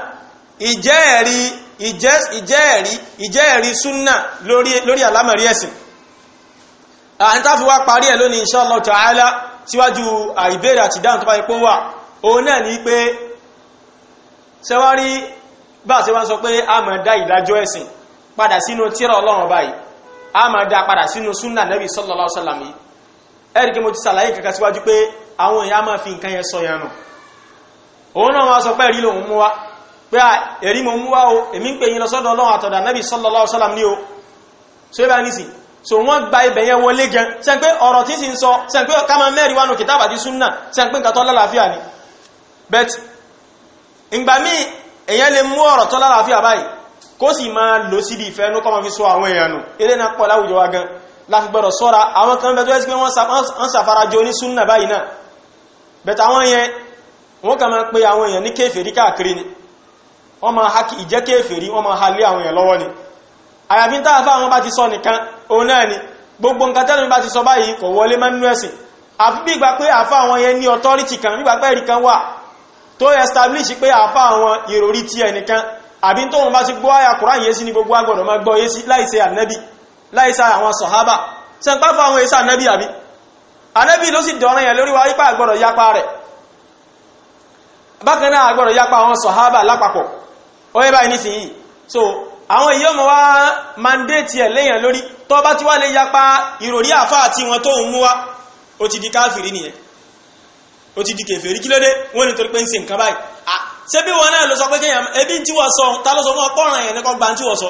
ìjẹ́ẹ̀rí ìjẹ́ẹ̀rí ìjẹ́ẹ̀rí sunna lórí lórí àlámọ̀rí ẹ̀sìn àwọn táfi wá parí ẹ̀ lónìí insha Allah ta'ala síwájú àìbéèrè àti dáhùn tó bá ipò wà òun náà ní pé sẹ́wárí bá ṣe wọ́n sọ pé a máa dá ìdájọ́ ẹ̀sìn padà sínú tírà Ọlọ́run báyìí a máa dá padà sínú súnnà Nabi sallallahu alaihi wasallam yìí ẹ̀rìkí mo ti sàlàyé kàkà síwájú pé àwọn èèyàn máa fi nǹkan yẹn sọ yẹn nù òun náà wọ́n sọ pé ẹ̀rí lòun mú wá pé ẹ̀rí mo mú wá o èmi ń pè yín lọ ọlọ́run àtọ̀dà nẹ́bì sallallahu alaihi wasallam o so ibà so wọ́n gba ibẹ̀ yẹn wọlé gan sẹ́n pé ọ̀rọ̀ tí sì ń sọ sẹ́n pé ká máa mẹ́rin wánu kìtàbà àti súnà sẹ́n pé nǹkan tó lálàáfíà ni bet ìgbà míì èyàn lè mú ọ̀rọ̀ tó lálàáfíà báyìí láti gbọ́dọ̀ sọ́ra àwọn kan bẹ̀tọ́ ẹ́sì pé wọ́n sàfarajọ ní súnnà báyìí náà bẹ̀tà wọ́n yẹn wọ́n kà máa pé àwọn èèyàn ní kéfèrí káàkiri ni wọ́n máa haki ìjẹ́ kéfèrí wọ́n máa halé àwọn èèyàn lọ́wọ́ ni àyàfi tá àfá àwọn bá ti sọ nìkan òun náà ni gbogbo nǹkan tẹ́lẹ̀ bá ti sọ báyìí kò wọlé mẹ́nu ẹ̀sìn àfi bí ìgbà pé àfá àwọn yẹn ní ọtọ́rìtì kan bí ìgbà pé ẹ̀rí kan wà tó establish pé àfá àwọn ìròrí ti ẹnìkan àbí tóun bá ti gbọ́ àyà Kùránì sí ni gbogbo agbọ̀dọ̀ máa gbọ́ yé sí láìsẹ̀ ànẹ́bì láìsá àwọn sọ̀hábà sẹ́ńpá fún àwọn ìsá ànábì àbí ànábì ló sì dọ̀rọ̀ yẹn lórí wa wípé àgbọ̀dọ̀ yapa rẹ̀ bákan náà àgbọ̀dọ̀ yapa àwọn sọ̀hábà lápapọ̀ ó yẹ báyìí nísìnyí so àwọn èyí ọmọ wa mandate ẹ̀ léèyàn lórí tó bá ti wá lè yapa ìròrí àfa àti wọn tó ń mú wa ó ti di káfìrí nìyẹn ó ti di kèfèrí kí ló dé wọ́n ní torí pé ń ṣe nǹkan báyìí ṣé bí wọn náà ló sọ pé kéèyàn ebi tí wọ́n sọ ta ló sọ fún ọ pọ́nrán yẹn nípa gbà tí wọ́n sọ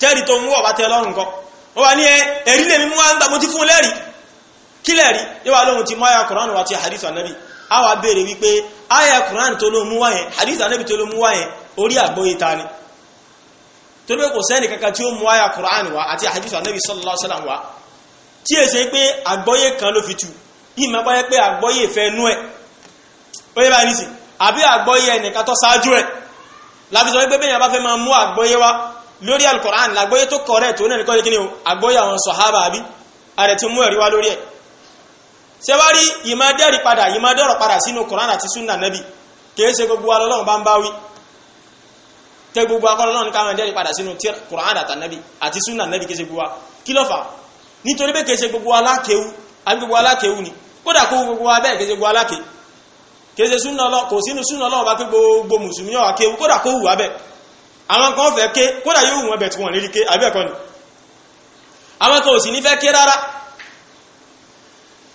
jẹ́rìí tó ń wọ̀ bá tẹ lọ́rùn kan wọ́n wá ní ẹ̀rí lèmi mú wá ń gbà mo ti fún lẹ́rí kí lẹ́rí yóò wá lóhun ti mú àyà Kùránì wá ti hadith anabi a wá béèrè wípé àyà Kùránì tó ló mú wá yẹn hadith anabi tó ló mú wá yẹn orí àgbóyè ta ni tó ló kò sẹ́ni kankan tí ó mú àyà Kùránì wá àti hadith anabi sallallahu alaihi wasallam wá tí èsè pé àgbọ́yé kan ló fi tu ìmọ̀ bá yẹ pé àgbọ́yé fẹ́ nú ẹ̀ ó yẹ báyìí nísìn àbí àgbọ́yé ẹnìkan tó ṣáájú ẹ̀ láti sọ pé bẹ́ẹ̀ yẹn bá fẹ́ máa mú àgbọ́yé wá lórí alukoran lágbóyé tó correct tó náà kọ́lé kí ni o àgbóyé àwọn sọ̀hábà àbí ààrẹ ti mú ẹ̀rí wá lórí ẹ̀ ṣe wá rí ìmọ̀ padà ìmọ̀ padà sínú koran àti sunna nabi kì í ṣe gbogbo alọ́lọ́run bá ń bá wí tẹ gbogbo akọ́lọ́lọ́run ká máa dẹ́rì padà sínú koran àti nabi àti sunna nabi kì í ṣe gbogbo wa kí ló fà nítorí pé kì í ṣe gbogbo alákèwú àbí gbogbo alákèwú ni kódà kó gbogbo wa bẹ́ẹ̀ kì í ṣe gbogbo àwọn kan fẹ́ ké kódà yóò wọ́n bẹ̀ tí wọ́n lérí ké àbẹ́ẹ̀kọ́ ni àwọn kan ò sì ní fẹ́ ké rárá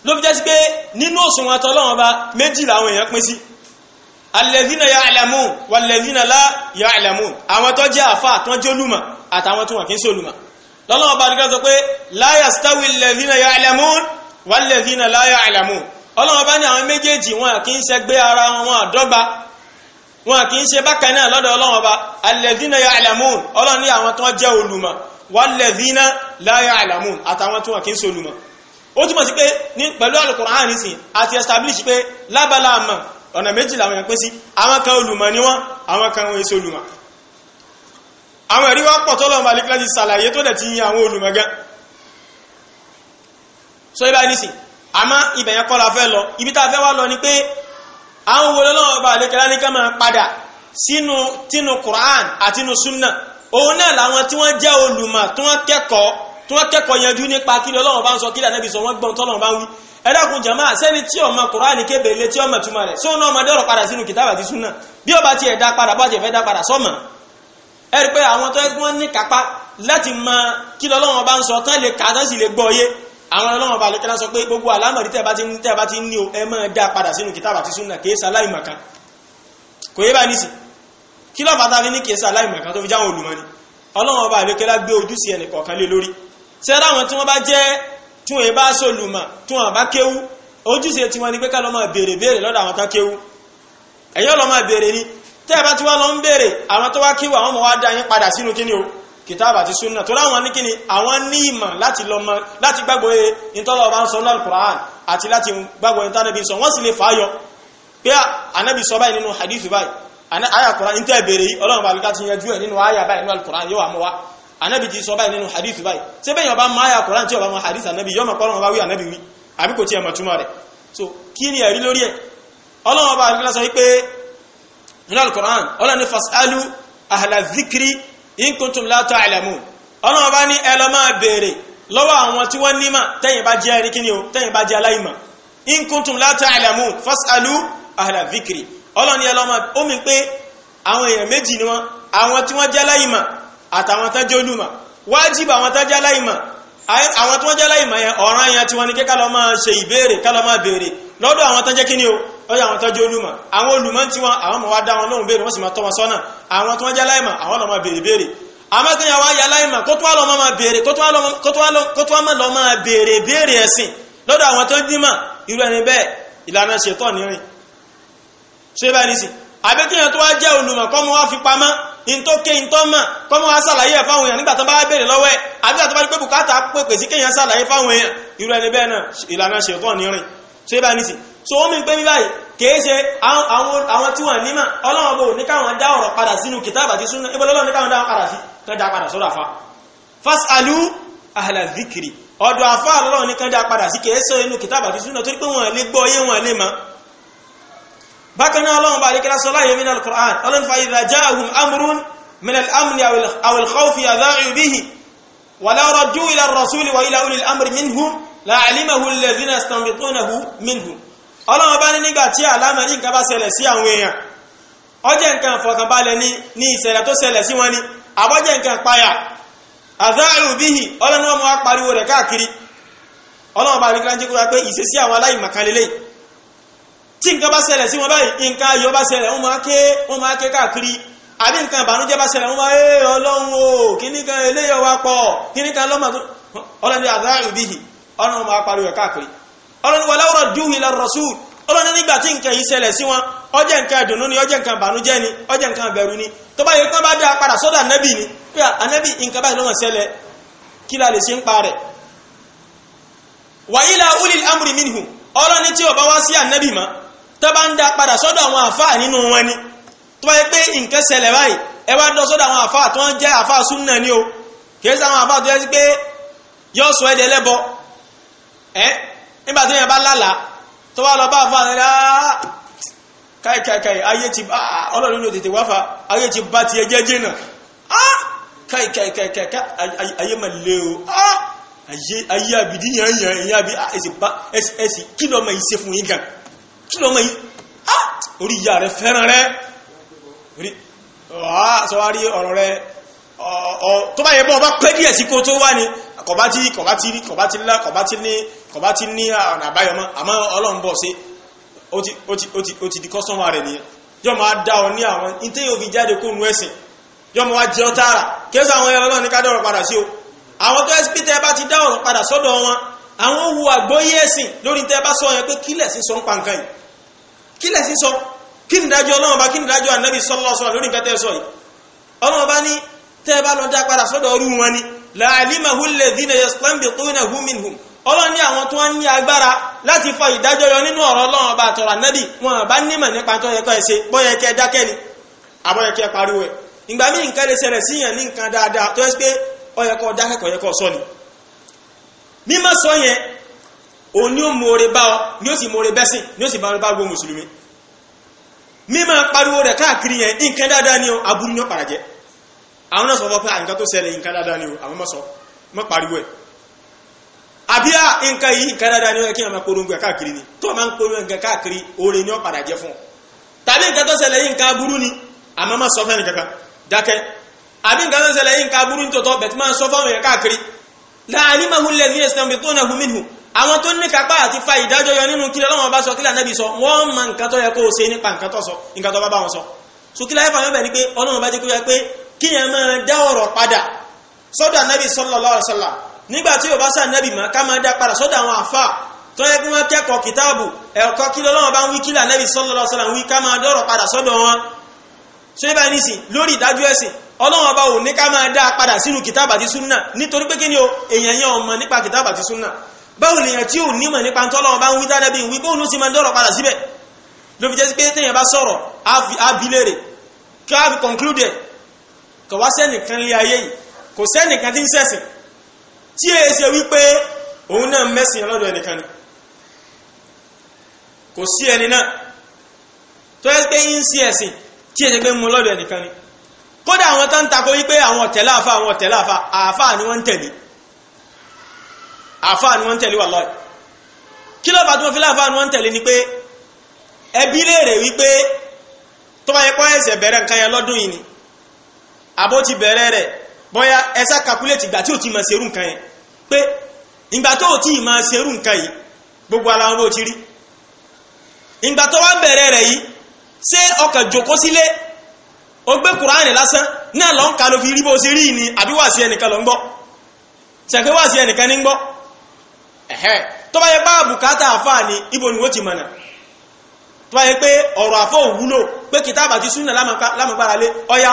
ló fi jẹ́ sí pé nínú òṣùwọ̀n àtọ́lọ́wọ́n bá méjì làwọn èèyàn pín sí alẹ́dínà ya àlàmù wàlẹ́dínà lá ya àlàmù àwọn tó jẹ́ àfà tó jẹ́ olùmọ̀ àtàwọn tó wọ́n kí ń sí sọ pé láyà ya àlàmù wàlẹ́dínà lá ya àlàmù ọlọ́wọ́n bá ní àwọn méjèèjì wọn kì wọn kì í ṣe bákan náà lọ́dọ̀ ọlọ́run ọba alladhina ya'lamun ọlọ́run ní àwọn tó ń jẹ́ olùmọ̀ walladhina la ya'lamun àtàwọn tó wọn kì í ṣe olùmọ̀ ó túmọ̀ sí pé ní pẹ̀lú al ni wọ́n àwọn kan wọn èso olùmọ̀ àwọn ẹ̀rí wọ́n pọ̀ tọ́lọ̀ ọba alẹ́kìlá ti ṣàlàyé tó dẹ̀ ti yin àwọn olùmọ̀ gan so ibà nísìn àmọ́ ibẹ̀ yẹn kọ́ la fẹ́ lọ ibi tá a fẹ́ wá lọ àwọn wo lọ́wọ́ bá àlékẹ́lá ní ká máa padà sínú tínú Qur'an àti inú súnà òun náà làwọn tí wọ́n jẹ́ olùmọ̀ tí wọ́n kẹ́kọ̀ọ́ tí wọ́n kẹ́kọ̀ọ́ yanjú nípa kí lọ́wọ́ bá ń sọ kí lànàbí sọ wọ́n gbọ́n tọ́lọ́wọ́ bá ń wí ẹ̀dàkùn jama sẹ́ni tí ọmọ kùránì kébèlé tí ọmọ túmọ̀ rẹ̀ sóun náà ọmọdé ọ̀rọ̀ padà sínú kìtàbà ti súnà bí ọba ti ẹ̀dá padà bá ti ẹ̀fẹ́ dá padà sọ́mọ̀ ẹ̀rí pé àwọn tó wọ́n ní kápá láti mọ kí lọ́wọ́ bá ń sọ tán lè kà tán sì lè gbọ́ yé àwọn ọlọ́wọ́n bá lẹ́kẹ́lá sọ pé gbogbo àlámọ̀rí tẹ́ bá ti ń tẹ́ bá ti ń ní o ẹ máa dá padà sínú kìtàbà ti súnà kìí sàláì màkà kò yé bá ní sí kí lọ́ọ̀bá tá fi ní kìí sàláì màkà tó fi jáwọn olùmọ̀ni ọlọ́wọ́n bá lẹ́kẹ́lá gbé ojú ni tẹ́ bá ti wá lọ ń wa dá yín padà sínú kìtàbà àti súnà tó láwọn ní kíni àwọn ní ìmọ̀ láti lọ mọ láti gbàgbọ́ e ìtọ́lọ̀ ọba ń sọ náà Qur'an àti láti gbàgbọ́ e tánàbí sọ wọ́n sì lè fàáyọ pé anábì sọ báyìí nínú hadith báyìí àyà Qur'an ní tẹ́ẹ̀bẹ̀rẹ̀ yìí ọlọ́run bá bíkà ti yanjú ẹ̀ nínú àyà báyìí nínú Qur'an yóò àmọ́ wa anábì ti sọ báyìí nínú hadith báyìí ṣé bẹ́ẹ̀ yọba so kí ni ẹ̀rí lórí ẹ̀ ọlọ́run bá bíkà sọ fasalu ahla zikri in kuntum la ta'lamun ọlọ́run bá ní ẹ lọ máa béèrè lọ́wọ́ àwọn tí wọ́n nímọ̀ tẹ́yìn bá jẹ́ ẹni kíni o tẹ́yìn bá jẹ́ aláìmọ̀ in kuntum la ta'lamun fas'alu ahla dhikri ọlọ́run ní ẹ lọ máa ó mi pé àwọn èèyàn méjì ni wọ́n àwọn tí wọ́n jẹ́ aláìmọ̀ àtàwọn tán jẹ́ olùmọ̀ wájìbà àwọn tán jẹ́ lọ́yà àwọn tọ́jú olùmọ̀ àwọn olùmọ̀ tí wọ́n àwọn mọ̀ wá dá wọn lóhùn béèrè wọ́n sì máa tọ́ wọn sọ́nà àwọn tó wọ́n jẹ́ láìmọ̀ àwọn lọ́mọ béèrè béèrè àmọ́ kí wọ́n yà láìmọ̀ kó tó wá lọ́mọ máa béèrè kó tó wá lọ́mọ máa béèrè béèrè ẹ̀sìn lọ́dọ̀ àwọn tó dímọ̀ irú ẹni bẹ́ẹ̀ ìlànà ṣètọ́ nírin ṣé bá ní sí àbí kí wọ́n tó wá jẹ́ olùmọ̀ kọ́ mọ́ wá fi pamọ́ ntó ké ntó mọ̀ kọ́ mọ́ wá ṣàlàyé ẹ̀ fáwọn èèyàn nígbà tó bá béèrè lọ́wọ́ ẹ̀ àbí àtọ́ bá pé bùkátà pèpè sí kéèyàn ṣàlàyé fáwọn èèyàn irú ẹni bẹ́ẹ̀ náà ìlànà ṣètọ́ nírin ṣé bá ní so wọ́n mi pé ní báyìí kìí ṣe àwọn tí wọ́n nímọ̀ ọlọ́run bò ní káwọn dá ọ̀rọ̀ padà sínú kìtàbà tí súnà ibò lọ́lọ́run ní káwọn dá padà sí kan dá padà sọ́dọ̀ àfa fasalu ahla dhikri ọ̀dọ̀ àfa lọ́lọ́run ní kan dá padà sí kìí ṣe inú kìtàbà tí súnà torí pé wọ́n lè gbọ́ yé wọ́n lè mọ̀ bákan náà ọlọ́run bá àríkẹ́lá min al-Qur'an fa idha ja'ahum amrun min al-amni aw al-khawfi adha'u bihi ولو رجوا إلى الرسول وإلى أولي الأمر منهم لعلمه الذين يستنبطونه منهم ọlọ́run bá ní nígbà tí àlámà ní nǹkan bá ṣẹlẹ̀ sí àwọn èèyàn ọjẹ́ nǹkan fọkànbalẹ̀ ní ní ìṣẹ̀lẹ̀ tó ṣẹlẹ̀ sí wọn ni àbọ́jẹ́ nǹkan páyà àdáàrù bíhì ọlọ́run ọmọ apariwo rẹ̀ káàkiri ọlọ́run bá nìkan jẹ́ kó pé ìṣesí àwọn aláìmọ̀kànlélẹ̀ tí nǹkan bá ṣẹlẹ̀ sí wọn báyìí nǹkan ayọ̀ bá ṣẹlẹ̀ wọ́n máa ké wọ́n máa ké káàkiri àbí nǹkan ìbànújẹ́ bá ṣẹlẹ̀ wọ́n máa ẹ ọlọ́run o kíní kan eléyọ̀ wa pọ̀ kíní kan lọ́mọ ọlọ́run àdáàrù bíhì ọlọ́run rẹ̀ káàkiri ọlọ́ni wà láwùrọ̀ dùn ìlà rasul ọlọ́ni nígbà tí nǹkan yìí ṣẹlẹ̀ sí wọn ó jẹ́ nǹkan ìdùnnú ni ó nǹkan ìbànújẹ́ ni ó jẹ́ nǹkan ìbẹ̀rù ni tó bá yẹ kí wọ́n bá dá padà sọ́dọ̀ ànábì ni pé ànábì nǹkan báyìí ló wọ́n kí la lè ṣe ń pa rẹ̀. wa ila ulil amri minhu ọlọ́ni tí ò bá wá sí ànábì mọ́ tó bá ń dá padà sọ́dọ̀ àwọn àfáà nínú wọn ni tó bá yẹ pé nǹkan ṣẹlẹ̀ báyìí ẹ wá lọ sọ́dọ̀ àwọn àfáà tó ń jẹ́ àfáà súnnà ni o kì í sọ àwọn àfáà tó yẹ sí pé yọ sọ ẹ̀dẹ̀ lẹ́bọ ẹ́ nígbà tí yẹn bá lálàá tó wá lọ bá àfa ní rà káìkàìkàì ayé ti bá ah, ọlọ́run ló tètè wáfà ayé ti bá tiẹ̀ jẹ́jẹ́ náà ah, káìkàìkàìkà ayé mà lé o ah, ayé àbìdí yẹn yẹn ìyá àbí ẹsì kí lọ́mọ yìí ṣe fún yín gan kí lọ́mọ yìí orí ìyá rẹ kọ̀bá tí kọ̀bá tí rí kọ̀bá tí ńlá kọ̀bá tí ní kọ̀bá tí ní ọ̀nà àbáyọ mọ́ àmọ́ ọlọ́run bọ̀ sí ó ti di kọ́sọ́mà rẹ̀ nìyẹn yọ máa dá ọ ní àwọn ìtẹ́ yóò fi jáde kó nu ẹ̀sìn yọ máa jẹ ọ tààrà kéésì àwọn ẹran náà ní ká dọ̀rọ̀ padà sí o àwọn tó ẹsì pété bá ti dá ọ̀rọ̀ padà sọ́dọ̀ wọn àwọn wu àgbọ́yé ẹ̀sìn lórí tẹ́ bá sọ yẹn pé kílẹ̀ sí sọ ń pa nǹkan yìí kílẹ̀ sí sọ kí ni dájọ́ ọlọ́run bá kí ni dájọ́ ànábì sallallahu alaihi lórí nǹkan tẹ́ sọ yìí ọlọ́run bá ní tẹ́ bá lọ dá padà sọ́dọ̀ ọrú wọn ni la'alimahu alladhina yastanbitunahu minhum ọlọ́run ní àwọn tó ń ní agbára láti fọ ìdájọ́ yọ nínú ọ̀rọ̀ ọlọ́run ọba àtọ̀rọ̀ ànábì wọn bá nímọ̀ nípa tó yẹ kọ́ ẹ ṣe bóyá kẹ́ ni àbọ̀yẹ kẹ́ pariwo ẹ̀ ìgbà míì nǹkan lè ṣẹlẹ̀ síyàn ní nǹkan dáadáa tó yẹ ni. àwọn náà sọ fọ́ pé àǹkan ah, tó ṣẹlẹ̀ nǹkan dáadáa ni o àwọn mọ́sọ mọ́ pariwo ẹ̀ àbí à ah, nǹkan yìí nǹkan dáadáa ni ó yẹ kí wọ́n máa polongo ẹ̀ káàkiri ni tó máa ń polongo ẹ̀ káàkiri oore ni ó padà jẹ́ fún ọ tàbí nǹkan tó ṣẹlẹ̀ yìí nǹkan ni àmọ́ má sọ fẹ́ni kankan dákẹ́ àbí nǹkan tó ṣẹlẹ̀ yìí nǹkan ni tòótọ́ bẹ̀tí máa ń sọ fáwọn èèyàn káàkiri láàrin mahu lẹ́ ní ẹ̀sìn ọ̀gbìn tó náà hùmí hù àwọn tó ní kápá àti fa ìdájọ́ yọ nínú kílẹ̀ lọ́wọ́ bá sọ kílẹ̀ ànábì sọ wọ́n ma nǹkan tó yẹ kó o ṣe nípa nǹkan tó sọ nǹkan tó bá bá wọn sọ so kílẹ̀ ayé bẹ̀ ni pé ọlọ́run bá jẹ́ kó yẹ pé kí yẹn máa dá ọ̀rọ̀ padà sọ́dọ̀ anábì sallallahu alaihi wasallam nígbà tí yóò bá sá anábì mọ́ ká máa dá padà sọ́dọ̀ àwọn àfà tó yẹ kí wọ́n kẹ́kọ̀ọ́ kìtáàbù ẹ̀kọ́ kí lọ́wọ́ bá ń wí kílà anábì sallallahu alaihi wasallam wí ká máa dọ́rọ̀ padà sọ́dọ̀ wọn ṣé bá ní sìn lórí ìdájọ́ ẹ̀sìn ọlọ́wọ́n bá wò ní ká máa dá padà sínú kìtáàbù àti súnà nítorí pé kí ni o èèyàn yẹn ọmọ nípa kìtáàbù àti súnà báwo lèèyàn tí ò nímọ̀ nípa tọ́lọ́wọ́n bá ń wí tánàbí wí bóun ló sì máa dọ́rọ̀ padà síbẹ̀ ló jẹ́ sí pé téèyàn bá sọ̀rọ̀ á bi léèrè ká fi conclude kò wá sẹ́nìkan lé ayé yìí kò sẹ́nìkan tí ń ṣẹ̀sìn tí èyí ṣe wípé òun náà mẹ́sìn ọlọ́dọ̀ ẹnìkan ni kò sí ẹni náà tó yẹ pé ń sí ẹ̀sìn tí èyí ṣe pé ń mú ọlọ́dọ̀ ẹnìkan ni kódà àwọn tó ń takò wípé àwọn ọ̀tẹ̀lá àfa àwọn ọ̀tẹ̀lá àfa àfa ni wọ́n ń tẹ̀lé àfa ni wọ́n ń tẹ̀lé wà lọ́ọ̀ kí ló bá tó fi láàfa ni wọ́n ń tẹ̀lé ni pé ẹbí léèrè wípé tó bá yẹ kó ẹsẹ̀ bẹ̀rẹ̀ nǹkan yẹn lọ́dún yìí ni àbó ti bẹ̀rẹ̀ rẹ̀ bóyá ẹsà calculate ìgbà tí ò ti máa ṣerú nǹkan yẹn pé ìgbà tó ò tí ì máa ṣerú nǹkan yìí gbogbo ara wọn bó ti rí ìgbà tó wá bẹ̀rẹ̀ rẹ̀ yìí ṣé ọkàn jòkó sílé ó gbé kùránì lásán náà lọ́n ka ló fi rí bó ṣe rí ni àbí wà sí ẹnìkan ló ń gbọ́ ṣẹ̀pẹ́ wà sí ẹnìkan ní ń gbọ́ tó bá yẹ bá bùkátà àfáà ni ibo ni wọ́n ti mọ̀nà tó bá yẹ pé ọ̀rọ̀ àfọ́ òwúlò pé kìtàbà ti súnà lámàgbára lé ọya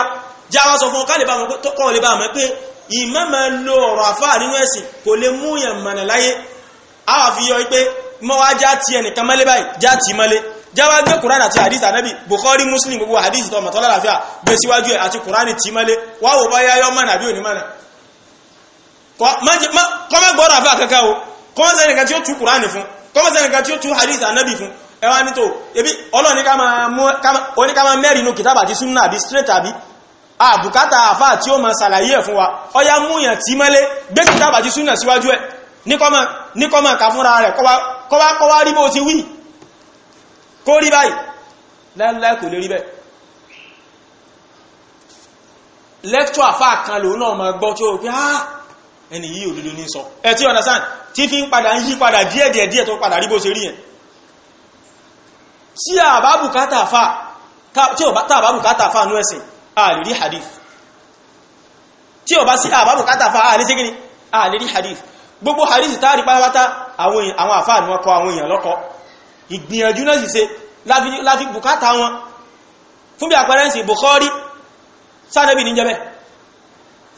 já wá sọ fún ọ kálíbà mọ̀ tó kọ́ lè bá mọ̀ pé ìmọ̀ máa lo ọ̀rọ̀ àfáà nínú ẹ̀sìn kò lè mú yàn mọ̀nà láyé àwa fi yọ pé mọ́ já ti ẹnìkan mọ́lé báyìí já ti mọ́lé já wá gbé Quran àti hadith anabi Bukhari Muslim gbogbo hadith tó mọ̀tọ́ lálàáfíà gbé síwájú ẹ̀ àti Quran ti mọ́lé wá wò bá yáyọ́ mọ̀nà àbí òní mọ̀nà kọ́mọ́ gbọ́rọ̀ àfáà kankan o kọ́mọ́ sẹ́nìkan tí ó tu Quran fún kọ́mọ́ sẹ́nìkan tí ó tú hadith anabi fún ẹwà nítò ebi ọlọ́ni ká máa mẹ́rin inú kìtàbà àti súnnà àbí straight àbí àbùkátà àfáà tí ó ma sàlàyé ẹ̀ fún wa ọya múyàn tí mẹ́lé gbẹ́sì tàbà jí súnà síwájú ẹ̀ ní kọ́mọ̀ ká fúnra rẹ̀ kọ́wá rí bó ti wí kó rí báyìí láìláì kò lè rí bẹ́ẹ̀ lẹ́kítọ̀ àfáà kan lòun náà ma gbọ́ tí ó pé ah ẹni yìí òdodo ní sọ ẹ tí understand tí fi ń padà ń yí padà díẹ̀díẹ̀ díẹ̀ tó bá tàbábùkátà àfáà nú ẹ̀sìn àlèrí hadith tí ó bá sí àbábùkátà fa àlè sígíní àlèrí hadith gbogbo hadith tààrí pátápátá àwọn àfáà ni wọ́n kọ àwọn èèyàn lọ́kọ́ ìgbìyànjú náà sì ṣe láti bùkátà wọn fún bí àpẹẹrẹ sí Bukhari sánẹ́bì ní jẹ́bẹ̀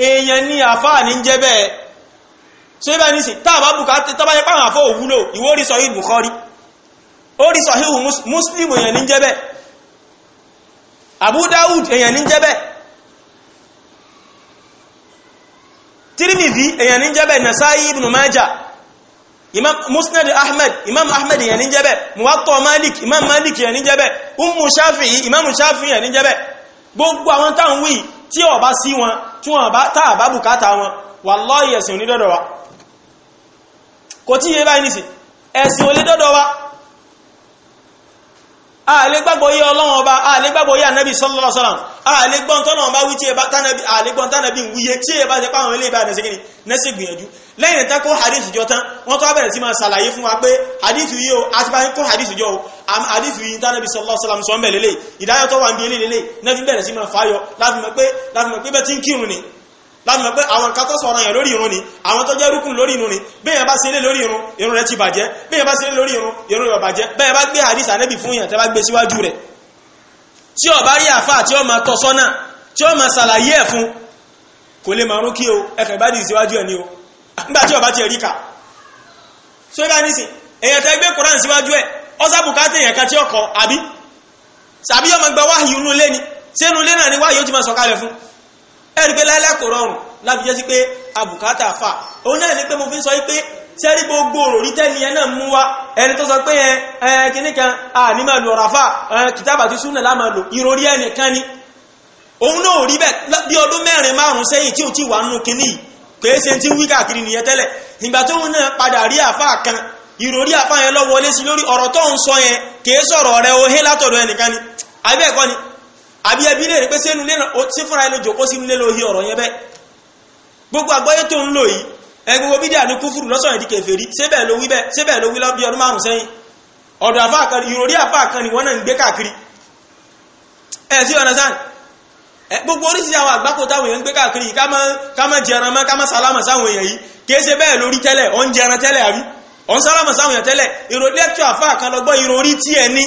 èèyàn ní àfáà ní jẹ́bẹ̀ ṣe bẹ́ẹ̀ ní sí tàbá bùkátà tàbá yẹ pàwọn àfọ́ òwúlò ìwó rí sọ Bukhari ó rí sọ Muslim èèyàn ní jẹ́bẹ̀ Abu Dawud èyàn ní jẹ́bẹ̀ Tirmidhi èyàn ní jẹ́bẹ̀ Nasa'i ibn Maja. imam Musnad Ahmed, imam Ahmed èyàn ní jẹ́bẹ̀ Muwatta Malik imam Malik èyàn ní jẹ́bẹ̀ Ummu Shafi'i imam Shafi'i èyàn ní jẹ́bẹ̀ gbogbo àwọn táwọn wí tí ó bá sí wọn tí wọ́n bá tá àbá bùkátà wọn wallahi ẹ̀sìn onídọ́dọ̀ wa kò tí yé báyìí nìsí ẹ̀sìn onídọ́dọ̀ àlè gbàgbọ́ yé ọlọ́run ọba àlè gbàgbọ́ yé ànábì sallallahu alaihi wasallam àlè gbọ́n tọ́nà ọba wí tí ẹ bá tánàbí àlè gbọ́n tánàbí ń wúye tí ẹ bá ṣe páwọn ilé ìbáraẹni sí kíni nẹ́sì gbìyànjú lẹ́yìn tán kó hadith jọ tán wọ́n tó abẹ̀rẹ̀ sí máa ṣàlàyé fún wa pé hadith yìí o àti sallallahu alaihi wasallam sọ ń bẹ̀ lélẹ̀ ìdáyàtọ̀ wà ń bí eléyìí lélẹ̀ náà fi bẹ̀rẹ̀ sí máa fàáyọ láti mọ̀ láti mọ̀ pé àwọn nǹkan tó sọ ọ̀ranyàn lórí irun ni àwọn tó jẹ́ rúkùn lórí irun ni bẹ́ẹ̀ bá ṣe lé lórí irun irun rẹ̀ ti bàjẹ́ bẹ́ẹ̀ bá ṣe lé lórí irun irun rẹ̀ bàjẹ́ bẹ́ẹ̀ bá gbé hadith anẹ́bì fún yàn tẹ́ bá gbé síwájú rẹ̀ tí ó bá rí àfáà tí ó máa tọ́ sọ́nà tí ó máa ṣàlàyé ẹ̀ fún kò lè máa rún o ẹ̀fẹ̀ bá dì síwájú ẹ̀ ni o nígbà tí ó bá ti rí kà so ibà nísìn èèyàn tẹ́ gbé koran síwájú ẹ̀ ọ́sàbùkátẹ̀ èèyàn kan tí ó àbí sàbí ọmọ gbẹ wáhìí inú ilé ni sínú ilé náà ni wáhìí ó ti máa sọ̀kalẹ̀ fún ẹ̀rí pé láìláì kò rọrùn láti jẹ́ sí pé abùkátà fà òun náà ni pé mo fi sọ pé sẹ́rí gbogbo òròrí tẹ́ni ẹ náà mú wá ẹni tó sọ pé ẹ kìíní a ní máa lò ràfà kìtàbà tí ìròrí ẹnìkan ni òun náà rí bẹ́ẹ̀ bí ọdún mẹ́rin márùn-ún sẹ́yìn tí ò tí wà nù kínní kìí ṣe tí ń lọ wọlé sí lórí ọ̀rọ̀ tó ń sọ yẹn kìí sọ̀rọ̀ rẹ̀ ohé látọ̀dọ̀ ẹnìkan ni àbẹ́ẹ̀kọ́ ni àbí ẹbí lè rí pé sínú lé náà sí fúnra ẹni jòkó sínú lé lóhi ọ̀rọ̀ yẹn bẹ́ẹ̀ gbogbo àgbọ́yé tó ń lò yìí ẹ gbogbo bídíà ní kúfùrù lọ́sàn ìdí kèfèrí síbẹ̀ ló wí bẹ́ẹ̀ síbẹ̀ ló wí lọ́bí ọdún márùn sẹ́yìn ọ̀dọ̀ àfáà kan ìròrí àfáà kan ni wọ́n náà ń gbé káàkiri ẹ sí ọ̀nà sáà gbogbo oríṣiríṣi àwọn àgbákò táwọn èèyàn ń gbé káàkiri ká má jẹran mọ́ ká má sálámà sáwọn èèyàn yìí kìí ṣe bẹ́ẹ̀ lórí tẹ́lẹ̀ ọ̀n jẹran tẹ́lẹ̀ àbí ọ̀n sálámà sáwọn èèyàn tẹ́lẹ̀ ìròlẹ́tọ̀ àfáà kan lọ́gbọ́n ìròrí tí ẹ ní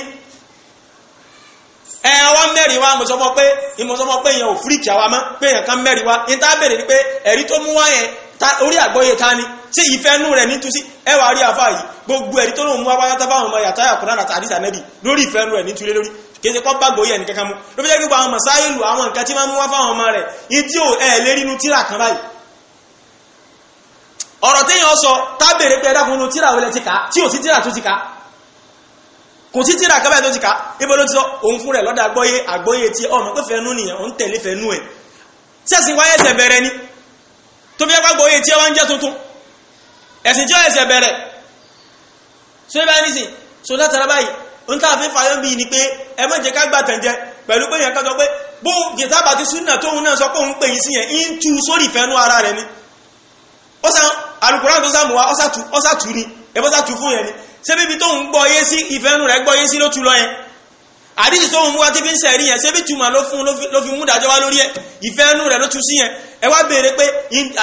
ẹ wá mẹ́rin wá mo sọ fún ọ pé mo sọ fún ọ pé èèyàn ò fíríkì àwa mọ́ pé èèyàn kan mẹ́rin wá ní tá ni pé ẹ̀rí tó mú wá yẹn orí àgbọ́yé ta ni tí ìfẹ́nú rẹ̀ nítúsí ẹ wá rí àfáà yìí gbogbo ẹ̀rí tó lóun mú wá yàtọ̀ fáwọn ọmọ yàtọ̀ àkùnrin àti àdìsá mẹ́rin lórí ìfẹ́nú rẹ̀ nítúlé lórí kìí ṣe kọ́ gbàgbọ́yé ẹnì kankan mú ló fi jẹ́ gbogbo àwọn mọ̀sáìlù àwọn nǹkan tí máa mú wá kò sí tíra kábàá tó ti kà ibo ló ti sọ òun fún rẹ̀ lọ́dà àgbọ́yé àgbọ́yé tí ọmọ pé fẹ́nu nìyẹn òun tẹ̀lé fẹ́nu ẹ̀ sẹ́sìn wáyé ẹsẹ̀ bẹ̀rẹ̀ ni tó fi ẹgbàgbọ́ yé tí ẹ ń jẹ́ tuntun ẹ̀sìn tí ó ẹsẹ̀ bẹ̀rẹ̀ so ẹ bá ní sìn so látara báyìí ń fi fàyọ́ bíi ni pé ẹ má jẹ́ ká gbà pẹ̀lú pé yẹn pé bó gìtá súnà náà sọ pé òun pè yín sí yẹn ń tu sórí ìfẹ́nu ara rẹ̀ ni ó sàn tó ṣé bíbi tó ń gbọ́ yé sí ìfẹ́nu rẹ̀ gbọ́ yé sí ló tu lọ yẹn àdìsí tó ń wá tí fi ń sẹ̀rí yẹn ṣé bí tùmọ̀ ló fún ló fi mú dájọ́ wá lórí ẹ̀ ìfẹ́nu rẹ̀ ló tu sí yẹn ẹ wá béèrè pé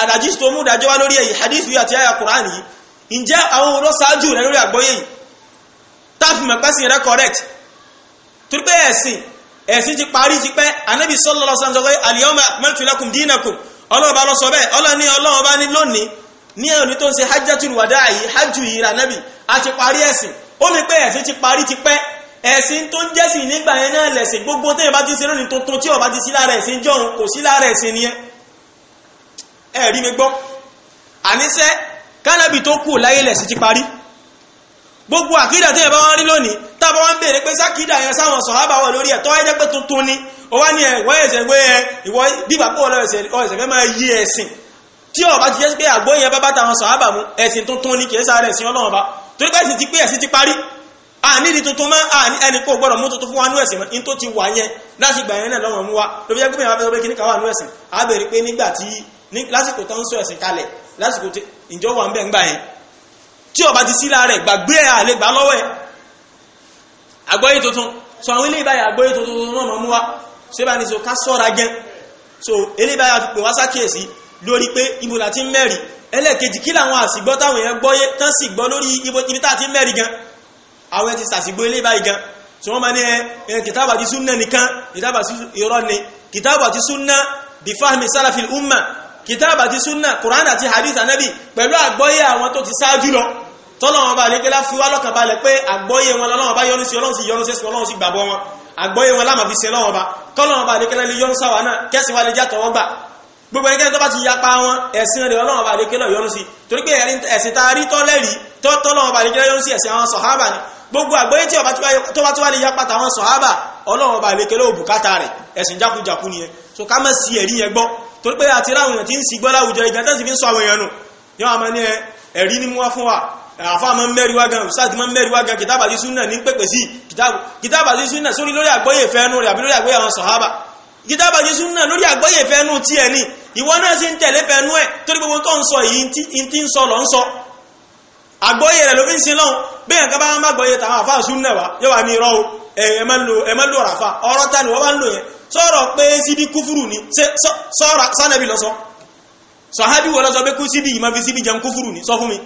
àdàjì tó mú dájọ́ wá lórí ẹ̀ àdìsí àti àyà Qur'an yìí ǹjẹ́ àwọn olóò ṣáájú rẹ̀ lórí àgbọ́yé yìí táàfù mẹ́pẹ́sìn rẹ̀ correct torí pé ẹ̀sìn ẹ̀sìn ti parí ti pẹ́ anábì sallallahu alaihi wasallam al-yawma akmaltu lakum dinakum ọlọ́ọ̀bá lọ sọ bẹ́ẹ̀ ọlọ́ọ̀ni ọlọ́ọ̀bá ní lónìí ní ẹ̀rùn tó ń ṣe hajjatul wada yìí hajju yìí ra nábì a ti parí ẹ̀sìn ó mi pé ẹ̀sìn ti parí ti pẹ́ ẹ̀sìn tó ń jẹ́sìn nígbà yẹn náà lẹ̀sìn gbogbo tẹ́yìn bá ti ṣe lónìí tuntun tí ó bá ti sí lára ẹ̀sìn jọ̀hún kò sí lára ẹ̀sìn nìyẹn ẹ rí mi gbọ́ àníṣẹ́ kánábì tó kù láyé lẹ̀sìn ti parí gbogbo àkídà tẹ́yìn bá wọn rí lónìí tábà wọn béèrè pé sákìdà yẹn sáwọn sọ̀hábà wọn lórí ẹ̀ tọ́ pé tuntun ni ó wá ní ẹ̀wọ́ ẹ̀sẹ̀ gbé ẹ ìwọ bíbà pọ̀ ọ̀lọ́ fẹ́ máa yí ẹ̀sìn tí ó bá ti jẹ́ pé àgbóyìn ẹbá bá tàwọn sàhábà mú ẹ̀sìn tuntun ní kìí sáré ẹ̀sìn ọlọ́run bá torí pé ẹ̀sìn ti pé ẹ̀sìn ti parí àníìdí tuntun mọ́ ẹni kó gbọ́dọ̀ mú tuntun fún wa nú ẹ̀sìn ní tó ti wà yẹn láti gbà yẹn náà lọ́wọ́ mú wa ló fi jẹ́ pé àwọn abẹ́rẹ́ kìíní kan wà nú ẹ̀sìn á bèèrè pé nígbà tí lásìkò tó ń sọ ẹ̀sìn kalẹ̀ lásìkò ìjọ wà ń bẹ̀ ń gbà yẹn tí ó bá ti sílá rẹ̀ gbàgbé ẹ̀ àlè gbà lọ́wọ́ ẹ̀ àgbọ́yé tuntun so àwọn ilé ìbáyà àgbọ́yé tuntun náà mọ́ mú wa ṣé bá ní so ká sọ́ra gẹ́ so ilé ìbáyà fi pè wá sákèésí lórí pé ibo la ti ń mẹ́rin ẹlẹ́ẹ̀kejì kí làwọn àsìgbọ́ táwọn èèyàn gbọ́yé tán sì gbọ́ lórí ibi tá a ti ń mẹ́rin gan àwọn ti sàsìgbọ́ ilé báyìí gan tí wọ́n máa ní ẹ kìtàbà ti súnà nìkan kìtàbà ti irọ́ ni kìtàbà ti súnà bí fahmi salafil umma kìtàbà ti súnà quran àti hadith anabi pẹ̀lú àgbọ́yé àwọn tó ti ṣáájú lọ tọ́lọ́wọ́n bá lè gbélá fi wá lọ́kàn balẹ̀ pé àgbọ́yé wọn lọ́wọ́ bá yọ́nú sí ọlọ́run sí yọ́nú sí ọlọ́run sí gbàgbọ́ wọn àgbọ́yé wọn láàmà fi ṣe lọ́wọ́ bá kọ́lọ́wọ́n bá lè gbélá lè yọ́nú sáwà náà kẹ́sìn wá lè já tọwọ́ gbà gbogbo ẹnikẹ́ni tó bá ti yapa wọn ẹ̀sìn rẹ̀ ọlọ́run ọba àdékẹ́lọ̀ yọ́nú sí torí pé ẹ̀sìn tá a rí tọ́lẹ́rì tọ́lọ́run ọba àdékẹ́lọ̀ yọ́nú sí ẹ̀sìn àwọn sọ̀hábà ni gbogbo àgbọ́yé tí tó bá ti wá lè yapa tàwọn sọ̀hábà ọlọ́run ọba àdékẹ́lọ̀ òbùkátà rẹ̀ ẹ̀sìn jákujàku nìyẹn so ká má sí ẹ̀rí yẹn gbọ́ torí pé àti ráwọn èèyàn ti ń sì gbọ́ láwùjọ ni mú wá fún wa àfa ma ń mẹ́rin wá gan ṣáàtì ma ń mẹ́rin wá gan kìtàbà sí súnà ní pèpè sí kìtàbà sí súnà sórí gítàbà jésù náà lórí àgbọ́yè fẹ́nu tí ẹ̀ ní ìwọ náà sì ń tẹ̀lé fẹ́nu ẹ̀ torí gbogbo tó ń sọ yìí ń tí ń sọ lọ ń sọ àgbọ́yè rẹ̀ ló fi ń sin lọ́hùn bẹ́ẹ̀ nǹkan bá ń bá gbọ́yè tàwọn àfa àṣù náà wá yóò wá ní irọ́ o ẹ má lò ọ̀rọ̀ àfa ọ̀rọ̀ ta ni wọ́n bá ń lò yẹn sọ̀rọ̀ pé síbi kúfùrù ni sọ̀rọ̀ sọ sọ̀hábì wọ́n lọ sọ pé kú síbi ìmọ̀ fi síbi jẹun kúfùrù ni sọ fún mi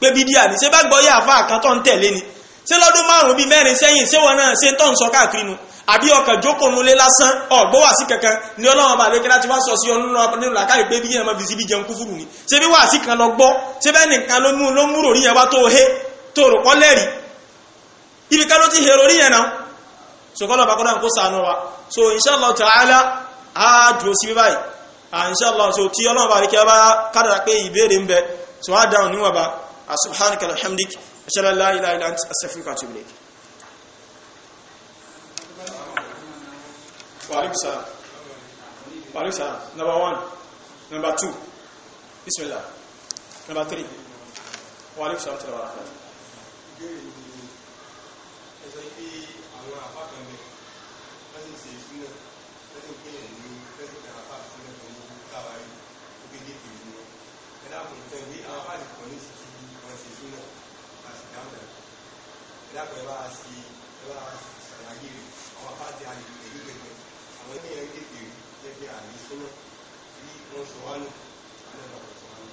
pé bídíà ni ṣé bá gbọ́yè àfa àkàtọ̀ ń tẹ̀lé ni se lọ́dún márùn-ún bíi mẹ́rin sẹ́yìn ṣé wọn náà ṣe ń tọ́n sọ káàkiri nu àbí ọkàn jókòó nulẹ̀ lásán ọ̀gbọ́ wà sí kankan ni ọlọ́run bá lékelá ti wá sọ sí ọdún nínú làkàrí pé bíyẹn máa fi síbi jẹun kúfùrù ni ṣé bí wà sí kan lọ gbọ́ ṣé bẹ́ẹ̀ nìkan ló mú ló mú ròrí yẹn wá tó he tó rò kọ́ lẹ́rìí ibi ká ló ti he ròrí yẹn náà sọkọlọ bá kọ́dá kó sànú wa so inshallah ta'ala a dúró inshallah so tí ọlọ́run bá lékelá bá kádàrá pé ìbéèrè ń bẹ so á dáhùn níwọ̀n أشهد أن لا إله إلا أنت أستغفرك وأتوب إليك وعليكم السلام وعليكم السلام نمبر 1 نمبر 2 بسم الله نمبر 3 وعليكم السلام ورحمة الله Thank you. ìdáàbò ẹ bá a sí ẹ bá a ṣàlàyé rẹ àwọn apáàtì àyè èyí gẹ́gẹ́ àwọn ẹgbẹ́ yẹn kéèké jẹ́ pé àyè sọ́nà bí wọ́n sọ wá nù àlẹ́ bá wọ́n sọ wá nù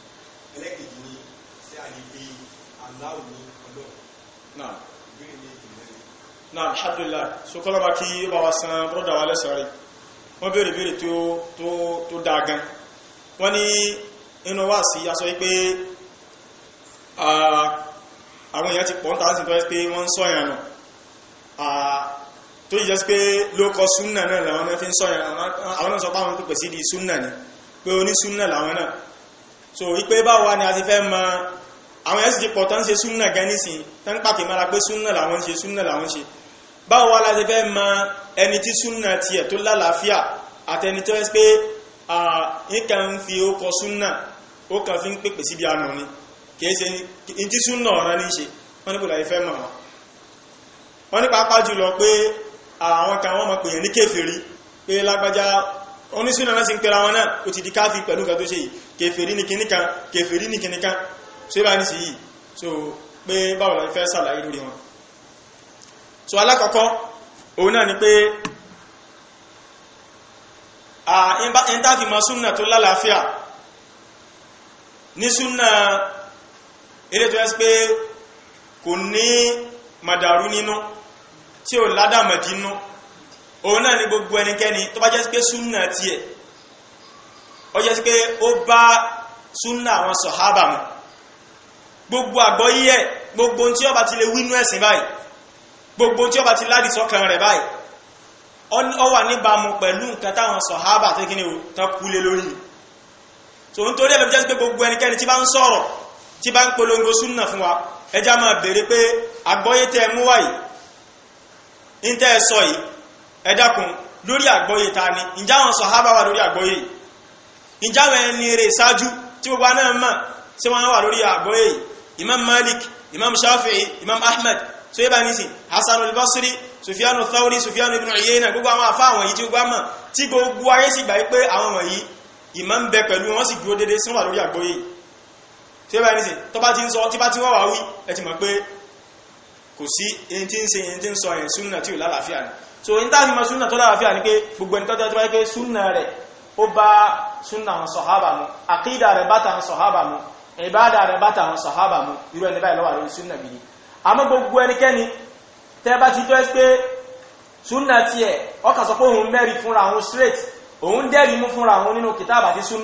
ẹlẹ́kejì ni sí àyè pé aláwọ̀ ní ọlọ́run náà ìbéèrè ní ìpínlẹ̀ náà alhamdulillah so kọ́lọ́ba kí ó bá wa san bọ́dà wa lẹ́sàn rẹ̀ wọ́n béèrè béèrè tó dáa gan wọ́n ní inú wá sí aṣọ wípé ah, àwọn èèyàn ti pọ̀ ń ta sí tọ́jú pé wọ́n ń sọ̀yàn nù tó yíjọ́ sí pé ló kọ súnà náà làwọn náà fi ń sọ̀yàn àwọn náà sọ pé àwọn tó di súnà ni pé oní súnà làwọn náà so wípé báwa ni a ti fẹ́ mọ àwọn èèyàn sì ti pọ̀ tán ṣe súnà gan nísìn tán pàtì mára pé súnà làwọn ṣe súnà làwọn ṣe báwo wá la ṣe fẹ́ mọ ẹni tí súnà tiẹ̀ tó lálàáfíà àtẹni tó yẹ pé nǹkan fi ó kọ súnà ó kàn fi ń pèpè síbi àná ni kìí ṣe ní tí súnà ọ̀rọ̀ ní ṣe wọ́n ní kò láì fẹ́ mọ̀ wọn wọ́n ní pàápàá jùlọ pé àwọn kan wọ́n mọ̀ pèèyàn ní kèfèrí pé lágbájá onísúnà láti ń pera wọn náà ó ti di káfí pẹ̀lú nǹkan tó ṣe yìí so pé báwo la fẹ́ ṣàlàyé lórí wọn so alákọ̀ọ́kọ́ òun ni pé ní súnà eré tó yẹ sí pé kò ní màdàrú nínú tí ò ládàmọ̀dì nínú òun náà ní gbogbo ẹnikẹ́ni tó bá jẹ́ sí pé súnà tiẹ̀ ó jẹ́ sí pé ó bá súnà àwọn sọ̀hábà mu gbogbo àgbọ́yé ẹ̀ gbogbo tí ó bá ti lè wínú ẹ̀sìn báyìí gbogbo tí ó bá ti ládìí sọ́kàn rẹ̀ báyìí ó wà níbàámu pẹ̀lú nǹkan táwọn sọ̀hábà tó kí ni ò tán kú lé lórí so nítorí ẹ̀ ló jẹ́ sí pé gbogbo ẹnikẹ́ni tí bá ń sọ̀rọ̀ tí bá ń polongo súnà fún wa ẹjá máa bèèrè pé àgbọ́yé tẹ́ mú wáyìí ń tẹ́ ẹ sọ yìí ẹ dákun lórí àgbọ́yé ta ni ǹjẹ́ àwọn sàhábà wà lórí àgbọ́yé yìí ǹjẹ́ àwọn ẹni ṣáájú tí gbogbo anáà mọ̀ tí wọ́n wà lórí àgbọ́yé imam malik imam shafi'i imam ahmed tó yẹ bá ní sí hasan al-basri sufyan al-thawri sufyan ibn uyayna gbogbo àwọn afá àwọn yìí tí gbogbo àmọ̀ tí gbogbo ayé sì gbà pé àwọn wọ̀nyí ìmọ̀ ń bẹ pẹ̀lú wọn sì dúró déédéé sí wà lórí àgbọ́yé ṣe bá nísìn tó bá ti ń sọ tí bá ti wọ́wà wí ẹ ti mọ̀ pé kò sí ẹni tí ń ṣe ẹni tí ń sọ ẹ̀yìn súnà tí ò lálàáfíà ni so ẹni tá a fi mọ̀ súnà tó lálàáfíà ni pé gbogbo ẹni tọ́jú ọjọ́ pé súnà rẹ̀ ó bá súnà àwọn sọ̀hábà mu àkídà rẹ̀ bá tàwọn sọ̀hábà mu ìbáàdà rẹ̀ bá tàwọn sọ̀hábà mu irú ẹni báyìí lọ́wọ́ lórí súnà gidi àmọ́ gbogbo ẹnikẹ́ni tẹ́ bá ti jọ́ pé súnà tiẹ̀ ọkà sọ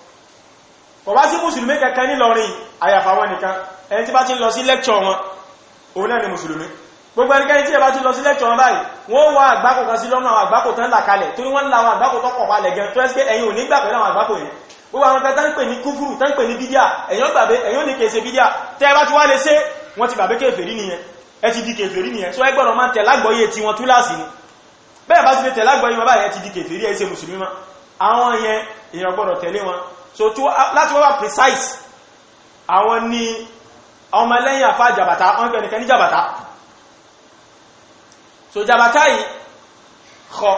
kò bá sí mùsùlùmí kankan ní lọrin àyàfàwọn nìkan ẹni tí bá ti lọ sí lẹ́kṣọ́ wọn òun náà ni mùsùlùmí gbogbo ẹnikẹ́ni tí ẹ bá ti lọ sí lẹ́kṣọ́ wọn báyìí wọ́n wá àgbákò kan sí lọ́nà àwọn àgbákò tán làkalẹ̀ tó ní wọ́n ń la àwọn àgbákò tó pọ̀ palẹ̀ gan tó ẹ́ sí pé ẹ̀yin ò ní gbà pẹ̀lú àwọn àgbákò yẹn gbogbo àwọn kan tán ń pè ní kúfúrù tán ń pè ní bídíà ẹ̀yin ó gbàgbé ẹ̀yin ò ní kèsè bídíà tẹ́ ẹ bá ti wá lè ṣe wọ́n ti bàbé kèfèrí nìyẹn ẹ ti di kèfèrí àwọn yẹn èèyàn gbọ́dọ̀ tẹ̀lé wọn so láti wọ́n wà precise àwọn ni ọmọ lẹ́yìn àfá jàbàtà wọ́n gbẹ̀rẹ̀ ní jàbàtà so jàbàtà yìí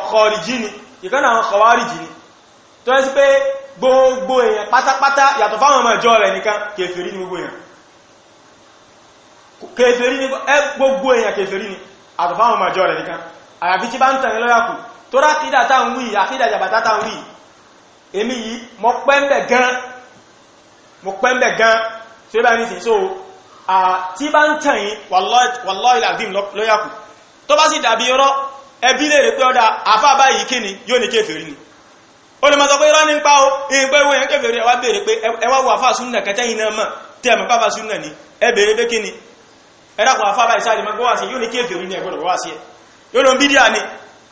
kọ̀ọ̀rìjì ni ìkọ́nà àwọn kọ̀wárìjì ni tó ẹ́ sí pé gbogbo èèyàn pátápátá yàtọ̀ fáwọn ọmọ ìjọ rẹ̀ nìkan kèfèrí ni gbogbo èèyàn kèfèrí ni gbogbo èèyàn kèfèrí ni àtọ̀ fáwọn ọmọ ìjọ rẹ̀ nìkan àyàfi tí bá ń tẹ̀lé lọ́yàkù tó rákídà táwọn wí àkídà jàbàtà èmi yìí mọ́ pẹ́ńbẹ̀ gan mọ́ pẹ́ńbẹ̀ gan tí ó bá ní sí so tí bá ń tàn yín wallahi alazim lọ́yàkù tó bá sì dàbí ọ̀rọ̀ ẹbí lè rí pé ọ̀dà àfá báyìí kí ni yóò ní kéfèrí ni ó lè máa sọ pé irọ́ ní ń pa ó ìyìn pé ìwé yẹn kéfèrí ẹwà béèrè pé ẹwà ní kéfèrí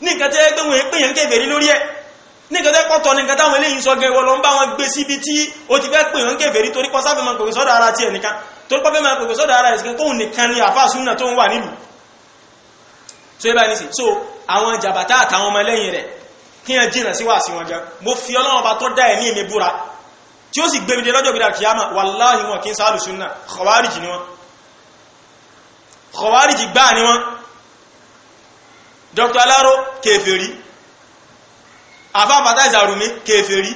ní nǹkan tẹ́ pé wọ́n pè yàn kèfèrí lórí ẹ̀ ní nǹkan tẹ́ pọ̀tọ̀ ní nǹkan táwọn eléyìí sọ gẹ̀ wọ́n lọ ń bá wọn gbé síbi tí ó ti fẹ́ pè yàn kèfèrí torí pọ́ sáfẹ́ máa pèpè sọ́dọ̀ ara tiẹ̀ nìkan torí pọ́ fẹ́ máa pèpè sọ́dọ̀ ara ẹ̀sìn tóun nìkan mo fi Ọlọ́run bá tó dá ẹ̀mí mi búra tí ó sì gbé mi dé lọ́jọ́ gbéra kìyàmà wàláhì gbáà ni wọn Dr. Alaro kèfèrí àfá Fatai Zarumi kèfèrí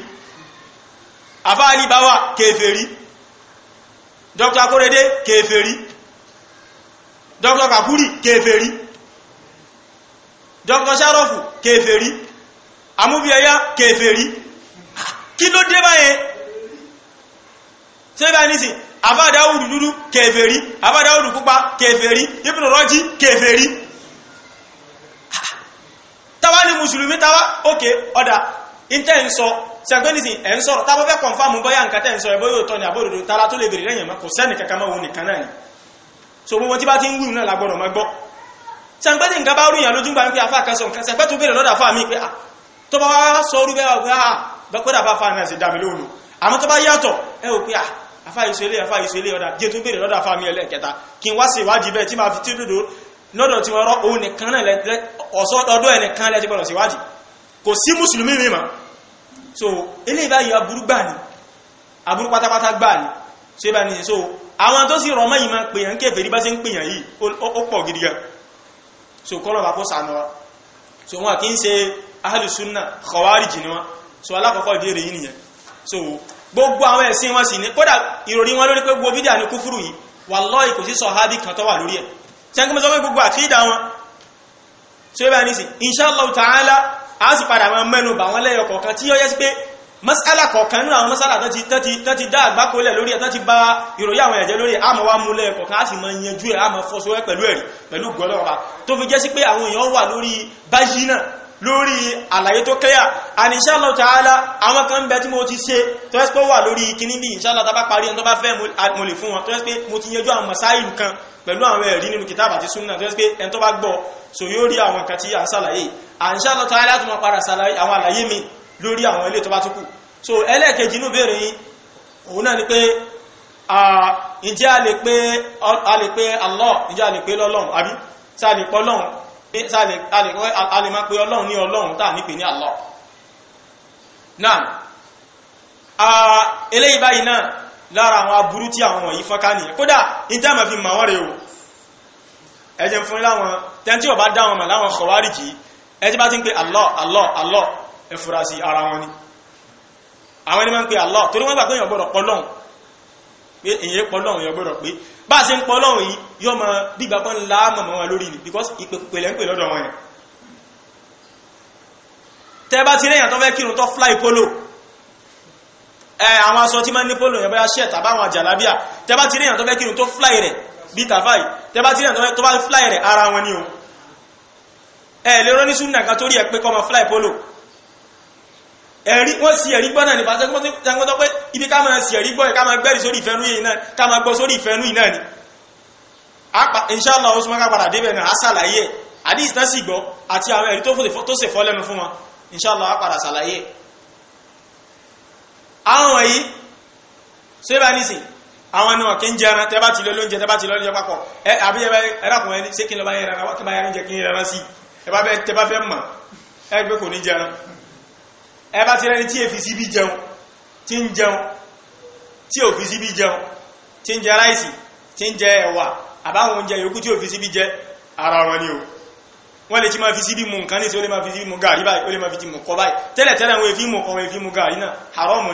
àfá Alibawa kèfèrí Dr. Akórèdé kèfèrí Dr. Kakuri kèfèrí Dr. Sharofu kèfèrí amúbíẹyá kèfèrí kí ló dé báyẹn ṣé báyìí nísìn àfá Dáúdù dúdú kèfèrí àfá Dáúdù pupa kèfèrí Ibn Rọ́jí kèfèrí tàwa ni mùsùlùmí tàwa ókè ọ̀dà intẹ́ ń sọ sẹ́gbẹ́nìsìn ẹ̀ ń sọ̀rọ̀ tábọ́ fẹ́ kọ̀nfàmù bọ́yá nǹkan tẹ́ ń sọ ẹ̀bọ́ yóò tọ́ ni àbódòdó tara tó lè bèrè lẹ́yìn mọ́ kò sẹ́ni kankan mọ́ òun nìkan náà ni so gbogbo tí bá ti ń wù náà lagbọ́dọ̀ mọ́ gbọ́ sẹ́gbẹ́sì nǹkan bá rú yàn lójú gbà ń pé afá kan sọ nǹkan sẹ́gbẹ́ tó bèrè lọ́dà fáà mí pé ah, tó bá wá sọ orú bẹ́ẹ̀ wọ́n ah, bá kódà bá fáà náà sì dá mi lóhùn àmọ́ tó bá yàtọ̀ ẹ ò pé afá ìṣẹ́lẹ̀ afá ìṣẹ́lẹ̀ ọ̀dà jẹ́ tó bèrè lọ́dà fáà mí ẹlẹ́ẹ̀kẹta kí n wá sí ìwádìí bẹ́ẹ̀ tí máa fi tí dòdò lọ́dọ̀ tí wọ́n rọ́ òun nìkan náà ọ̀sọ́dọ̀ ẹnìkan lẹ́tí gbọ́dọ̀ síwájì kò sí mùsùlùmí mímọ̀ so ilé ìbáyìí aburú gbà ní aburú pátápátá gbà ní so ibà ní so àwọn tó sì rọmọ yìí máa pèyàn kéfè rí bá sí ń pèyàn yìí ó pọ̀ gidi gan so kọ́lọ̀ bá kó so wọn kì í ṣe ahlu sunna so alákọ̀ọ́kọ́ ìbéèrè yìí nìyẹn so gbogbo àwọn ẹ̀sìn wọn sì ní kódà ìròrí wọn lórí pé gbogbo bídà ní kúfúrú yìí wallahi kò sí sọ̀hábì sẹ́kí mọ́ sọ pé gbogbo àkídà wọn tí ó bá ní sí inṣàlọ́wù tààlà a sì padà wọn mẹ́nu bà wọn lẹ́yọ kọ̀ọ̀kan tí ó yẹ sí pé masala kọ̀ọ̀kan nínú àwọn masala tó ti dá àgbákólẹ̀ lórí ẹ̀ tó ti bá ìròyìn àwọn ẹ̀jẹ̀ lórí àmọ́ wá kọ̀ọ̀kan a sì mọ yanjú ẹ̀ àmọ́ fọ́sọ́wẹ́ pẹ̀lú ẹ̀rí pẹ̀lú gbọ́dọ̀ tó fi jẹ́ sí pé àwọn èèyàn wà lórí báyìí lórí àlàyé tó kẹ́yà and inshallah ta'ala àwọn kan bẹ tí mo ti ṣe tó ẹ́sì pé wà lórí kìíní bí inshallah tàbá parí ẹni tó bá fẹ́ mo lè fún wọn tó ẹ́sì pé mo ti yẹjú àwọn masáyì nǹkan pẹ̀lú àwọn ẹ̀rí nínú kìtàbà àti súnmọ́ tó ẹ́sì so yóò rí àwọn nǹkan a ṣàlàyé and inshallah Allah ǹjẹ́ a lè pé lọ́lọ́run àbí sáà a lè máa pe ọlọ́run ní ọlọ́run tá à ní pè ní Allah náà eléyìí báyìí náà lára àwọn aburú tí àwọn wọ̀nyí fọ́nká nìyẹn kódà níta máa fi mọ̀ wọ́n rẹ̀ o ẹjẹ̀ fún láwọn tẹ́ntí ọba dá wọn mọ̀ láwọn kọ̀wárì kìí ẹjẹ́ bá ti ń pe Allah Allah Allah ẹfura sí ara wọn ni àwọn ẹni máa ń pe Allah torí wọ́n gbà pé èèyàn gbọ́dọ̀ pọ̀ lọ́hùn pé èyàn pọ́lọ́run yọ gbọ́dọ̀ pé bá ṣe ń pọ́lọ́run yìí yọ mọ gbígbà pọ́n ńlá mọ̀mọ́ wọn lórí ni because ìpèlẹ̀ ń pè lọ́dọ̀ wọn yẹn tẹ́ bá ti rẹ̀yàn tó fẹ́ kírun tó fly polo ẹ àwọn aṣọ tí máa ní polo yẹn bóyá ṣẹ́ tàbáwọn àjàlábíà tẹ́ bá ti rẹ̀yàn tó fẹ́ kírun tó fly rẹ̀ bí tàfáì tẹ́ bá ti rẹ̀yàn tó fẹ́ fly rẹ̀ ara wọn ni o ẹ lè rọ́ ní polo ẹ̀rí wọ́n sí ẹ̀rí gbọ́ náà ní pàtàkì wọ́n tó pé ibi ká máa sí ẹ̀rí gbọ́ ká máa gbẹ́rì sórí ìfẹ́nú yìí ká máa gbọ́ sórí ìfẹ́nú yìí náà ni inṣáàlá oṣù mọ́ká padà débẹ̀ náà aṣàlàyé àdíṣ náà sì gbọ́ àti àwọn ẹ̀rí tó sì fọ́ lẹ́nu fún wọn inṣáàlá padà ṣàlàyé àwọn wọ̀nyí ṣé bá ní sìn àwọn ẹni wọn kí ń jẹran tẹ bá ti lọ lóúnjẹ tẹ bá ti lọ lóúnjẹ papọ̀ ẹ àbí ẹ dákun ẹni ṣé kí n lọ bá yẹra kí n bá yẹra oúnjẹ kí n yẹra sí ẹ bá fẹ́ mọ̀ ẹ gbé kò ẹ bá ti rẹni tí èfi e síbí jẹun tí ń jẹun tí ò fi síbí jẹun tí ń jẹ ráìsì tí ń jẹ ẹ̀wà àbáwọn oúnjẹ yòókù tí ò fi síbí jẹ ara wọn ni o wọ́n lè ti máa fi síbí mu nǹkan ní sí ó lè máa fi ti mu kọ báyìí tẹ́lẹ̀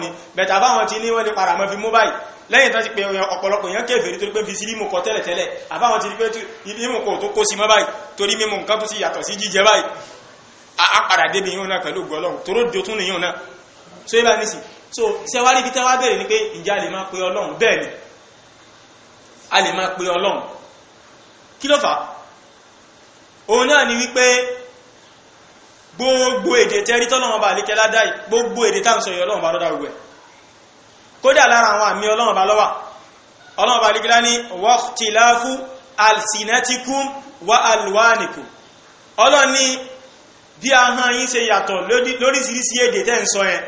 ni bẹ̀tà báwọn ti ní wọ́n lè para mọ́ fi mú báyìí lẹ́yìn tó ti pé ọ̀pọ̀lọpọ̀ èèyàn kéfèé nítorí pé fi síbí mu kọ tẹ́lẹ̀ tẹ́lẹ̀ àbáwọn ti rí pé mímu tó kó sí mọ́ báyìí torí mímu nǹkan tó ti yàtọ̀ sí jíjẹ báyìí a padà débi yíò náà pẹ̀lú gọlọ́run tó ródò tún ní yíò náà so ibà nísì so ṣe wá ríbi tẹ́wà bẹ̀rẹ̀ ni pé ìjà lè máa pe ọlọ́run bẹ́ẹ̀ ni a lè máa pe ọlọ́run kí ló fà á òun náà ni wípé gbogbo èdè tẹ́rí tọ́lọ́run ọba àlékẹ́ ládáì gbogbo èdè tá sọ yìí ọlọ́run ọba lọ́dà gbogbo ẹ̀ kódà lára àwọn àmì ọlọ́run ọba lọ́wà ọlọ́run ọba àlékẹ́ ní waqtilafu alsinatikum wa alwanikum ọlọ́run ní bí ahọ́n yín ṣe yàtọ̀ lóríṣiríṣi èdè tẹ́ ń sọ yẹn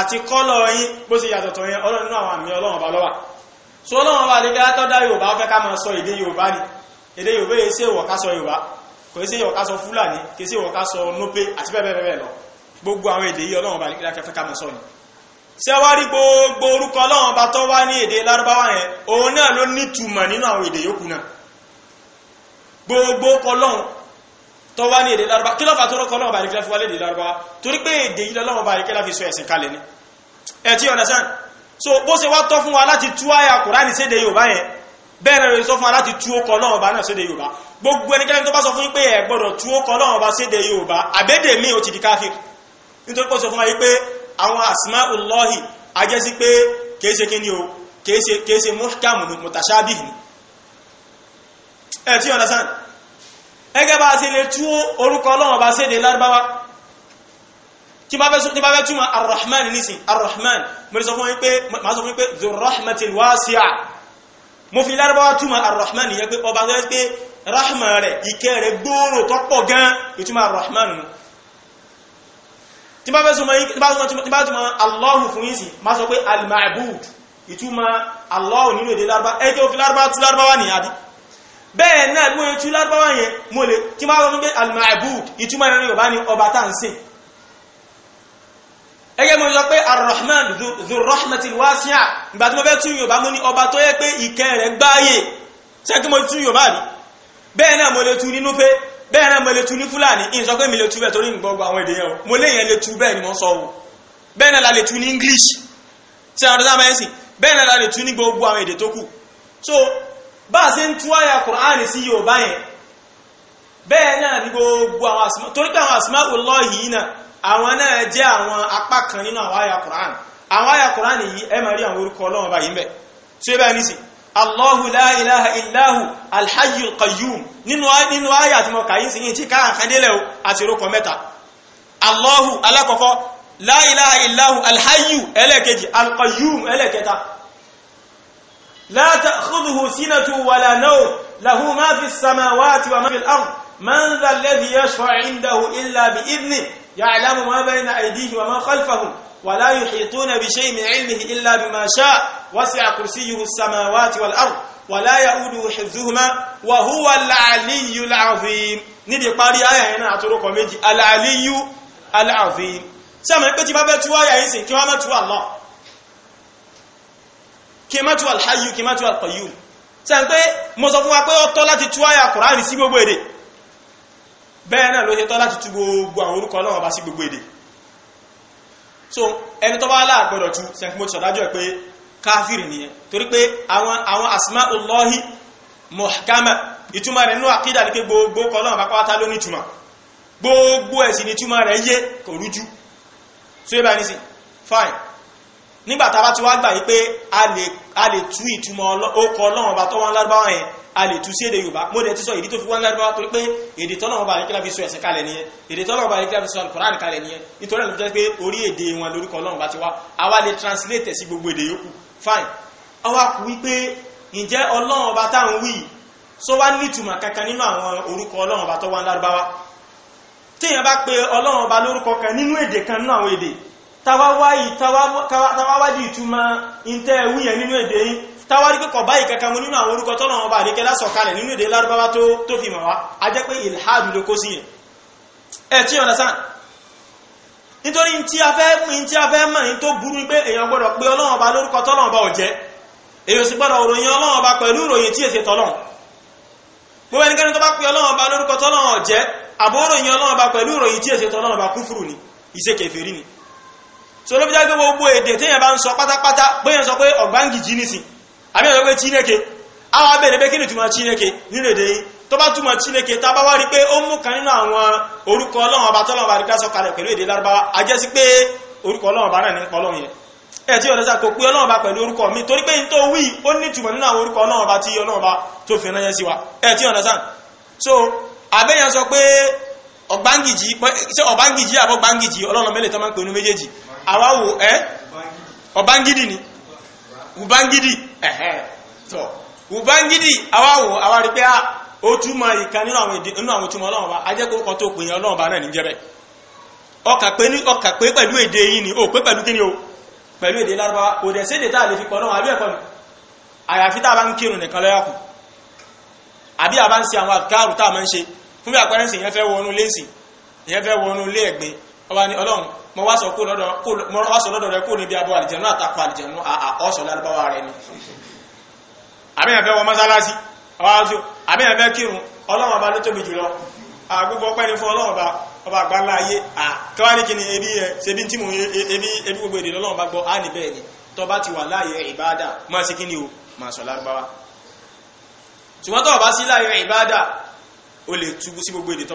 àti kọ́lọ̀ yín bó ṣe yàtọ̀ tọ̀ yẹn ọlọ́run nínú àwọn àmì ọlọ́run ọba lọ́wà so ọlọ́run ọba lè dáátọ́ dá yorùbá ó fẹ́ ká máa sọ èdè yorùbá ni èdè yorùbá yìí ṣe ìwọ̀ká sọ yorùbá kò ṣe ìwọ̀ká sọ fúlàní kì í ṣe ìwọ̀ká sọ nópé àti bẹ́ẹ̀ bẹ́ẹ̀ lọ gbogbo àwọn èdè yìí ọlọ́run ọba lè dáátọ́ fẹ́ ká máa sọ ni ṣé wá rí gbogbo orúkọ ọlọ́run ọba tó wá ní èdè lárúbáwá yẹn òun náà ló nítumọ̀ nínú àwọn èdè yòókù náà gbogbo ọlọ́run tó wá ní èdè lárúbá kí lọ́fà tó rọ́kọ́ lọ́wọ́ bá nìkílá fi wá lédè lárúbá torí pé èdè yìí lọ́wọ́ bá nìkílá fi sọ ẹ̀sìn kalẹ̀ ni ẹ ti so bó ṣe wá tọ́ fún wa láti tú àyà kùránì sédè yorùbá yẹn bẹ́ẹ̀ náà sọ fún wa láti tú ọkọ̀ lọ́wọ́ bá sédè yorùbá gbogbo ẹnikẹ́ni ẹgẹ́ bá ṣe lè tú orúkọ ọlọ́run bá ṣe dé lárúbáwá tí bá fẹ́ túmọ̀ arrahman nísìn arrahman mo sọ fún yín pé ma sọ fún yín pé zurrahmatil fi lárúbáwá túmọ̀ arrahman yẹ pé ọba tó pé rahma rẹ̀ ìkẹ́ rẹ̀ gbòòrò tó gan ìtumọ̀ arrahman nù tí bá fẹ́ bẹ́ẹ̀ náà mú ẹtú lárúbáwá yẹn mo lè kí máa wọ́n gbé al-ma'bud ìtumọ̀ ìrìn yorùbá ni ọba tá ń sìn ẹgẹ́ mo lọ pé ar-rahman dhur-rahmatil wasi'a ìgbà tí mo fẹ́ tún yorùbá mo ní ọba tó yẹ pé ìkẹ́ rẹ̀ gbáyè ṣé kí mo tún yorùbá ni bẹ́ẹ̀ náà mo lè tu nínú pé bẹ́ẹ̀ náà mo lè tu ní fúlàní ìsọ pé mi lè tu bẹ́ẹ̀ torí gbogbo àwọn èdè yẹn mo lè yẹn lè tu bẹ́ẹ̀ ni mo sọ o bẹ́ẹ̀ náà la lè tu ní english ṣé àwọn ọ̀dọ́ sáà máa ń sìn bẹ́ẹ̀ náà la lè tu ní gbogbo àwọn èdè tó kù so bá a ṣe ń tú àyà kùránì sí yorùbá yẹn bẹ́ẹ̀ náà ní gbogbo àwọn àsìmá torí pé àwọn àsìmá òlọ́ yìí náà àwọn náà jẹ́ àwọn apá kan nínú àwọn àyà kùránì àwọn àyà kùránì yìí ẹ máa rí àwọn orúkọ ọlọ́run báyìí mbẹ̀ tí ó bá ní sí allahu la ilaha illahu alhayyul qayyum nínú nínú لا تأخذه سنة ولا نوم له ما في السماوات وما في الأرض من ذا الذي يشفع عنده إلا بإذنه يعلم ما بين أيديه وما خلفهم ولا يحيطون بشيء من علمه إلا بما شاء وسع كرسيه السماوات والأرض ولا يؤود حفظهما وهو العلي العظيم níbi parí آية هنا náà àtúrókọ العلي العظيم sẹ́mi pé ti bá bẹ́ tú àyà yìí sìn kí má tú alhayu kí má tú alqayyum sẹ́n pé mo sọ fún wa pé ó tọ́ láti tú àyà kùránì sí gbogbo èdè bẹ́ẹ̀ náà ló ṣe tọ́ láti tú gbogbo àwọn orúkọ Ọlọ́run bá sí gbogbo èdè so ẹni tó bá láàgbọ́dọ̀ tú sẹ́n mo sọ̀dájọ́ pé káfíìrì nìyẹn torí pé àwọn àwọn asma'ullahi muhkama ìtumọ̀ rẹ̀ nínú àkídà ní pé gbogbo Ọlọ́run bá fine nígbà tá a bá ti wá gbà yí pé a lè tú ìtumọ̀ ọkọ̀ ọlọ́run ọba tó wá ń lárúbáwá yẹn a lè tú sí èdè yorùbá mo dẹ̀ ti sọ ìdí tó fi wá ń lárúbáwá torí pé èdè tọ́lọ́run ọba àríkílá fi sọ ẹ̀sìn kalẹ̀ nìyẹn èdè tọ́lọ́run ọba àríkílá fi sọ alukoran kalẹ̀ nìyẹn nítorí ẹ̀ ló jẹ́ pé orí èdè wọn lórúkọ ọlọ́run ọba ti wá a wá lè translate sí gbogbo èdè yòókù fine àwa kù wípé ǹjẹ́ ọlọ́run ọba táwọn wí sọ wá nítumọ̀ kankan nínú àwọn orúkọ ọlọ́run ọba tó wá ń lárúbáwá téèyàn bá pe ọlọ́run ọba lórúkọ kan nínú èdè kan nínú àwọn èdè tàwáwádìí ìtumọ̀ ìntẹ́ wíyẹn nínú èdè yìí tàwárí pé kọ̀ báyìí kankan nínú àwọn orúkọ tọ́nà ọba àríkẹ́ lásọ̀kalẹ̀ nínú èdè lárúbáwá tó fi mọ̀ wá a jẹ́ pé ilhadu ló kó sí yẹn ẹ̀ tí ọ̀nà sáà nítorí tí a fẹ́ pín tí a fẹ́ mọ̀ ní tó burú pé èèyàn gbọ́dọ̀ pé ọlọ́run ọba lórúkọ tọ́nà ọba ọ̀jẹ́ èèyàn sì gbọ́dọ̀ ròyìn ọlọ́run ọba pẹ̀lú ròyìn tí èsè tọ́lọ́run so ló fi jẹ́ pé gbogbo èdè téèyàn bá ń sọ pátápátá bóyá sọ pé ọ̀gbáǹgìjì nìsín àbí ọ̀sọ́ pé chineke awa abẹ́rẹ́ pé kí ni chineke nínú èdè yìí tó bá chineke tá a bá wá rí pé ó mú kan nínú àwọn orúkọ ọlọ́run ọba tọ́lọ́run rí pẹ̀lú èdè lárúbáwá a jẹ́ sí pé orúkọ ọlọ́run ọba náà ní pọ́lọ́run yẹn ẹ̀ tí ọ̀dọ́sà kò pé ọlọ́run ọba pẹ̀lú orúkọ mi torí n wí ó ní nínú àwọn orúkọ ọlọ́run ọlọ́run tó fi ránṣẹ́ sí wa ọ̀dọ́sà so abẹ́yẹn sọ àwáwò ẹ́ ọ̀bángídì ni ubangidi ẹ̀hẹ́ tọ́ ubangidi àwáwò àwárí pé ah, ó túmọ̀ ìkan nínú àwọn èdè nínú àwọn ìtumọ̀ ọlọ́run wa ajẹ́kọ̀ọ́kọ́ tó pè yẹn ọlọ́run bá náà ní jẹ́bẹ̀ ọkà pé ní ọkà pé pẹ̀lú èdè yìí ni ó pé pẹ̀lú kíni o pẹ̀lú èdè lárúbáwá kò dẹ̀ séde tá a lè fi pọ̀ náà ni àyàfi tá a bá ń àbí a bá ń ṣe àwọn àkárù ọba ni ọlọ́run mo wá sọ lọ́dọ̀ rẹ kó níbi abọ́ àlìjẹ̀nú àtakọ a ọsọ lárúbáwá rẹ ni àbẹ́yànfẹ́ wọ mọ́sálásí ọwájú àbẹ́yànfẹ́ kírun ọlọ́run ọba ló tóbi jùlọ àgbogbo ọpẹ́ ni fún ọlọ́run ọba ọba àgbáńlá ayé àkẹwàá ní kíni ebi ẹ ṣebí tí mo ebi ebi gbogbo èdè lọ́lọ́run bá gbọ́ á ni tó bá ti wà láàyè ìbáadà kíni o sọ lárúbáwá ṣùgbọ́n tó sí o lè sí gbogbo èdè tó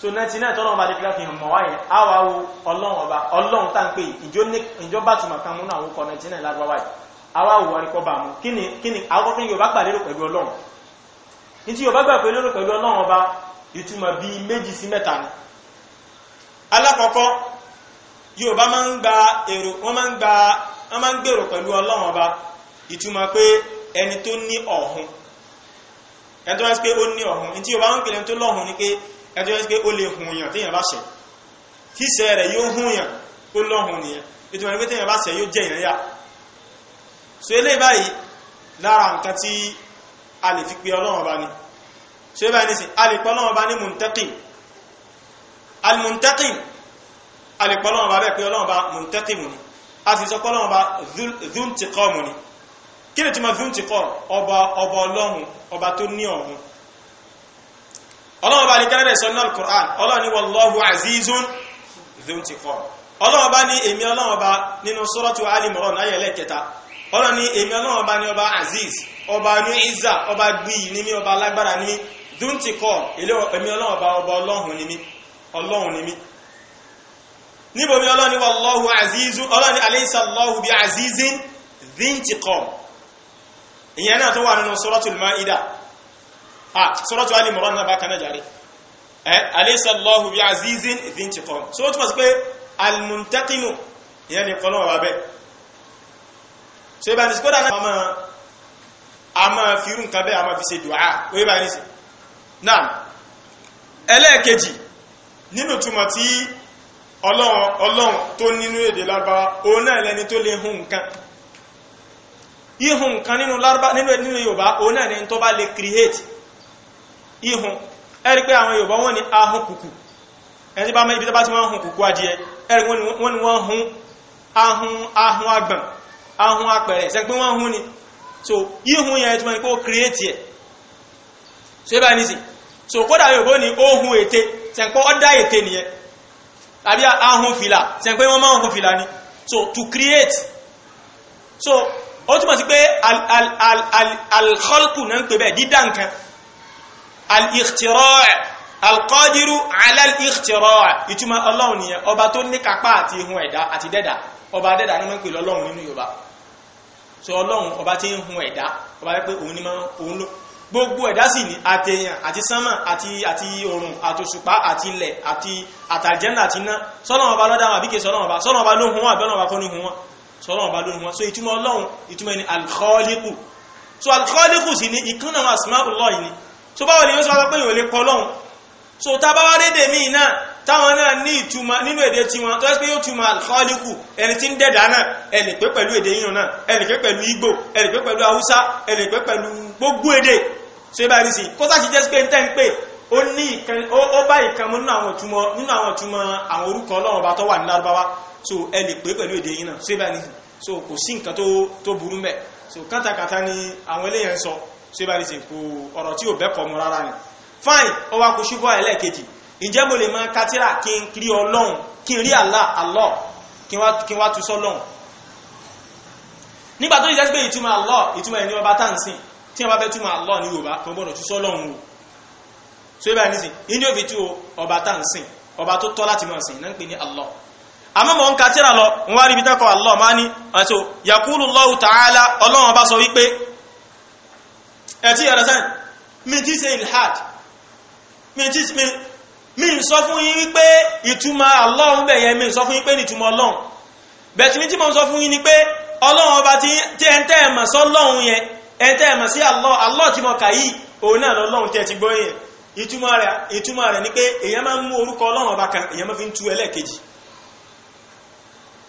so ninety nine tọ́lọ́wọ́n ọba dékìlá fi hàn mọ́ wáyé wo ọlọ́run ọba ọlọ́run tá n pè ìjọ bá tùmọ̀ kan múnú àwọn ọkọ̀ ninety nine lágbá wáyé àwa wo wọ́n kọ́ bá mú kí ni kí ni Yorùbá gbà lérò pẹ̀lú ọlọ́run Yorùbá ọba ìtumọ̀ bíi méjì sí mẹ́ta ni alákọ̀ọ́kọ́ Yorùbá máa ń gba èrò wọ́n máa ń gbèrò pẹ̀lú ọlọ́run ọba ẹjọ́ sí pé ó lè hun èèyàn téèyàn bá ṣẹ̀ kí ṣẹ̀ rẹ̀ yóò hun èèyàn ó lọ́hun nìyẹn ètò ìrìn pé téèyàn bá ṣẹ̀ yóò jẹ́ èèyàn yà so eléyìí báyìí lára nǹkan tí a lè fi pe ọlọ́run ọba ni so eléyìí báyìí nísìn a lè pe ọlọ́run ọba ní muntaqim almuntaqim a lè pe ọlọ́run ọba bẹ́ẹ̀ pé ọlọ́run ọba muntaqim ni a sì sọ pé ọlọ́run ọba dhuntiqam ni kí ni tí mo dhuntiqam ọba ọlọ́run ọba tó ní ọ̀hún ọlọ́run bá ní kẹ́lẹ́dẹ̀ sọ náà Qur'an ọlọ́run ní wallahu azizun dhuntiqam ọlọ́run bá ní èmi ọlọ́run bá nínú suratu Ali Imran náà yẹlẹ̀ kẹta ọlọ́run ní èmi ọlọ́run bá ní ọba aziz ọba ní izza ọba gbìyì ní mi ọba alágbára ní mi dhuntiqam èlé èmi azizun ọlọ́run ní alaysa azizin dhuntiqam ìyẹn náà tó wà nínú suratul Ma'idah ah suratu ali imran náà bákan náà jàre eh alaysa allahu bi azizin dhintiqam so ó túmọ̀ sí pé almuntaqimu ìyẹn ni kọlọ́wọ́ wa bẹ́ẹ̀ so ibà ní sikọ́dà náà a máa fi irú nǹkan bẹ́ẹ̀ a máa fi ṣe dùá ó yẹ bá ní sí náà ẹlẹ́ẹ̀kejì nínú túmọ̀ tí ọlọ́run ọlọ́run tó nínú èdè lárúbáwá òun náà lẹni tó lè hun nǹkan ihun nǹkan nínú yorùbá òun náà lẹni tó bá lè create ihun ẹ̀rí pé àwọn Yorùbá wọ́n ní ahun kùkù ẹni bá ibi tọ́bá tí wọ́n hun kùkù adìẹ ẹ̀rí wọ́n ni wọ́n hun ahun ahun ahun apẹ̀rẹ̀ ṣe pé wọ́n hun ni so ihun yẹn tí wọ́n ni pé ẹ̀ ṣe bá ní sí so kódà Yorùbá ni ó hun ète ṣe pé ó dá ète nìyẹn tàbí ahun fìlà so to create so ó túmọ̀ sí pé al al al al-ikhtira' al-qadiru ala al-ikhtira' ìtumọ̀ ọlọ́run nìyẹn ọba tó ní kápá àti ihun ẹ̀dá àti dẹ́dà ọba dẹ́dà ní wọ́n pè lọ́lọ́run nínú Yorùbá so ọlọ́run ọba tí ń hun ẹ̀dá ọba pé òun ni máa òun ló gbogbo ẹ̀dá sì ní àtẹ̀yàn àti sánmà àti àti òrùn àtòṣùpá àti ilẹ̀ àti àtàjẹ́nà àti iná sọ́nà ọba lọ́dà wọn àbíkè sọ́nà ọba sọ́nà ọba ló hun wọn àbẹ́nà ọba kọ́ ní hun wọn sọ́nà ọba ló hun wọn so ìtumọ̀ ọlọ́run ìtumọ̀ ẹni al so al-Khaliqu sì ni ìkànnà asma'ullah ni so báwo ni yóò sọ pé yóò lè kọ lọ́hùn so tá a bá wá dédè míì náà táwọn náà ní ìtumọ̀ nínú èdè tiwọn tó ẹ́ pé yóò túmọ̀ àlùkọ́ọ́lùkù ẹni tí ń dẹ̀dà náà ẹni pé pẹ̀lú èdè yìnyín náà ẹni pé pẹ̀lú Ìgbò ẹni pé pẹ̀lú Haúsá ẹni pé pẹ̀lú gbogbo èdè so ẹ bá rí sí kó sáà ti jẹ́ pé ń tẹ́ ń pè ó ní ìkan ó bá ìkan mú nínú àwọn so ẹni pé pẹ̀lú èdè so ẹ bá rí sí so kò sí nǹkan tó burú mbẹ̀ so kátàkátà ni àwọn eléyàn sọ so ibà ní sìnkú ọ̀rọ̀ tí ò bẹ́kọ̀ mu rárá ni fine ó wá kó ṣubú ẹlẹ́ẹ̀kejì ǹjẹ́ mo lè máa kátírà kí n rí ọlọ́run kí n rí Allah Allah kí n wá tu sọ́lọ́run nígbà tó ìjẹ́sí pé ìtumọ̀ Allah ìtumọ̀ ẹni ọba táǹsìn tí wọ́n bá fẹ́ túmọ̀ Allah ní Yorùbá tó gbọ́dọ̀ tu sọ́lọ́run o so ibà ní sìn inú òfin tú ọba táǹsìn ọba tó tọ́ láti mọ̀ sìn náà ń pè ní Allah àmọ́ mọ̀ ń katira lọ wọ́n wá rí tẹ́kọ̀ọ́ Allah máa ní àti yakulu Allahu ta'ala ọlọ́run ọba sọ wípé ẹ̀tí ẹ̀rẹ̀sán mi tí ṣe ilhad mi sọ fún yín wípé ìtumọ̀ Ọlọ́run bẹ̀yẹ mi sọ fún yín pé ìtumọ̀ Ọlọ́run bẹ̀tí mi tí mo sọ fún yín pé Ọlọ́run ọba so ẹntẹ́ ẹ̀mọ̀ sọ lọ́run yẹn ẹntẹ́ ẹ̀mọ̀ sí Allah o tí mo long òun náà lọ́run tẹ́ ti gbọ́ ìtumọ̀ rẹ̀ ni pé èyàn máa ń mú fi ń tu ẹlẹ́ẹ̀kejì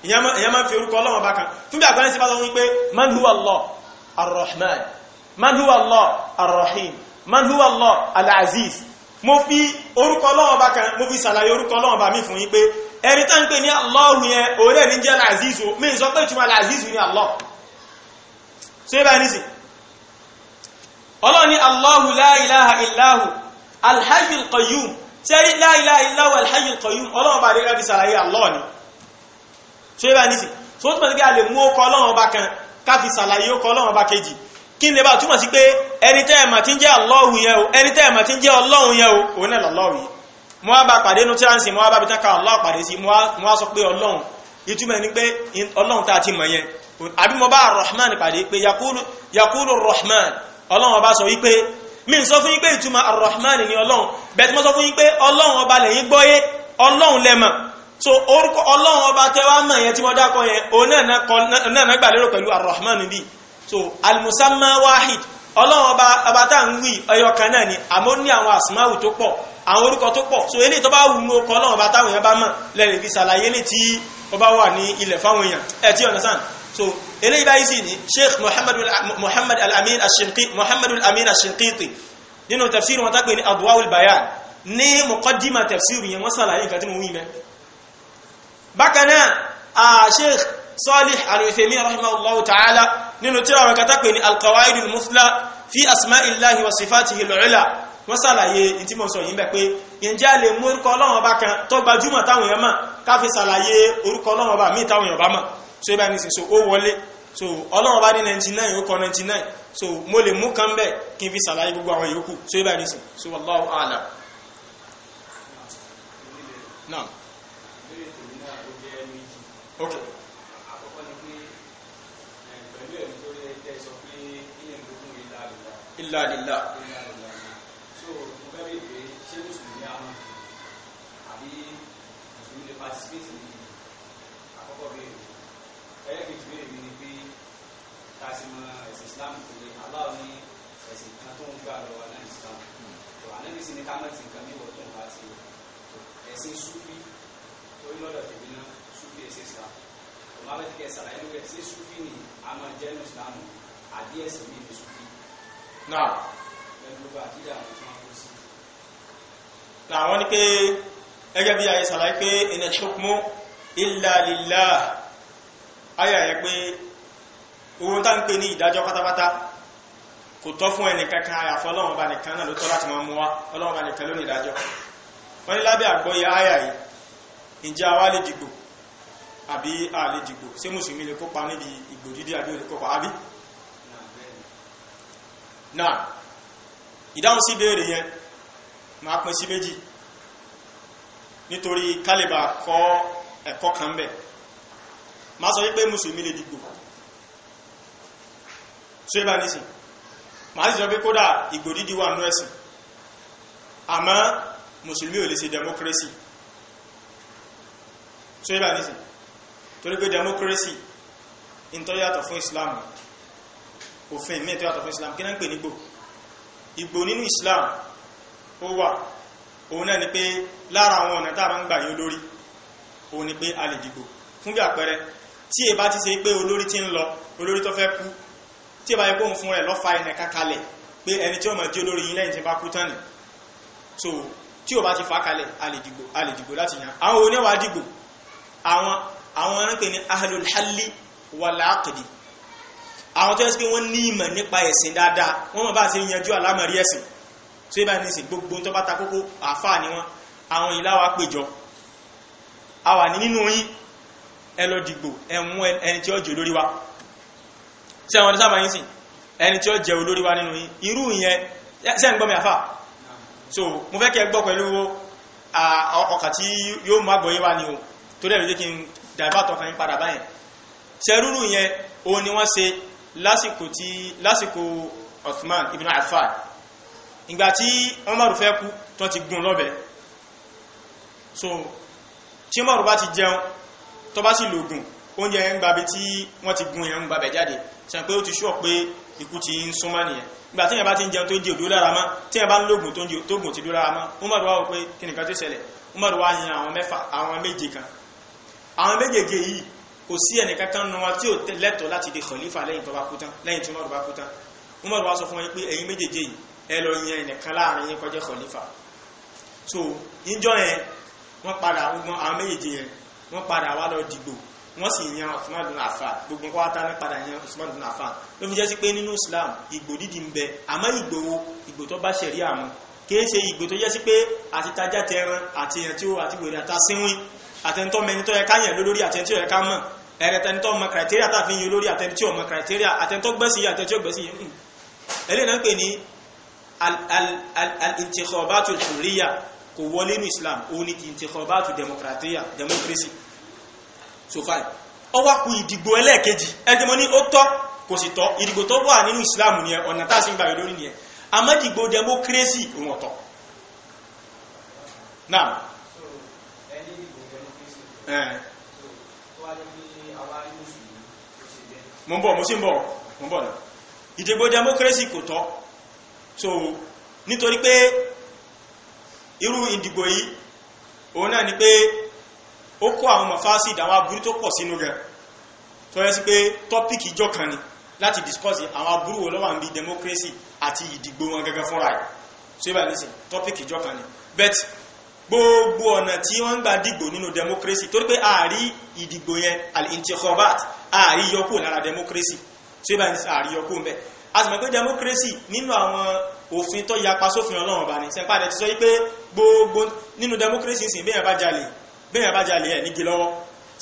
èyàn máa fi orúkọ Ọlọ́run ọba kan fún bí àgbáyé man huwa allah arrahim man huwa allah alaziz mo fi orúkọ Ọlọ́run ba kan mo fi ṣàlàyé orúkọ Ọlọ́run ba mi fún yín pé ẹni tán pè ní allah yẹn ore ni jẹ́ alaziz o mi sọ pé ìtumọ̀ alaziz ni allah ṣé bá ní sí Ọlọ́run ni allah la ilaha illahu alhayyul qayyum ṣe la ilaha illahu alhayyul qayyum Ọlọ́run ba de ga fi ṣàlàyé allah ni ṣé bá ní sí so tó mọ̀ sí pé a lè mú ọkọ̀ ba kan ká fi ṣàlàyé ọkọ̀ Ọlọ́run ba kejì kí lè bá túmọ̀ sí pé ẹni tẹ́ ẹ̀mà tí ń jẹ́ Allahu yẹn o ẹni tẹ́ ẹ̀mà tí ń jẹ́ Ọlọ́run yẹn o òun náà lọ́lọ́run yìí mo wá bá pàdé inú tíránsì mo wá bá bitaka Allah pàdé sí mo wá sọ pé Ọlọ́run ìtumọ̀ ni pé Ọlọ́run tá a ti mọ̀ yẹn àbí mo bá Rahman pàdé pé yakulu Rahman Ọlọ́run ọba sọ wípé mi sọ fún yín pé ìtumọ̀ Rahman ni Ọlọ́run bẹ́ẹ̀ tí mo sọ fún yín pé Ọlọ́run ọba lẹ́yìn gbọ́yé Ọlọ́run lẹ́mọ̀ so orúkọ Ọlọ́run ọba tẹ́wàá mọ̀ yẹn tí mo dákọ yẹn òun náà náà gbà pẹ̀lú Rahman bíi so almusamma wahid ọlọ́run ọba ọba tá à ń wí ọyọ kan náà ni àmọ́ ní àwọn àsùnmáwù tó pọ̀ àwọn orúkọ tó pọ̀ so eléyìí tó bá wù ú ọkọ ọlọ́run ọba táwọn èèyàn bá mọ̀ lẹ́yìn fi ṣàlàyé ní tí ó bá wà ní ilẹ̀ fáwọn èèyàn ẹ̀ tí ọ̀nà sàn so eléyìí báyìí sì ni sheikh muhammad al-amin al-shinqiti muhammad al-amin al-shinqiti nínú tafsir wọn tápé ní adwaul bayan ní muqaddima tafsir Salih al-Uthaymeen rahimahullahu ta'ala nínú tírà wọn kata pè ní al-Qawaid al-Muthla fi asma'illahi wa sifatihi al-ula wọ́n sàlàyé ìtí mọ̀ sọ yìí bẹ̀ pé ìjẹ́ lè mú orúkọ Ọlọ́run Ọba kan tó gbajúmọ̀ táwọn èèyàn mọ̀ káfí sàlàyé orúkọ Ọlọ́run Ọba míì táwọn èèyàn bá mọ̀ so ibà ní sísọ ó wọlé so Ọlọ́run Ọba ní 99 ó kọ 99 so mo lè mú kan bẹ̀ kí n fi sàlàyé gbogbo àwọn yòókù so ibà ní sísọ wallahu a'lam náà ok illa lillah so mo fẹ́ bèèrè pé ṣé mùsùlùmí àwọn àbí mùsùlùmí lè participate ní àkọ́kọ́ bèèrè ẹ̀yẹ́ kejì bèèrè mi ni pé ta sì mọ ẹ̀sìn Islam kò lè aláwọ̀ ní ẹ̀sìn kan tó ń gbà lọ́wọ́ náà Islam tó ànábì sí ni ká mọ̀ sí nǹkan ní ìwọ̀ tó ń bá ti ẹ̀sìn súfì torí lọ́dọ̀ tèmi náà súfì ẹ̀sìn Islam tó má bẹ́ẹ̀ ti kẹ́ sàlàyé lórí ẹ̀sìn súfì ni a máa jẹ́ Islam Adi es mi ní s náà làwọn ní pé ẹgẹ́ bí ayé sàlàyé pé iná ṣokmú illa lillah ayé ayé pé owó tá ń pè ní ìdájọ́ pátápátá kò tọ́ fún ẹni kankan àyàfọ́ ọlọ́run bá nìkan náà ló tọ́ láti máa mú wá ọlọ́run bá nìkan lónìí ìdájọ́ wọ́n ní lábẹ́ àgbọ́yé ayà yìí ǹjẹ́ àwa lè dìgbò àbí a dìgbò ṣé mùsùlùmí lè kópa níbi ìgbò dídí àbí olè kópa àbí náà ìdáhùn sí ìbéèrè yẹn máa pín sí méjì nítorí kálíbà kọ́ ẹ̀kọ́ kan bẹ̀ máa sọ wípé mùsùlùmí lè dìgbò so ibà nísìn máa sì sọ pé kódà ìgbò dídí wà nú ẹ̀sìn àmọ́ mùsùlùmí ò lè ṣe democracy so ibà nísìn torí pé democracy ń tó yàtọ̀ fún Islam òfin mí tó yàtọ̀ fún islam kí náà ń pè ní gbò ìgbò nínú islam ó wà òun náà ni pé lára àwọn ọ̀nà tàbí ń gbà yí olórí òun ni pé a lè dìgbò fún bí àpẹẹrẹ tí è bá ti ṣe pé olórí ti ń lọ olórí tó fẹ́ kú tí è bá yẹ kóhun fún rẹ̀ lọ́fà ẹnì kankalẹ̀ pé ẹni tí ó mọ̀ jẹ́ olórí yín lẹ́yìn tí bá kú tán ni tí ò bá ti fà àwọn tó yẹ kí wọ́n ní ìmọ̀ nípa ẹ̀sìn dáadáa wọ́n mọ̀ bá ṣe yanjú àlámọ̀rí ẹ̀sìn tó yẹ bá ní sìn gbogbo tó bá ta kókó àáfàá ni wọ́n àwọn yìí láwa péjọ a wà ní nínú yín ẹ lọ dìgbò ẹ mú ẹni tí ó jẹ olórí wa ṣé àwọn ọdún sábà yín sìn ẹni tí ó jẹ olórí wa nínú yín irú ìyẹn ṣé ń gbọ́ mi àfà so mo fẹ́ kí ẹ gbọ́ pẹ̀lú ọkà tí yóò má gbọ́ yé wa ni o tó dẹ̀ lójú kí n dàgbà tọkàn yín padà báyẹn ṣe rúrú ìyẹn òun ni wọ́n ṣe lásìkò tí lásìkò Uthman ibn Affan ìgbà tí Umaru fẹ́ kú tó ti gún lọ́bẹ̀ so tí Umaru bá ti jẹun tó bá sì lògùn oúnjẹ ń gbàbí tí wọ́n ti gún yẹn ń gbàbẹ̀ jáde sàn pé ó ti ṣọ́ pé ikú ti ń súnmọ́ nìyẹn ìgbà tí yẹn bá ti ń jẹun tó ń di òdó lára mọ́ kò sí ẹnìkankan nu wọn tí ò lẹ́tọ̀ọ́ láti di khalifa lẹ́yìn tó bá kú tán lẹ́yìn tí Umaru bá kú tán Umaru wá sọ fún wọn pé ẹ̀yin méjèèjì yìí ẹ lọ yan ẹnìkan láàrin yín kó khalifa so níjọ́ yẹn wọ́n padà wọ́n àwọn méjèèjì yẹn wọ́n padà wá lọ dìgbò wọ́n sì yan Usman bin Affan gbogbo nǹkan wá tá padà yan Usman bin Affan ló fi jẹ́ sí pé nínú Islam ìgbò dídì ń bẹ àmọ́ ìgbò ìgbò tó bá ṣẹ̀rí àmọ́ kì í ṣe ìgbò tó jẹ́ sí pé àti tẹran àti èèyàn tí ó àti wèrè àtàsínwín àtẹnitọ́ mẹni tó yẹ ká yàn lólórí àtẹnití ó yẹ ká mọ̀ ẹ̀rẹ̀tẹnitọ́ mọ criteria tá a fi yin lórí àtẹnití ó mọ àtẹnitọ́ gbẹ́sì yìí àtẹnití gbẹ́sì yìí eléyìí náà pè ní al-intikhabatu al-hurriya kò wọlé ní Islam ó ní ti intikhabatu democratia democracy so fine ó wá ku ìdìgbò ẹlẹ́ẹ̀kejì ẹjẹ́ mọ́ ní ó tọ́ kò sì tọ́ ìdìgbò tó wà nínú Islam nìyẹn ọ̀nà tá a sì ń gbàgbé lórí nìyẹn àmọ́ ìdìgbò democracy òun ọ̀tọ̀ náà Eh. mo ń bọ̀ mo sì ń bọ̀ mo ń bọ̀ náà ìdìbò democracy kò tọ́ so nítorí pé irú ìdìbò yìí òun náà ni pé ó kó àwọn mọ̀fásí ìdáwọn aburú tó pọ̀ sínú rẹ̀ tó yẹ sí pé tọ́pìkì ìjọ kan ni láti discuss àwọn aburú wo ló wà ń bí democracy àti ìdìbò wọn gẹ́gẹ́ fúnra ẹ̀ so ibà tọ́pìkì ìjọ kan ni bet gbogbo ọ̀nà tí wọ́n ń gba dìgbò nínú democracy torí pé ààrí ìdìgbò yẹn al-intikhabat ààrí yọkù lára democracy tí ó bá ní ààrí yọkù ń bẹ a sì mọ̀ pé democracy nínú àwọn òfin tó yapa sófin ọlọ́run bá ní sẹ́ńpá rẹ̀ ti sọ wípé gbogbo nínú democracy ń sìn bẹ́ẹ̀ bá jalè bẹ́ẹ̀ bá jalè ẹ̀ nígi lọ́wọ́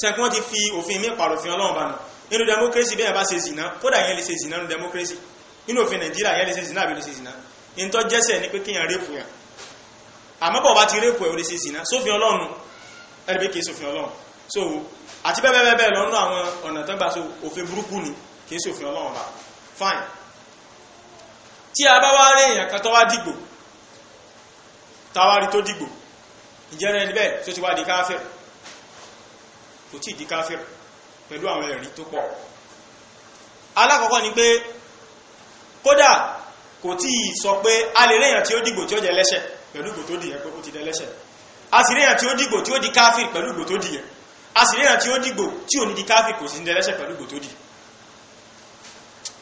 sẹ́ńpá wọ́n ti fi òfin mí pàrọ̀ òfin ọlọ́run bá nù nínú democracy bẹ́ẹ̀ bá ṣe zìnà kódà yẹn lè ṣe zìnà nínú democracy nínú òfin nàìjíríà yẹn lè ṣe zìnà àbí lè ṣe zìnà ní ní pé kéèyàn rẹ́pù yàn àmọ́bọ̀ bá ti rẹ́pọ̀ ẹ̀ oríṣìí síná sófin ọlọ́run ẹ̀rẹ́bẹ́ kìí sófin ọlọ́run so àti bẹ́ẹ̀bẹ́ẹ̀ lọ́nà àwọn ọ̀nà tán bá so òfin burúkú ni kìí sófin ọlọ́run bá fine tí a bá wá rí èèyàn kan tó wá dìgbò tawari tó dìgbò ìjẹ́rẹ́ ẹni bẹ́ẹ̀ tó ti wá di káfíìr kò tí di káfíìr pẹ̀lú àwọn ẹ̀rí tó pọ̀ alákọ̀ọ́kọ́ ni pé kódà kò tí sọ pé a lè rí èèyàn tí ó dìgbò tí ó jẹ lẹ́ṣẹ̀ẹ́ pẹ̀lú ìgbò tó dìyẹ pé ó ti dẹlẹ́ṣẹ̀ asìríyàn tí ó dìgbò tí ó di káfíìr pẹ̀lú ìgbò tó dìyẹ asìríyàn tí ó dìgbò tí ò ní di káfíìr kò sí ní dẹlẹ́ṣẹ̀ pẹ̀lú ìgbò tó dì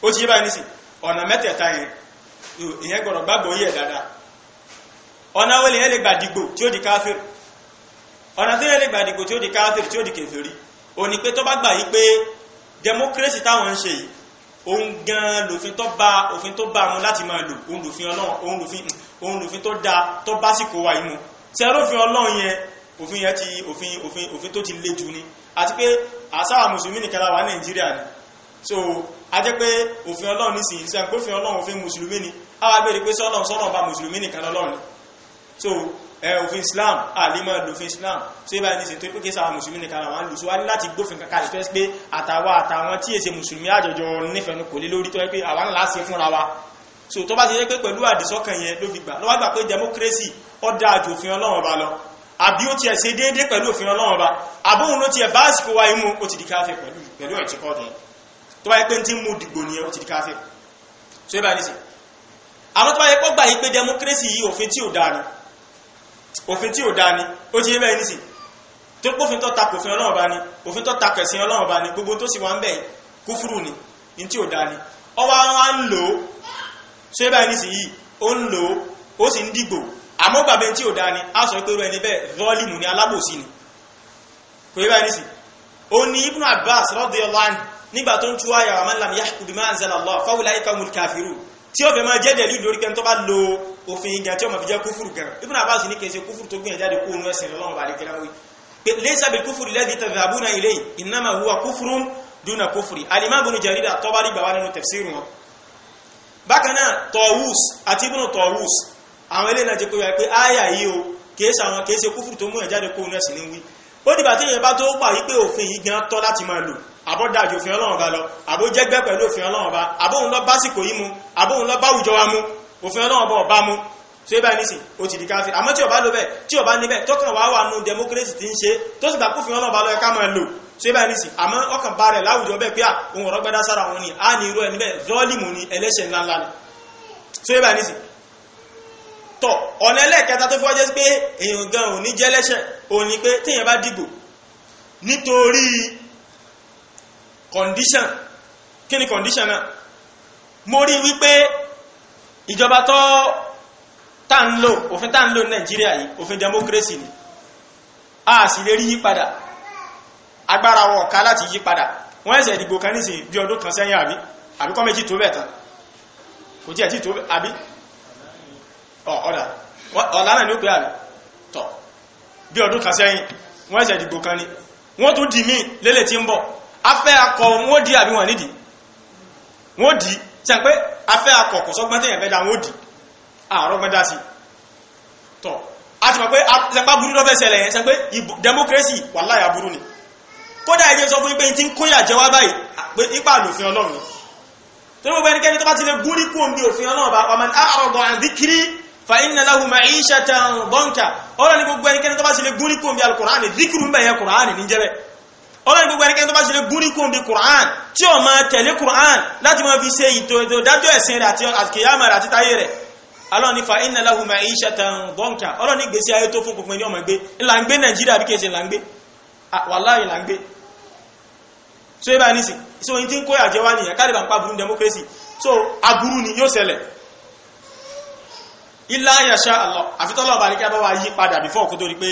ó ti yé báyìí nísìn ọ̀nà mẹ́tẹ̀ẹ̀ta ìyẹn gbọ́dọ̀ gbàgbọ́ yẹ̀ dáadáa ọ̀nà wẹ́lẹ̀ di káfíìr ọ̀nà tó yẹ lè di káfíìr tí di kèfèrí òní pé tó bá gbà yí òun gan lòfin tó bá òfin tó bá mu láti máa lò òun lòfin ọlọ́run òun lòfin òun lòfin tó dáa tó bá sì kó wa inú ṣe lófin ọlọ́run yẹn òfin yẹn ti òfin òfin òfin tó ti le jù ni àti pé àsáwà mùsùlùmí nìkan la wà ní nàìjíríà ni so a jẹ́ pé òfin ọlọ́run nísìnyí sẹ́yìn pé òfin ọlọ́run òfin mùsùlùmí ni a wá bẹ̀rẹ̀ pé sọ́lọ́run sọ́lọ́run bá mùsùlùmí nìkan lọ́lọ́run so Eh, òfin islam àlímọ̀ lòfin islam so ibà ní ṣètò ìpínkẹ́ sáwọn mùsùlùmí ní kàrà wọn lò so wá ní láti gbófin kankan ìfẹ́ pé àtàwà àtàwọn tí èsè mùsùlùmí àjọjọ nífẹ̀ẹ́nu kò lé lórí tó pé àwọn ńlá ṣe fúnra wa so tó bá ti yẹ pé pẹ̀lú àdìsọ́kàn yẹn ló fi gbà lọ́wọ́ gbà pé democracy ó dá àjò òfin ọlọ́run ọba lọ àbí ó tiẹ̀ ṣe déédéé pẹ̀lú òfin ọlọ́run ọba àbóhun ló tiẹ̀ bá àsìkò wa imú ó ti di káfẹ́ pẹ̀lú ẹ̀tí kọ́ọ̀tù tó bá yẹ pé tí ń mú dìgbò nìyẹn ó ti di káfẹ́ so ibà ní sí àwọn tó bá yẹ pọ́ gbà yí pé democracy yìí òfin tí ò dáa òfin tí ò da ni ó ti yé bẹ́ẹ̀ nísì tó pófin tó ta kòfin ọlọ́run bá ni òfin tó ta kẹ̀sìn ọlọ́run bá ni gbogbo tó sì wá ń bẹ̀ kúfúrú ni ní tí ò da ni ọwọ́ wa ń lò ó ṣé báyìí nísì yìí ó ń lò ó ó sì ń dìgbò àmọ́ gbàgbé tí ò da ni a sọ pé ẹni bẹ́ẹ̀ zọ́ọ̀lìmù ni alábòsí ni kò yé báyìí nísì ó ní Ibn Abbas radiyallahu anhu nígbà tó ń tú àyàwó àmàlàm yahkum bima anzala Allah fa ulaika humul tí ó fẹ́ máa jẹ́jẹ̀ lù lórí kẹ́ni tó bá lo òfin ìgbà tí ó máa fi jẹ́ kúfùrù gan Ibn Abbas ní kẹsẹ̀ kúfùrù tó gbìyànjú jáde kóònù ẹ̀sìn lọ́wọ́ bá lè kẹ́lá wí laysa bil kufri alladhi tadhhabuna ilayhi innama huwa kufrun duna kufri al-Imam Ibn Jarir at-Tabari gbà wá nínú tafsir wọn bákan náà Tawus àti Ibn Tawus àwọn eléyìí náà ti kó yà pé áyà yìí o kìí àwọn kìí kúfùrù tó mú ẹ̀ jáde kóònù ní wí ó dìbà tí èèyàn bá tó pà wípé òfin yìí gan tọ́ láti máa lò àbọ́dájú òfin ọlọ́run ọba lọ àbójẹ́gbẹ́ pẹ̀lú òfin ọlọ́run ọba àbóhun lọ básìkò yìí mu àbóhun lọ báwùjọ wa mu òfin ọlọ́run ọba ọba mu so ibà nísì ó ti di káfí àmọ́ tí ọba ló bẹ̀ tí ọba níbẹ̀ tọ́kàn wá wà nù democracy ti ń ṣe tó sì gbàkúfin ọlọ́run ọba lọ ẹ̀ká máa lò so ibà nísì àmọ́ ọkàn bá rẹ̀ láwùjọ bẹ́ẹ̀ pé òun ọ̀rọ̀ gbẹ́dá sára òun ni a ní irú ẹni bẹ́ẹ̀ zọ́ọ̀lìmù ni ẹlẹ́ṣẹ̀ ńláńlá ni so ibà nísì tọ̀ ọ̀nà ẹlẹ́ẹ̀kẹta tó fi wájẹ́ pé èèyàn gan òní jẹ́lẹ́ṣẹ̀ òní pé téèyàn bá dìbò nítorí condition kí condition náà mo rí wípé ìjọba tó tá ń lò òfin tá ń lò ní yìí òfin democracy ni a sì lè rí yípadà agbára wọn ká láti yípadà wọ́n ẹ̀sẹ̀ ìdìbò kan nísìn bí ọdún kan sẹ́yìn àbí àbí kọ́ méjì tó bẹ̀ tán kò tí ẹ̀ tí tó bẹ̀ àbí ọ̀dà ọ̀lá náà ní ó pé àbí tọ̀ bí ọdún kan sẹ́yìn wọ́n ẹ̀sẹ̀ ìdìbò kan ni wọ́n tún dì mí lélẹ̀ tí ń bọ̀ afẹ́ akọ wọ́n di àbí wọ́n nídi wọ́n di tí a pé afẹ́ akọ kò sọ́gbọ́n tí ìyànfẹ́ da wọ́n di àrọ́gbọ́n dá sí tọ́ a ti mọ̀ pé sẹpá burú lọ́fẹ́ ṣẹlẹ̀ yẹn sẹ pé democracy wà láyà burú ni kódà ẹjẹ́ sọ fún yín pé tí ń kóyà jẹ wá báyìí pé ipa lòfin ọlọ́run tó ní gbogbo ẹnikẹ́ni tó bá ti lè gúrí kú omi òfin ọlọ́run bá wà máa fa inna lahu ma'ishatan danka ọlọ́run ní gbogbo ẹnikẹ́ni tó bá ti lè gúrí kú omi alukùránì díkìrù ọlọ́run gbogbo ẹnikẹ́ni tó bá ṣe lè gúnríkùn bí kùrán tí ó máa tẹ̀lé kùrán láti máa fi ṣe ìtòdó dájọ́ ẹ̀sìn rẹ̀ àti àkìyàmà rẹ̀ àti táyé rẹ̀ ọlọ́run ní fa iná láhùn máa iṣẹ́ tán bọ́ǹkà ọlọ́run ní ìgbésí ayé tó fún pínpín ní ọmọ gbé ńlá nàìjíríà bí kèsì ńlá ń gbé wàláhì ńlá ń gbé so ẹ bá ní sí so tí ń kó àjẹwá nìyẹn káàdì bá ń pa burú democracy so aburú ni yóò ṣẹlẹ̀ ilá yàṣá àlọ́ àfitọ́lọ́ ọba àríkẹ́ bá yí padà before kó tó rí pé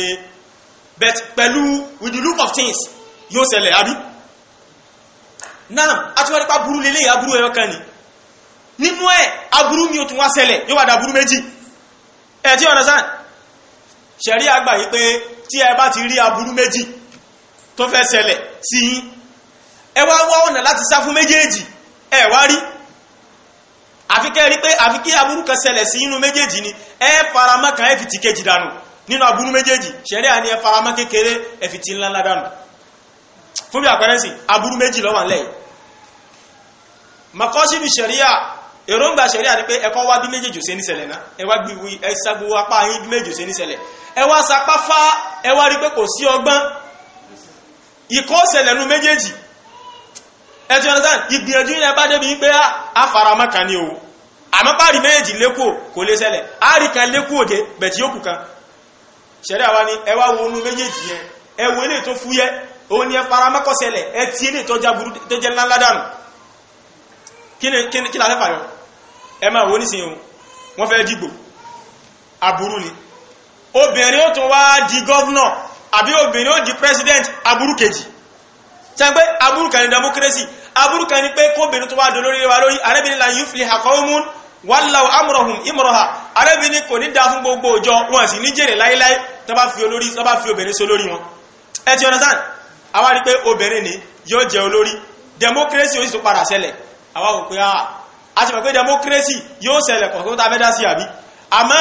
but pẹ̀lú with the look of things yóò ṣẹlẹ̀ àbí náà àtúwárípá burú lélẹ̀ aburú ẹ̀yọ́ kan ni nínú ẹ̀ aburú mi ò tún wá ṣẹlẹ̀ yóò wà dàburú méjì ẹ̀ tí ọ̀nà sáà ṣẹ̀rí àgbà yìí pé tí ẹ bá ti rí aburú méjì tó fẹ́ ṣẹlẹ̀ sí yín ẹ wá wá ọ̀nà láti sá fún méjèèjì ẹ wá rí àfi kẹ́ rí pé àfi kí aburú kan ṣẹlẹ̀ sí inú méjèèjì ni ẹ faramọ́ kan ẹ fi ti kejì dànù nínú aburú méjèèjì ṣẹ̀rí àní ẹ faramọ́ kékeré ẹ fi ti ńlá ńlá dànù fún bí àpẹrẹsì aburú méjì ló wà nílẹ̀ makọ́sídù ṣẹ̀ríà èròǹgbà ṣẹ̀ríà ni pé ẹkọ́ wá bí méjèèjì ò ṣe ní ṣẹlẹ̀ náà ẹwà gbíwí ẹsàgbó apá yín bí méjèèjì ò ṣe ní ṣẹlẹ̀ ẹwà sapá fá ẹwà rí pé kò sí ọgbọ́n ìkọ́ ṣẹlẹ̀ nu méjèèjì ẹ ti ọ̀nà sáà ìgbìyànjú yẹn bá débi pé ah, a fara mọ́ kan ní o àmọ́ bá rí méjèèjì lékò kò lè ṣẹlẹ̀ á rí kan lékò òde bẹ̀tí yókù kan ṣẹ̀ríà wa ni ẹwà wo nu méjèèjì yẹn ẹwọ eléyìí tó fúyẹ́ òun ni ẹ fara mọ́kọ̀sẹ̀lẹ̀ ẹ tí ilé tó jẹ́ ńlá ládàánù kí la fẹ́ fàyọ ẹ máa wò nísìnyí o wọ́n fẹ́ dìgbò aburú ni obìnrin ó tún wá di gọ́vnọ̀ àbí obìnrin ó di president aburú kejì sẹ́n pé aburú kan ní democracy aburú kan ní pé kóbìnrin tó wá dolórí wa lórí arẹ́bìnrin la yufliha qawmun wallaw amrahum imraha arẹ́bìnrin kò ní dá fún gbogbo òjọ wọn sì ní jèrè láíláí tó bá fi obìnrin sólórí wọn ẹ ti understand àwa rí pé obìnrin ni yóò jẹ olórí democracy ó sì tún padà ṣẹlẹ̀ àwa wò pé a ah, a sì mọ̀ pé democracy yóò ṣẹlẹ̀ kọ̀ọ̀kan tá a fẹ́ dá sí àbí àmọ́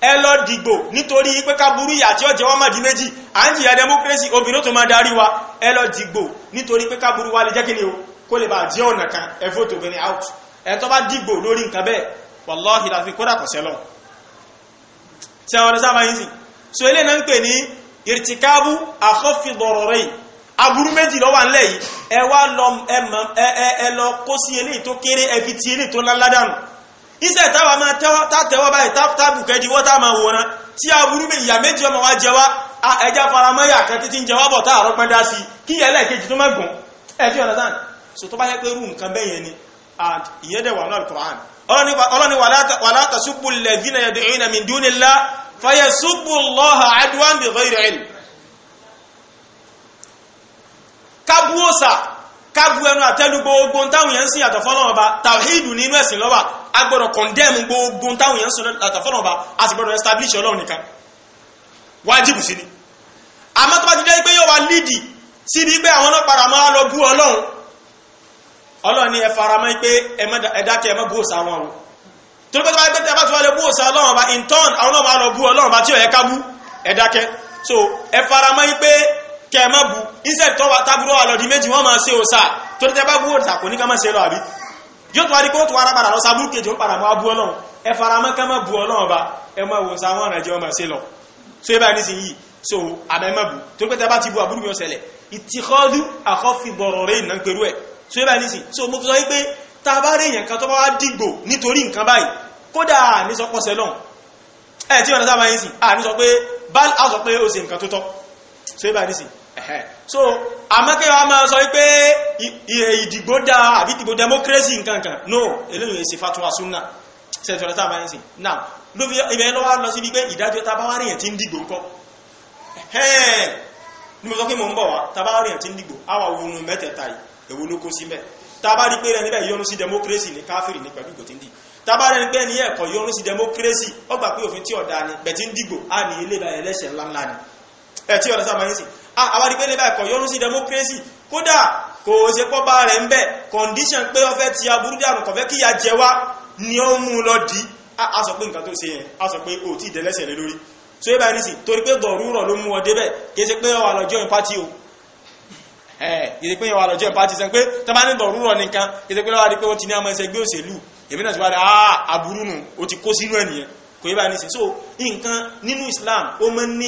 ẹ lọ dìgbò nítorí pé ká ìyà tí ó jẹ wọ́n mọ̀ méjì à ń jìyà democracy obìnrin tó máa darí wa ẹ dìgbò nítorí pé ká wa lè jẹ́ kí ni o kó lè bá jẹ́ ọ̀nà kan ẹ vote obìnrin out ẹ tó bá dìgbò lórí nǹkan bẹ́ẹ̀ wàláhì láti kódà kò sẹ́lọ̀ ṣe àwọn ọ̀dọ́ sábà yín sí so eléyìí náà ń pè ní irtikabu akhaffi aburú méjì ló wà ńlẹ̀ yìí ẹ wá lọ ẹ lọ kó sí eléyìí tó kéré ẹ fi ti eléyìí tó ńláńlá dànù iṣẹ́ táwa máa tẹ́wọ́ báyìí tábù kẹ́dí wọ́n táà máa wòran tí aburú méjì ìyà méjì ọmọ wa jẹ wá ẹja faramọ́yà kan títí ń jẹ wá bọ̀ táà rọ́pẹ́ dá sí kí ẹlẹ́ẹ̀kejì tó má ẹ fi ọ̀nà so tó bá yẹ pé irú nǹkan bẹ́ẹ̀ yẹn ni and ìyẹn dẹ̀ wà ní alukur'an ọlọ́ni wàlá tasubbu alladhina yad'una min dunillah fayasubbu Allaha adwan bighayri ilm kábú òsà ẹnu gbogbo táwọn yẹn ń sìn ọba tàwíìdù nínú ẹ̀sìn lọ́wà a gbọ́dọ̀ condemn gbogbo táwọn yẹn ń sìn ọba a sì gbọ́dọ̀ establish ọlọ́run nìkan sí ni àmọ́ tó bá ti jẹ́ pé yóò wá lídì síbi pé lọ bú ọlọ́run ọlọ́run ni ẹ fara mọ́ pé ẹ dákẹ́ ẹ bú òsà wọn o tó bá kẹ mọ́ bu instead tọ́wà tábúrò wà lọ́dí méjì wọ́n máa ṣe ò sáà tó tẹ́ bá bú òrìṣà kò ní ká máa ṣe lọ àbí yóò tó wá rí kóòtù ara padà lọ sa búrú kejì ó padà máa bú ọlọ́run ẹ fara mọ́ ká máa bú ọlọ́run ọba ẹ máa wò sa wọ́n rẹ̀ jẹ́ ọmọ ṣe lọ so ẹ bá ní sin yìí so àbẹ mọ́ bu tó pé tẹ́ bá ti bu àbúrú mi ọ̀sẹ̀lẹ̀ ìtìkọ́dú àkọ́fì bọ̀rọ̀ rẹ̀ nà ń perú ẹ̀ so ẹ bá ní sin so mo sọ pé tá a bá rí èèyàn kan tó bá wá dìgbò nítorí nǹkan báyìí kódà ní sọ pọ̀ sẹ́lọ̀ sábà yín sìn à ní sọ pé bá a sọ pé ó ṣe nǹkan tó tọ́ so ẹ bá ní sin so àmọ́kẹ́ wa máa sọ wípé ìdìgbò dá àbí ìdìgbò democracy nkankan no eléyìn èsì fatuwa sunna sẹ́tọ̀rọ̀ tá a máa ń now ló fi ibẹ̀ lọ́wọ́ lọ sí wípé ìdájọ́ tá a bá wá rí yẹn tí ń dìgbò ńkọ́ ní mo sọ pé mo ń bọ̀ wá tá a bá wá rí yẹn tí ń dìgbò àwa wọnú mẹ́tẹ̀ẹ̀ta yìí èwo ló kó síbẹ̀ tá a bá rí pé rẹ níbẹ̀ yọnu sí democracy ní kafiri ní pẹ̀lú ìgbò tí ń dì tá a bá rẹ pé ní ẹ̀kọ́ yọnu sí democracy ó gbà pé òfin tí ọ̀dà ni bẹ̀ tí ń dìgbò á ní ilé ìlànà ẹlẹ́sẹ̀ ńláńlá ni ẹ̀ tí ọ̀dọ́sà máa ń sìn àwárí pé lébà ẹ̀kọ́ yọ́nú sí democracy kódà kò ṣe pọ́ bá rẹ̀ ń bẹ̀ condition pé ó fẹ́ ti aburú dànù kò fẹ́ kí ya jẹ wá ni ó mú lọ dí a sọ pé nǹkan tó ṣe yẹn a sọ pé kò tí ì dẹ́lẹ́sẹ̀ lé lórí so ẹ bá ní sí torí pé dọ̀rúrọ̀ ló mú ọ débẹ̀ kì í ṣe pé ọwà lọ́jọ́ in party o kì í ṣe pé ọwà lọ́jọ́ in party sẹ́n pé tó bá ní dọ̀rúrọ̀ nìkan kì í ṣe pé lọ́wọ́ rí pé ó ti ní ọmọ ẹsẹ̀ gbé òṣèlú èmi náà ti wá rí aburú nù ó ti kó sínú ẹ̀ nìyẹn kò yẹ bá ní sí so nǹkan nínú Islam ó máa ń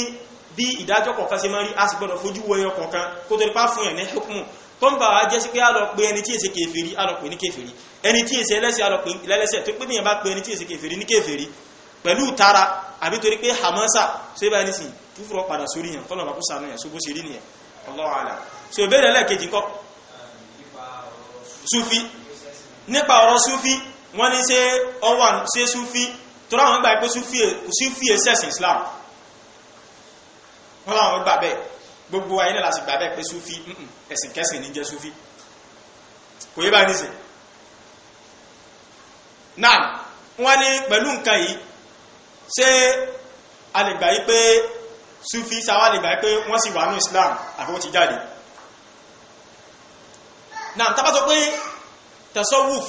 bí ìdájọ́ kọ̀ọ̀kan sí máa rí a sì gbọ́dọ̀ fojú wo ẹyọ kọ̀ọ̀kan kó tó nípa fún yàn ní hukumu tó ń bà á jẹ́ sí pé a lọ pé ẹni tí èsì kèfèrí a lọ pè ní kèfèrí ẹni tí èsì ẹlẹ́sẹ̀ a lọ pè lẹ́lẹ́sẹ̀ tó pé níyàn bá pé ẹni tí èsì kèfèrí ní kèfèrí pẹ̀lú tara àbí torí pé hamasa so ibà ní sìn fúfurọ padà sórí yàn kọ́nà bàkú sànú yàn so bó ṣe rí nìyẹn Allahu ala so ìbéèrè lẹ́ẹ̀kejì kọ́ sufi nípa ọ̀rọ̀ sufi wọ́n ní ṣe ọwọ́ ṣe sufi tó ráwọn gbà pé sufi ẹ̀sẹ̀sìn Islam wọ́n láwọn gbà bẹ́ẹ̀ gbogbo ayé náà láti gbà bẹ́ẹ̀ pé súfí ẹ̀sìn kẹsìn ní jẹ́ súfí kò yé bá ní sìn náà wọ́n ní pẹ̀lú nǹkan yìí ṣé a lè gbà yí pé súfí sáwá lè gbà yí pé wọ́n sì wà ní Islam àbí wọ́n ti jáde náà tá bá sọ pé tasawuf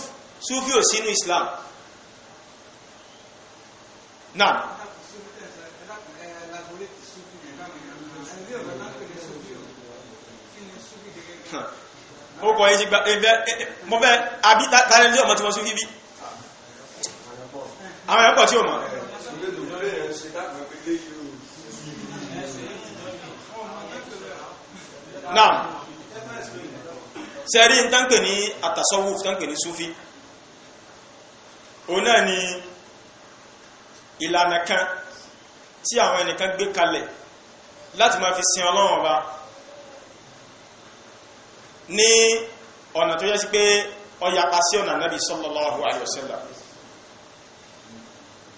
súfí ò sínú Islam náà ó kọ̀ èyí gba ẹgbẹ́ mọ́fẹ́ àbí tààrẹ ní ọmọ tí wọ́n súnfí bí àwọn ẹ̀kọ́ tí ó mọ̀ náà sẹ́rí tánkè ní àtàsọ́wò tánkè ní súnfí òun náà ni ìlànà kan tí àwọn ẹnìkan gbé kalẹ̀ láti máa fi sin ọlọ́run ọba ní ọ̀nà tó yẹ sí pé ọyapa sí ọ̀nà nàbí sallallahu alaihi wasallam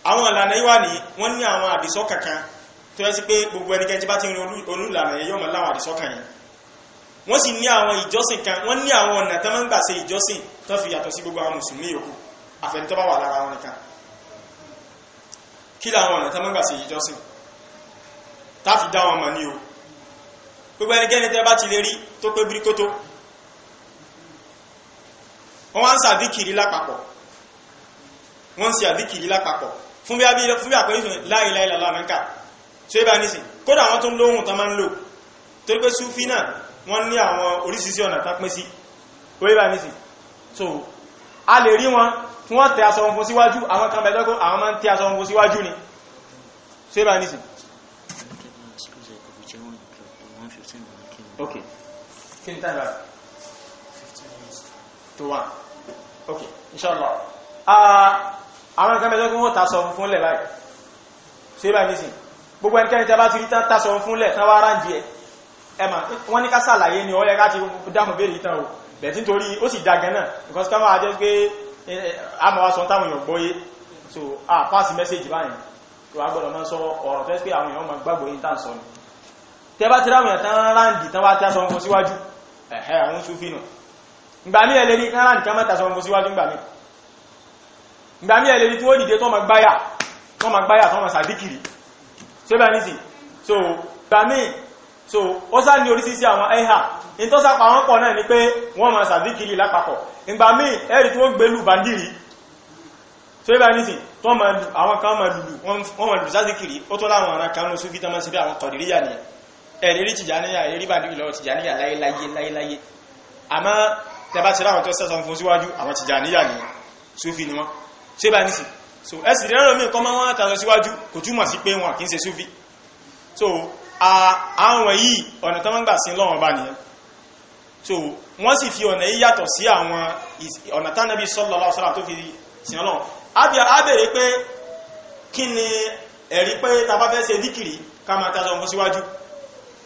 àwọn ìlànà yìí wà ní wọ́n ní àwọn àdìsọ́ kankan tó yẹ sí pé gbogbo ẹnikẹ́ni tí bá ti rin olú ìlànà yẹn yóò mọ̀ láwọn àdìsọ́ kan yẹn wọ́n sì ní àwọn ìjọsìn kan wọ́n ní àwọn ọ̀nà tó máa ń gbà ṣe ìjọsìn tó fi yàtọ̀ sí gbogbo àwọn mùsùlùmí tẹ́ bá ti lè rí tó pé bíríkótó wọ́n wá ń sàdíkìrí lápapọ̀ wọ́n ń sàdíkìrí lápapọ̀ fún bí abí fún bí àpẹẹrẹ ìsìn la ilaha illallah mẹ́ka tó yẹ bá ní sìn kódà àwọn tó ń lóhùn tán máa ń lò torí pé súfí náà wọ́n ní àwọn oríṣiríṣi ọ̀nà tán pín sí ó bá ní sìn so a lè rí wọn tí wọ́n tẹ aṣọ òǹfò síwájú àwọn kan bẹ̀ẹ́ lọ́kọ́ àwọn máa ń tẹ aṣọ òǹfò síwájú ni tó yẹ bá ní sìn okay kí ni time one ok inshallah ah, àwọn nǹkan mẹ́jọ́ kí wọ́n tasọ fún lẹ̀ báyìí ṣe bá ní sí gbogbo ẹnikẹ́ni tí a bá ti rí tasọ fún lẹ̀ tán wá ráǹdì ẹ̀ ẹ̀mà wọ́n ní ká sàlàyé ni ó yẹ ká ti dáhùn béèrè ìtàn o bẹ̀tí nítorí ó sì dá gan náà because ká máa jẹ́ pé a máa wá sọ táwọn èèyàn gbọ́yé so a pass message báyìí tó a gbọ́dọ̀ máa sọ ọ̀rọ̀ fẹ́ pé àwọn èèyàn máa gbàgbọ́ yín tàn sọ ni tẹ bá ti ráwọn èèyàn tán ráǹdì tán wá ìgbàmí ẹlẹ́rí náírà nìkan mẹ́ta sọ mọ́ síwájú ìgbàmí ìgbàmí ẹlẹ́rí tí ó dìde tó ma gbáyà tó ma gbáyà tó ma sàdíkìrì tí ó bá nìsí so ìgbàmí so ó sá ní orísìírísìí àwọn ẹ̀hà in tó sápa wọn pọ̀ náà ni pé wọ́n ma sàdíkìrì lápapọ̀ ìgbàmí ẹ̀rí tí ó gbélù bàndìrì tí ó bá nìsí àwọn kan ma lùlù wọ́n ma lùlù sàdíkìrì ó tó láwọn ará kanú sí fítàmọ́ sí bí àwọn kọ̀dìríyà ni ẹ̀rí rí tìjàníyà ẹ̀rí bàndìrì lọ́wọ́ tìjàníyà tẹ́bá ti ráwọn tó sẹ́sọ fún síwájú àwọn Tìjàníyà ní Súfì ni wọ́n ṣe bá ní sí so ẹ̀sì ìrẹ́rọ̀ mi kọ́mọ́ wọ́n tàṣọ síwájú kò túmọ̀ sí pé wọn kì í ṣe Súfì so àwọn yìí ọ̀nà tó wọ́n gbà sí lọ́wọ́ bá nìyẹn so wọ́n sì fi ọ̀nà yìí yàtọ̀ sí àwọn ọ̀nà tánàbí sallallahu alaihi wasallam tó fi sí ọlọ́run á bèèrè pé kí ni ẹ̀rí pé tá bá fẹ́ ṣe díkìrì ká máa tàṣọ fún síwájú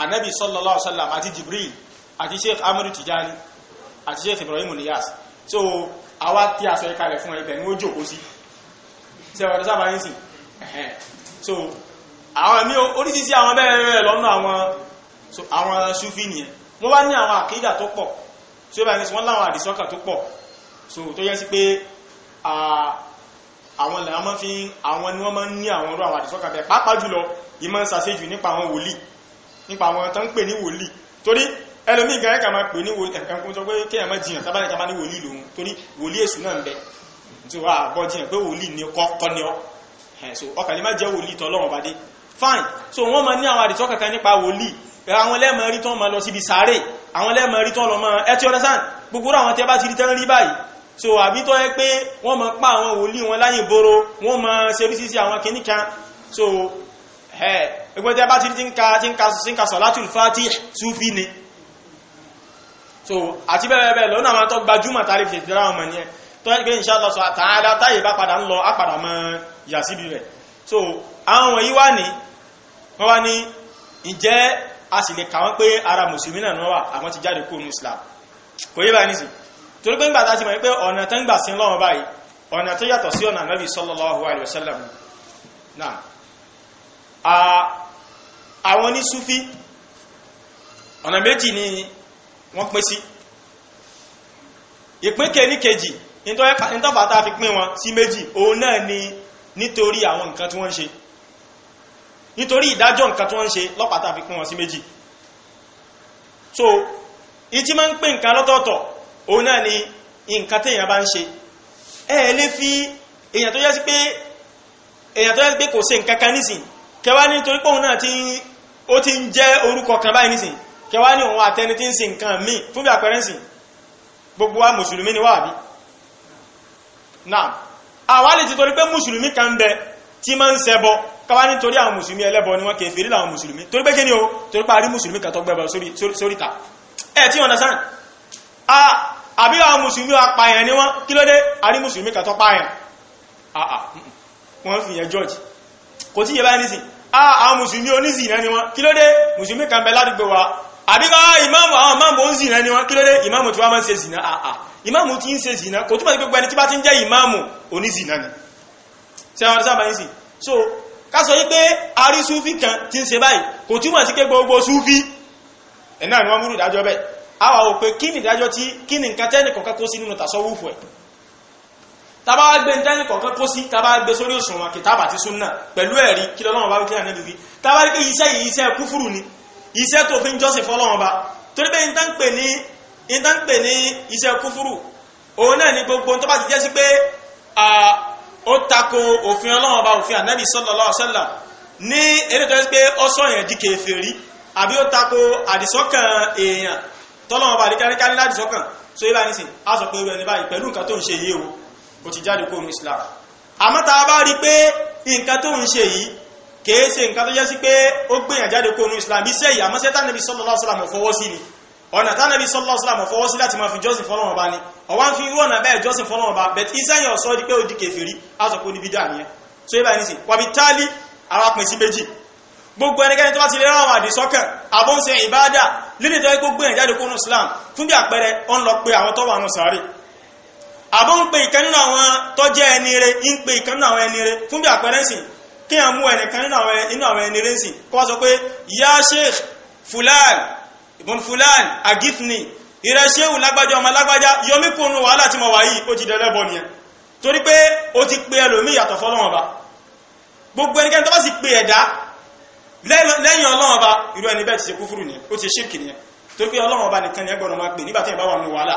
anabi sallallahu alaihi wasallam àti jibril àti sheikh amadu tijani àti sheikh ibrahim niyas so àwa tí aṣọ ìkalẹ̀ fún ibẹ̀ ni ó jókòó sí sẹ́wọ̀n sábà ń sìn so àwọn ní oríṣiríṣi àwọn bẹ́ẹ̀ bẹ́ẹ̀ lọ́nà àwọn so àwọn sufi nìyẹn wọ́n wá ní àwọn àkídà tó pọ̀ tí ó bá ní wọ́n láwọn àdìsọ́kà tó pọ̀ so tó yẹ sí pé àwọn làwọn fi àwọn ni wọ́n máa ń ní àwọn ọ̀rọ̀ àwọn àdìsọ́kà bẹ́ẹ̀ pàápàá jùlọ ìmọ̀ ń nípa àwọn wòlíì nípa àwọn tán ń pè ní wòlíì torí ẹlòmí gan ẹ́kà máa pè ní wòlíì ẹ̀kùn sọ pé kí ẹ̀mọ́ jiyàn tábàlẹ̀ ká máa ní wòlíì lòun torí wòlíì èṣù náà ń bẹ tí wà bọ́ jiyàn pé wòlíì ni kọ́ ni ọ́ so ọkàn lè má jẹ́ wòlíì tọ́lọ́wọ́n bá dé fine so wọ́n máa ní àwọn àdìsọ́ kankan nípa wòlíì àwọn lẹ́mọ̀ rí tán máa lọ síbi sáré àwọn lẹ́mọ̀ rí tán lọ mọ́ ẹ ti ọ̀rẹ́sán gbogbo àwọn tí ẹ bá ti rí tán rí báyìí so àbí tó yẹ pé wọ́n máa pa àwọn wòlíì wọn láyìn boro wọ́n máa ṣe oríṣiríṣi àwọn kìnnìkan so ẹgbẹ́ tẹ́ bá ti ń ka ti ń ka sí ń ka sọ̀látùl fàtí súfí ni so àti bẹ́ẹ̀ bẹ́ẹ̀ lọ́nà àwọn tó gbajúmọ̀ tàrí fi tẹ́ra ọmọ ní ẹ tó ẹgbẹ́ insha Allah ta'ala so àwọn yìí wà ní wọ́n wá ní ìjẹ́ a sì lè kà wọ́n pé ara mùsùlùmí náà wà àwọn ti jáde kó nu Islam kò yé báyìí nìsí torí pé ńgbà tá ti mọ̀ pé ọ̀nà náà àwọn ní súfí ọ̀nà méjì ni wọ́n pín sí ìpín kẹni kejì nítọ́fàtà fi pín wọn sí méjì òun náà ni nítorí àwọn nǹkan tí wọ́n ń ṣe nítorí ìdájọ́ nǹkan tí wọ́n ń ṣe lọ́pàtà fi pín wọn sí méjì so ìtí máa ń pín nǹkan lọ́tọ̀ọ̀tọ̀ òun náà ni nǹkan téèyàn bá ń ṣe ẹ̀ẹ́ èèyàn tó yẹ sí pé kò ṣe nǹkan kan nísìn kẹwàá ní torí pòun náà ó ti ń jẹ́ orúkọ kan báyìí nísìn kẹwàá ní òun àtẹni tí ń sin nǹkan míì fún bí àpẹẹrẹ gbogbo wa mùsùlùmí ni wà bí náà àwa lè ti torí pé mùsùlùmí kan ń bẹ tí máa ń ṣẹbọ káwá ní torí àwọn mùsùlùmí ẹlẹ́bọ ni wọ́n kèfèrí làwọn mùsùlùmí torí pé kí o torí pé a rí mùsùlùmí kan tó gbẹbọ sóríta ẹ tí understand àbí àwọn mùsùlùmí apààyàn ni wọ́n kí ló dé a rí mùsùlùmí kan tó pààyàn wọ́n fi yẹn george kò tí yẹ báyìí nísìn àwọn mùsùlùmí onísìn náà ni wọ́n kí ló dé mùsùlùmí kan bẹ ládùúgbò wa àbíkọ́ ìmáàmù àwọn máàmù ń sìn náà ni wọ́n kí ló dé ìmáàmù tí wọ́n máa ń ṣe sìn náà àà ìmáàmù tí ń ṣe sìn náà sí gbogbo ẹni tí bá ti ń jẹ́ ìmáàmù ni ṣe àwọn sábà so ká sọ wípé a rí súfì kan tí ń ṣe báyìí kò túnbọ̀ sí pé gbogbo súfì ẹ̀ náà ni wọ́n múrù ìdájọ́ bẹ́ẹ̀ àwa ò pé kí ni ìdájọ́ tí kí ni nǹkan tẹ́nìkọ̀ọ́ká kó sí nínú tàṣọ́wúfù ẹ̀ tàbá wá gbé ntẹ́ni kọ̀ọ̀kan kó sí tàbá gbé sórí òṣùwọ̀n kìtàbà àti súnà pẹ̀lú ẹ̀rí kí lọ́wọ́ bá wíkí ànábì wí tàbá rí pé iṣẹ́ yìí iṣẹ́ kúfùrù ni iṣẹ́ tó fi ń jọ́sìn fọ́lọ́wọ́n ba torí pé ìtànpè ní ìtànpè ní iṣẹ́ kúfùrù òun náà ni gbogbo tó bá ti jẹ́ sí pé ó tako òfin ọlọ́wọ́n ba òfin ànábì sallallahu alaihi wasallam ní eré tó yẹ pé ó sọ èèyàn tako àdìsọ́kàn èèyàn tọ́lọ́wọ́n ba àdìkáríkárí ládìsọ́kàn so yíba nísìn á sọ pé ó rẹ̀ ní báyìí pẹ̀lú nǹkan tó ó ti jáde kóònù islam àmọ́ tá a bá rí pé nǹkan tó ń ṣe yìí kìí ṣe nǹkan tó jẹ́ sí pé ó gbìyàn jáde kóònù islam iṣẹ́ yìí àmọ́ṣẹ́ tánàbí sallallahu alaihi wasallam fọwọ́ sí ni ọ̀nà tánàbí sallallahu alaihi wasallam fọwọ́ sí láti máa fi jọ́sìn fọ́lọ́run ọba ni ọwá ń fi irú ọ̀nà bẹ́ẹ̀ jọ́sìn fọ́lọ́run ọba bẹ̀t iṣẹ́ yẹn ọ̀sọ́ di so ibà ní sí wàbí tálí ara pín sí méjì gbogbo ẹnikẹ́ni tó bá ti lè ráwọn àdìsọ́kàn àbọ̀nsẹ̀ ìbáadà lílẹ̀ tó yẹ gbogbo ẹ̀ jáde islam fún bí àpẹẹrẹ ọ̀n lọ pé àwọn àbó ń pe ìkan nínú àwọn tọ́jẹ́ ẹni rẹ ń pe ìkan nínú àwọn ẹni rẹ fún bí àpẹẹrẹ sìn kí à ń mú ẹnìkan nínú àwọn ẹni rẹ sìn kó sọ pé ya sheikh fulan ibn fulan agithni ìrẹ shehu lágbájá ọmọ lágbájá yọmí kò nu wàhálà tí mo wà yìí ó ti dẹlẹ́bọ nìyẹn torí pé ó ti pe ẹlòmíì yàtọ̀ fọlọ́run ọba gbogbo ẹnikẹ́ni tó bá sì pe ẹ̀dá lẹ́yìn ọlọ́run ọba irú ẹni bẹ́ẹ̀ ti ṣe kúfúrú nìyẹn ó ti ṣe ṣírkì nìyẹn torí pé ọlọ́run ọba nìkan ni ẹ gbọ́dọ̀ máa pè nígbà tí ẹ bá wà nínú wàhálà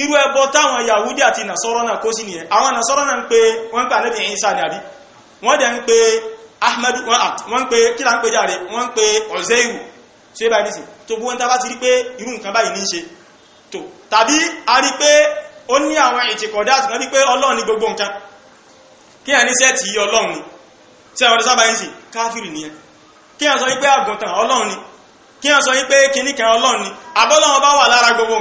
iru ẹbọ táwọn yahudi àti nasọ́rọ́ náà kó sí nìyẹn àwọn nasọ́rọ́ náà ń pe wọ́n ń pe ànábì Ìsá ní àbí wọ́n dẹ̀ ń ahmed ah, wọ́n ń pe kílà ń pe jáde wọ́n ń pe ọ̀zẹ́ìrù ṣé báyìí tó bú ti rí pé irú nǹkan báyìí ní ṣe tó tàbí a rí pé ó ní àwọn ìtìkọ̀dá àti rí gbogbo nǹkan kí ẹni ọlọ́run ni tí àwọn sì káfíìrì nìyẹn kí sọ wípé àgùntàn ọlọ́run ni sọ wípé kìnnìkan ọlọ́run ni àbọ́lọ́run bá wà lára gbogbo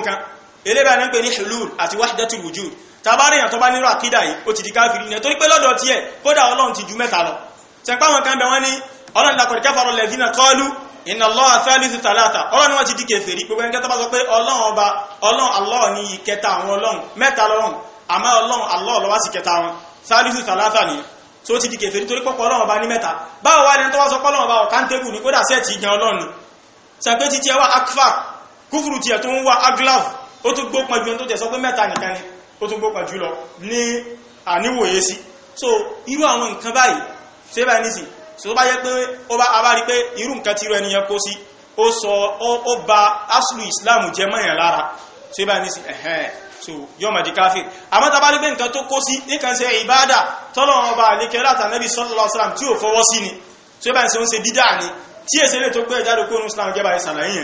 eléba ní pè ní hulul àti wahdatul wujud tàbárí yàn tó bá nírò àkídà yìí ó ti di káfìrí ní torí pé lọ́dọ̀ tí ẹ̀ kódà ọlọ́run ti ju mẹ́ta lọ tẹpá wọn kan bẹ wọn ní ọlọ́run laqad kafara alladhina qalu inna Allaha thalithu thalatha ọlọ́run wọn ti di kèfèrí gbogbo ẹni kẹta bá sọ pé ọlọ́run ọba ọlọ́run Allah ní ìkẹta àwọn ọlọ́run mẹ́ta lọ́run àmọ́ ọlọ́run Allah ló wá sí kẹta wọn thalithu thalatha nìyẹn tí ó ti di kèfèrí tó ń wá aglav ó tún gbó pọ̀jù ẹni tó tẹ̀ sọ pé mẹ́ta nìkan ni ó tún gbó pọ̀jù lọ ní àníwòye sí so irú àwọn nǹkan báyìí ṣe báyìí nìsí so tó bá yẹ pé ó bá a bá rí pé irú nǹkan tí irú ẹni kó sí ó sọ ó ba aslu islam jẹ mọ́yàn lára ṣe báyìí nìsí ẹ̀hẹ́n so yóò máa di káfíìn àmọ́ tá a bá rí pé nǹkan tó kó sí nǹkan ṣe ìbáàdà tọ́lọ́run ọba àlékẹ́ látànẹ́bí sallallahu alaihi ni ṣe báyìí ṣe ń ṣe dídá ni tí èsè lè tó pé ẹ̀jáde kó nù islam jẹ́ báyìí ṣàlàyé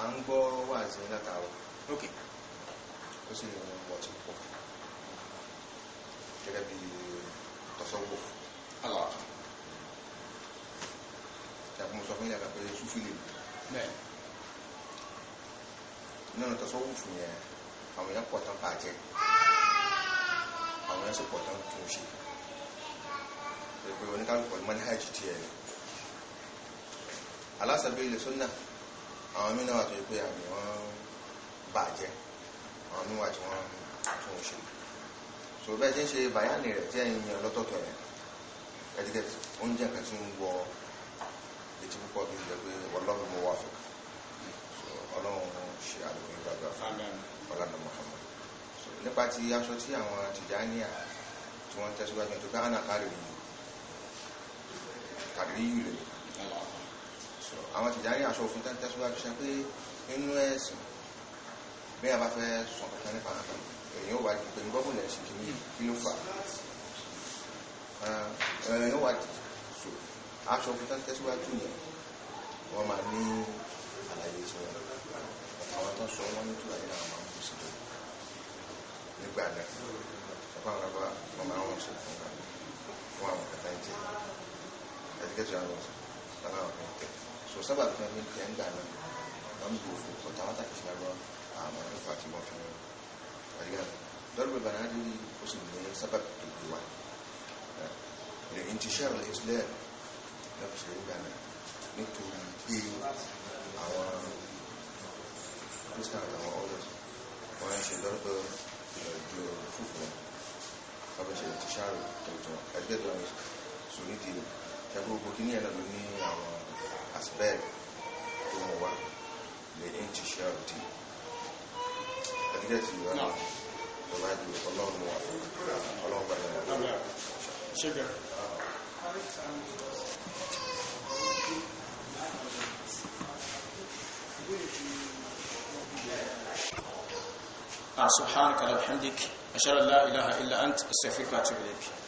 à ń gbọ́ wà sí látàwọ̀ lókè ó sì ní wọ̀ tí pọ̀ gẹ́gẹ́ bí tọ́sọ́wọ́ alọ́ ìjàpọ̀ mo sọ fún ìyàgbà pé súfìlì bẹ́ẹ̀ náà tọ́sọ́wọ́ fún yẹn àwọn èèyàn pọ̀ tán bàjẹ́ àwọn èèyàn sì pọ̀ tán tún ṣe pé oníkàlùkọ̀ mọ́níhàjì àwọn mí náà wà tó yẹ pé àmì wọn bàjẹ́ àwọn mí wà tí wọ́n tún ṣe so bẹ́ẹ̀ tí ń ṣe bàyánì rẹ̀ tí ẹ̀yìn yan lọ́tọ̀ọ̀tọ̀ rẹ̀ ẹ̀dígẹ́tì oúnjẹ kan tí ń wọ etí púpọ̀ bí ìjẹ́ pé ọlọ́run mo wà fún ọlọ́run ṣe àlùkò ìgbàgbà fún ọlọ́run Muhammad so nípa ti aṣọ tí àwọn Tìjàníyà tí wọ́n tẹ̀síwájú tó bá hàn kárìrì kárìrì yìí rèé àwọn tìjárí aṣọ òfin tán tẹ́síwájú ṣe pé nínú ẹ̀sìn bí a bá fẹ́ sọ kankan nípa àtàn èyí ó wà di pé gbọ́gbọ́n lẹ̀ sí kìíní kí ló fà èyí ó wà di aṣọ òfin tán tẹ́síwájú yẹn wọ́n máa ní àlàyé tí wọ́n àwọn tó sọ wọ́n nítorí àyè àwọn máa ń fi sílẹ̀ nígbà náà ọ̀pọ̀ àwọn ọba wọn máa ń wọ́n ṣe fún àwọn kẹta ìjẹ́ ẹ̀dígẹ́jọ àwọn ọ̀sán lára àwọn sọ sábà kan ní kẹ́ńgà náà wọ́n bò fún ọ̀tá wọn tàbí ìṣẹ́lá wọn àwọn ẹ̀fà tí wọ́n fi ń ẹ̀yà lọ́dún bàbá náà lórí ó sì ní sábà tó gbé wa ilẹ̀ intishar islam lọ́pọ̀ ṣe ń gbàna nítorí pé àwọn christian àtàwọn others wọ́n ń ṣe lọ́dọ̀ ìjọ fúfú lọ́pọ̀ ṣe intishar أسباب النمو لانتشار الدين أدلتي نعم والله والله الموافق الله بارك شكرا سبحانك اللهم وبحمدك أشهد أن لا إله إلا أنت استغفرك وأتوب إليك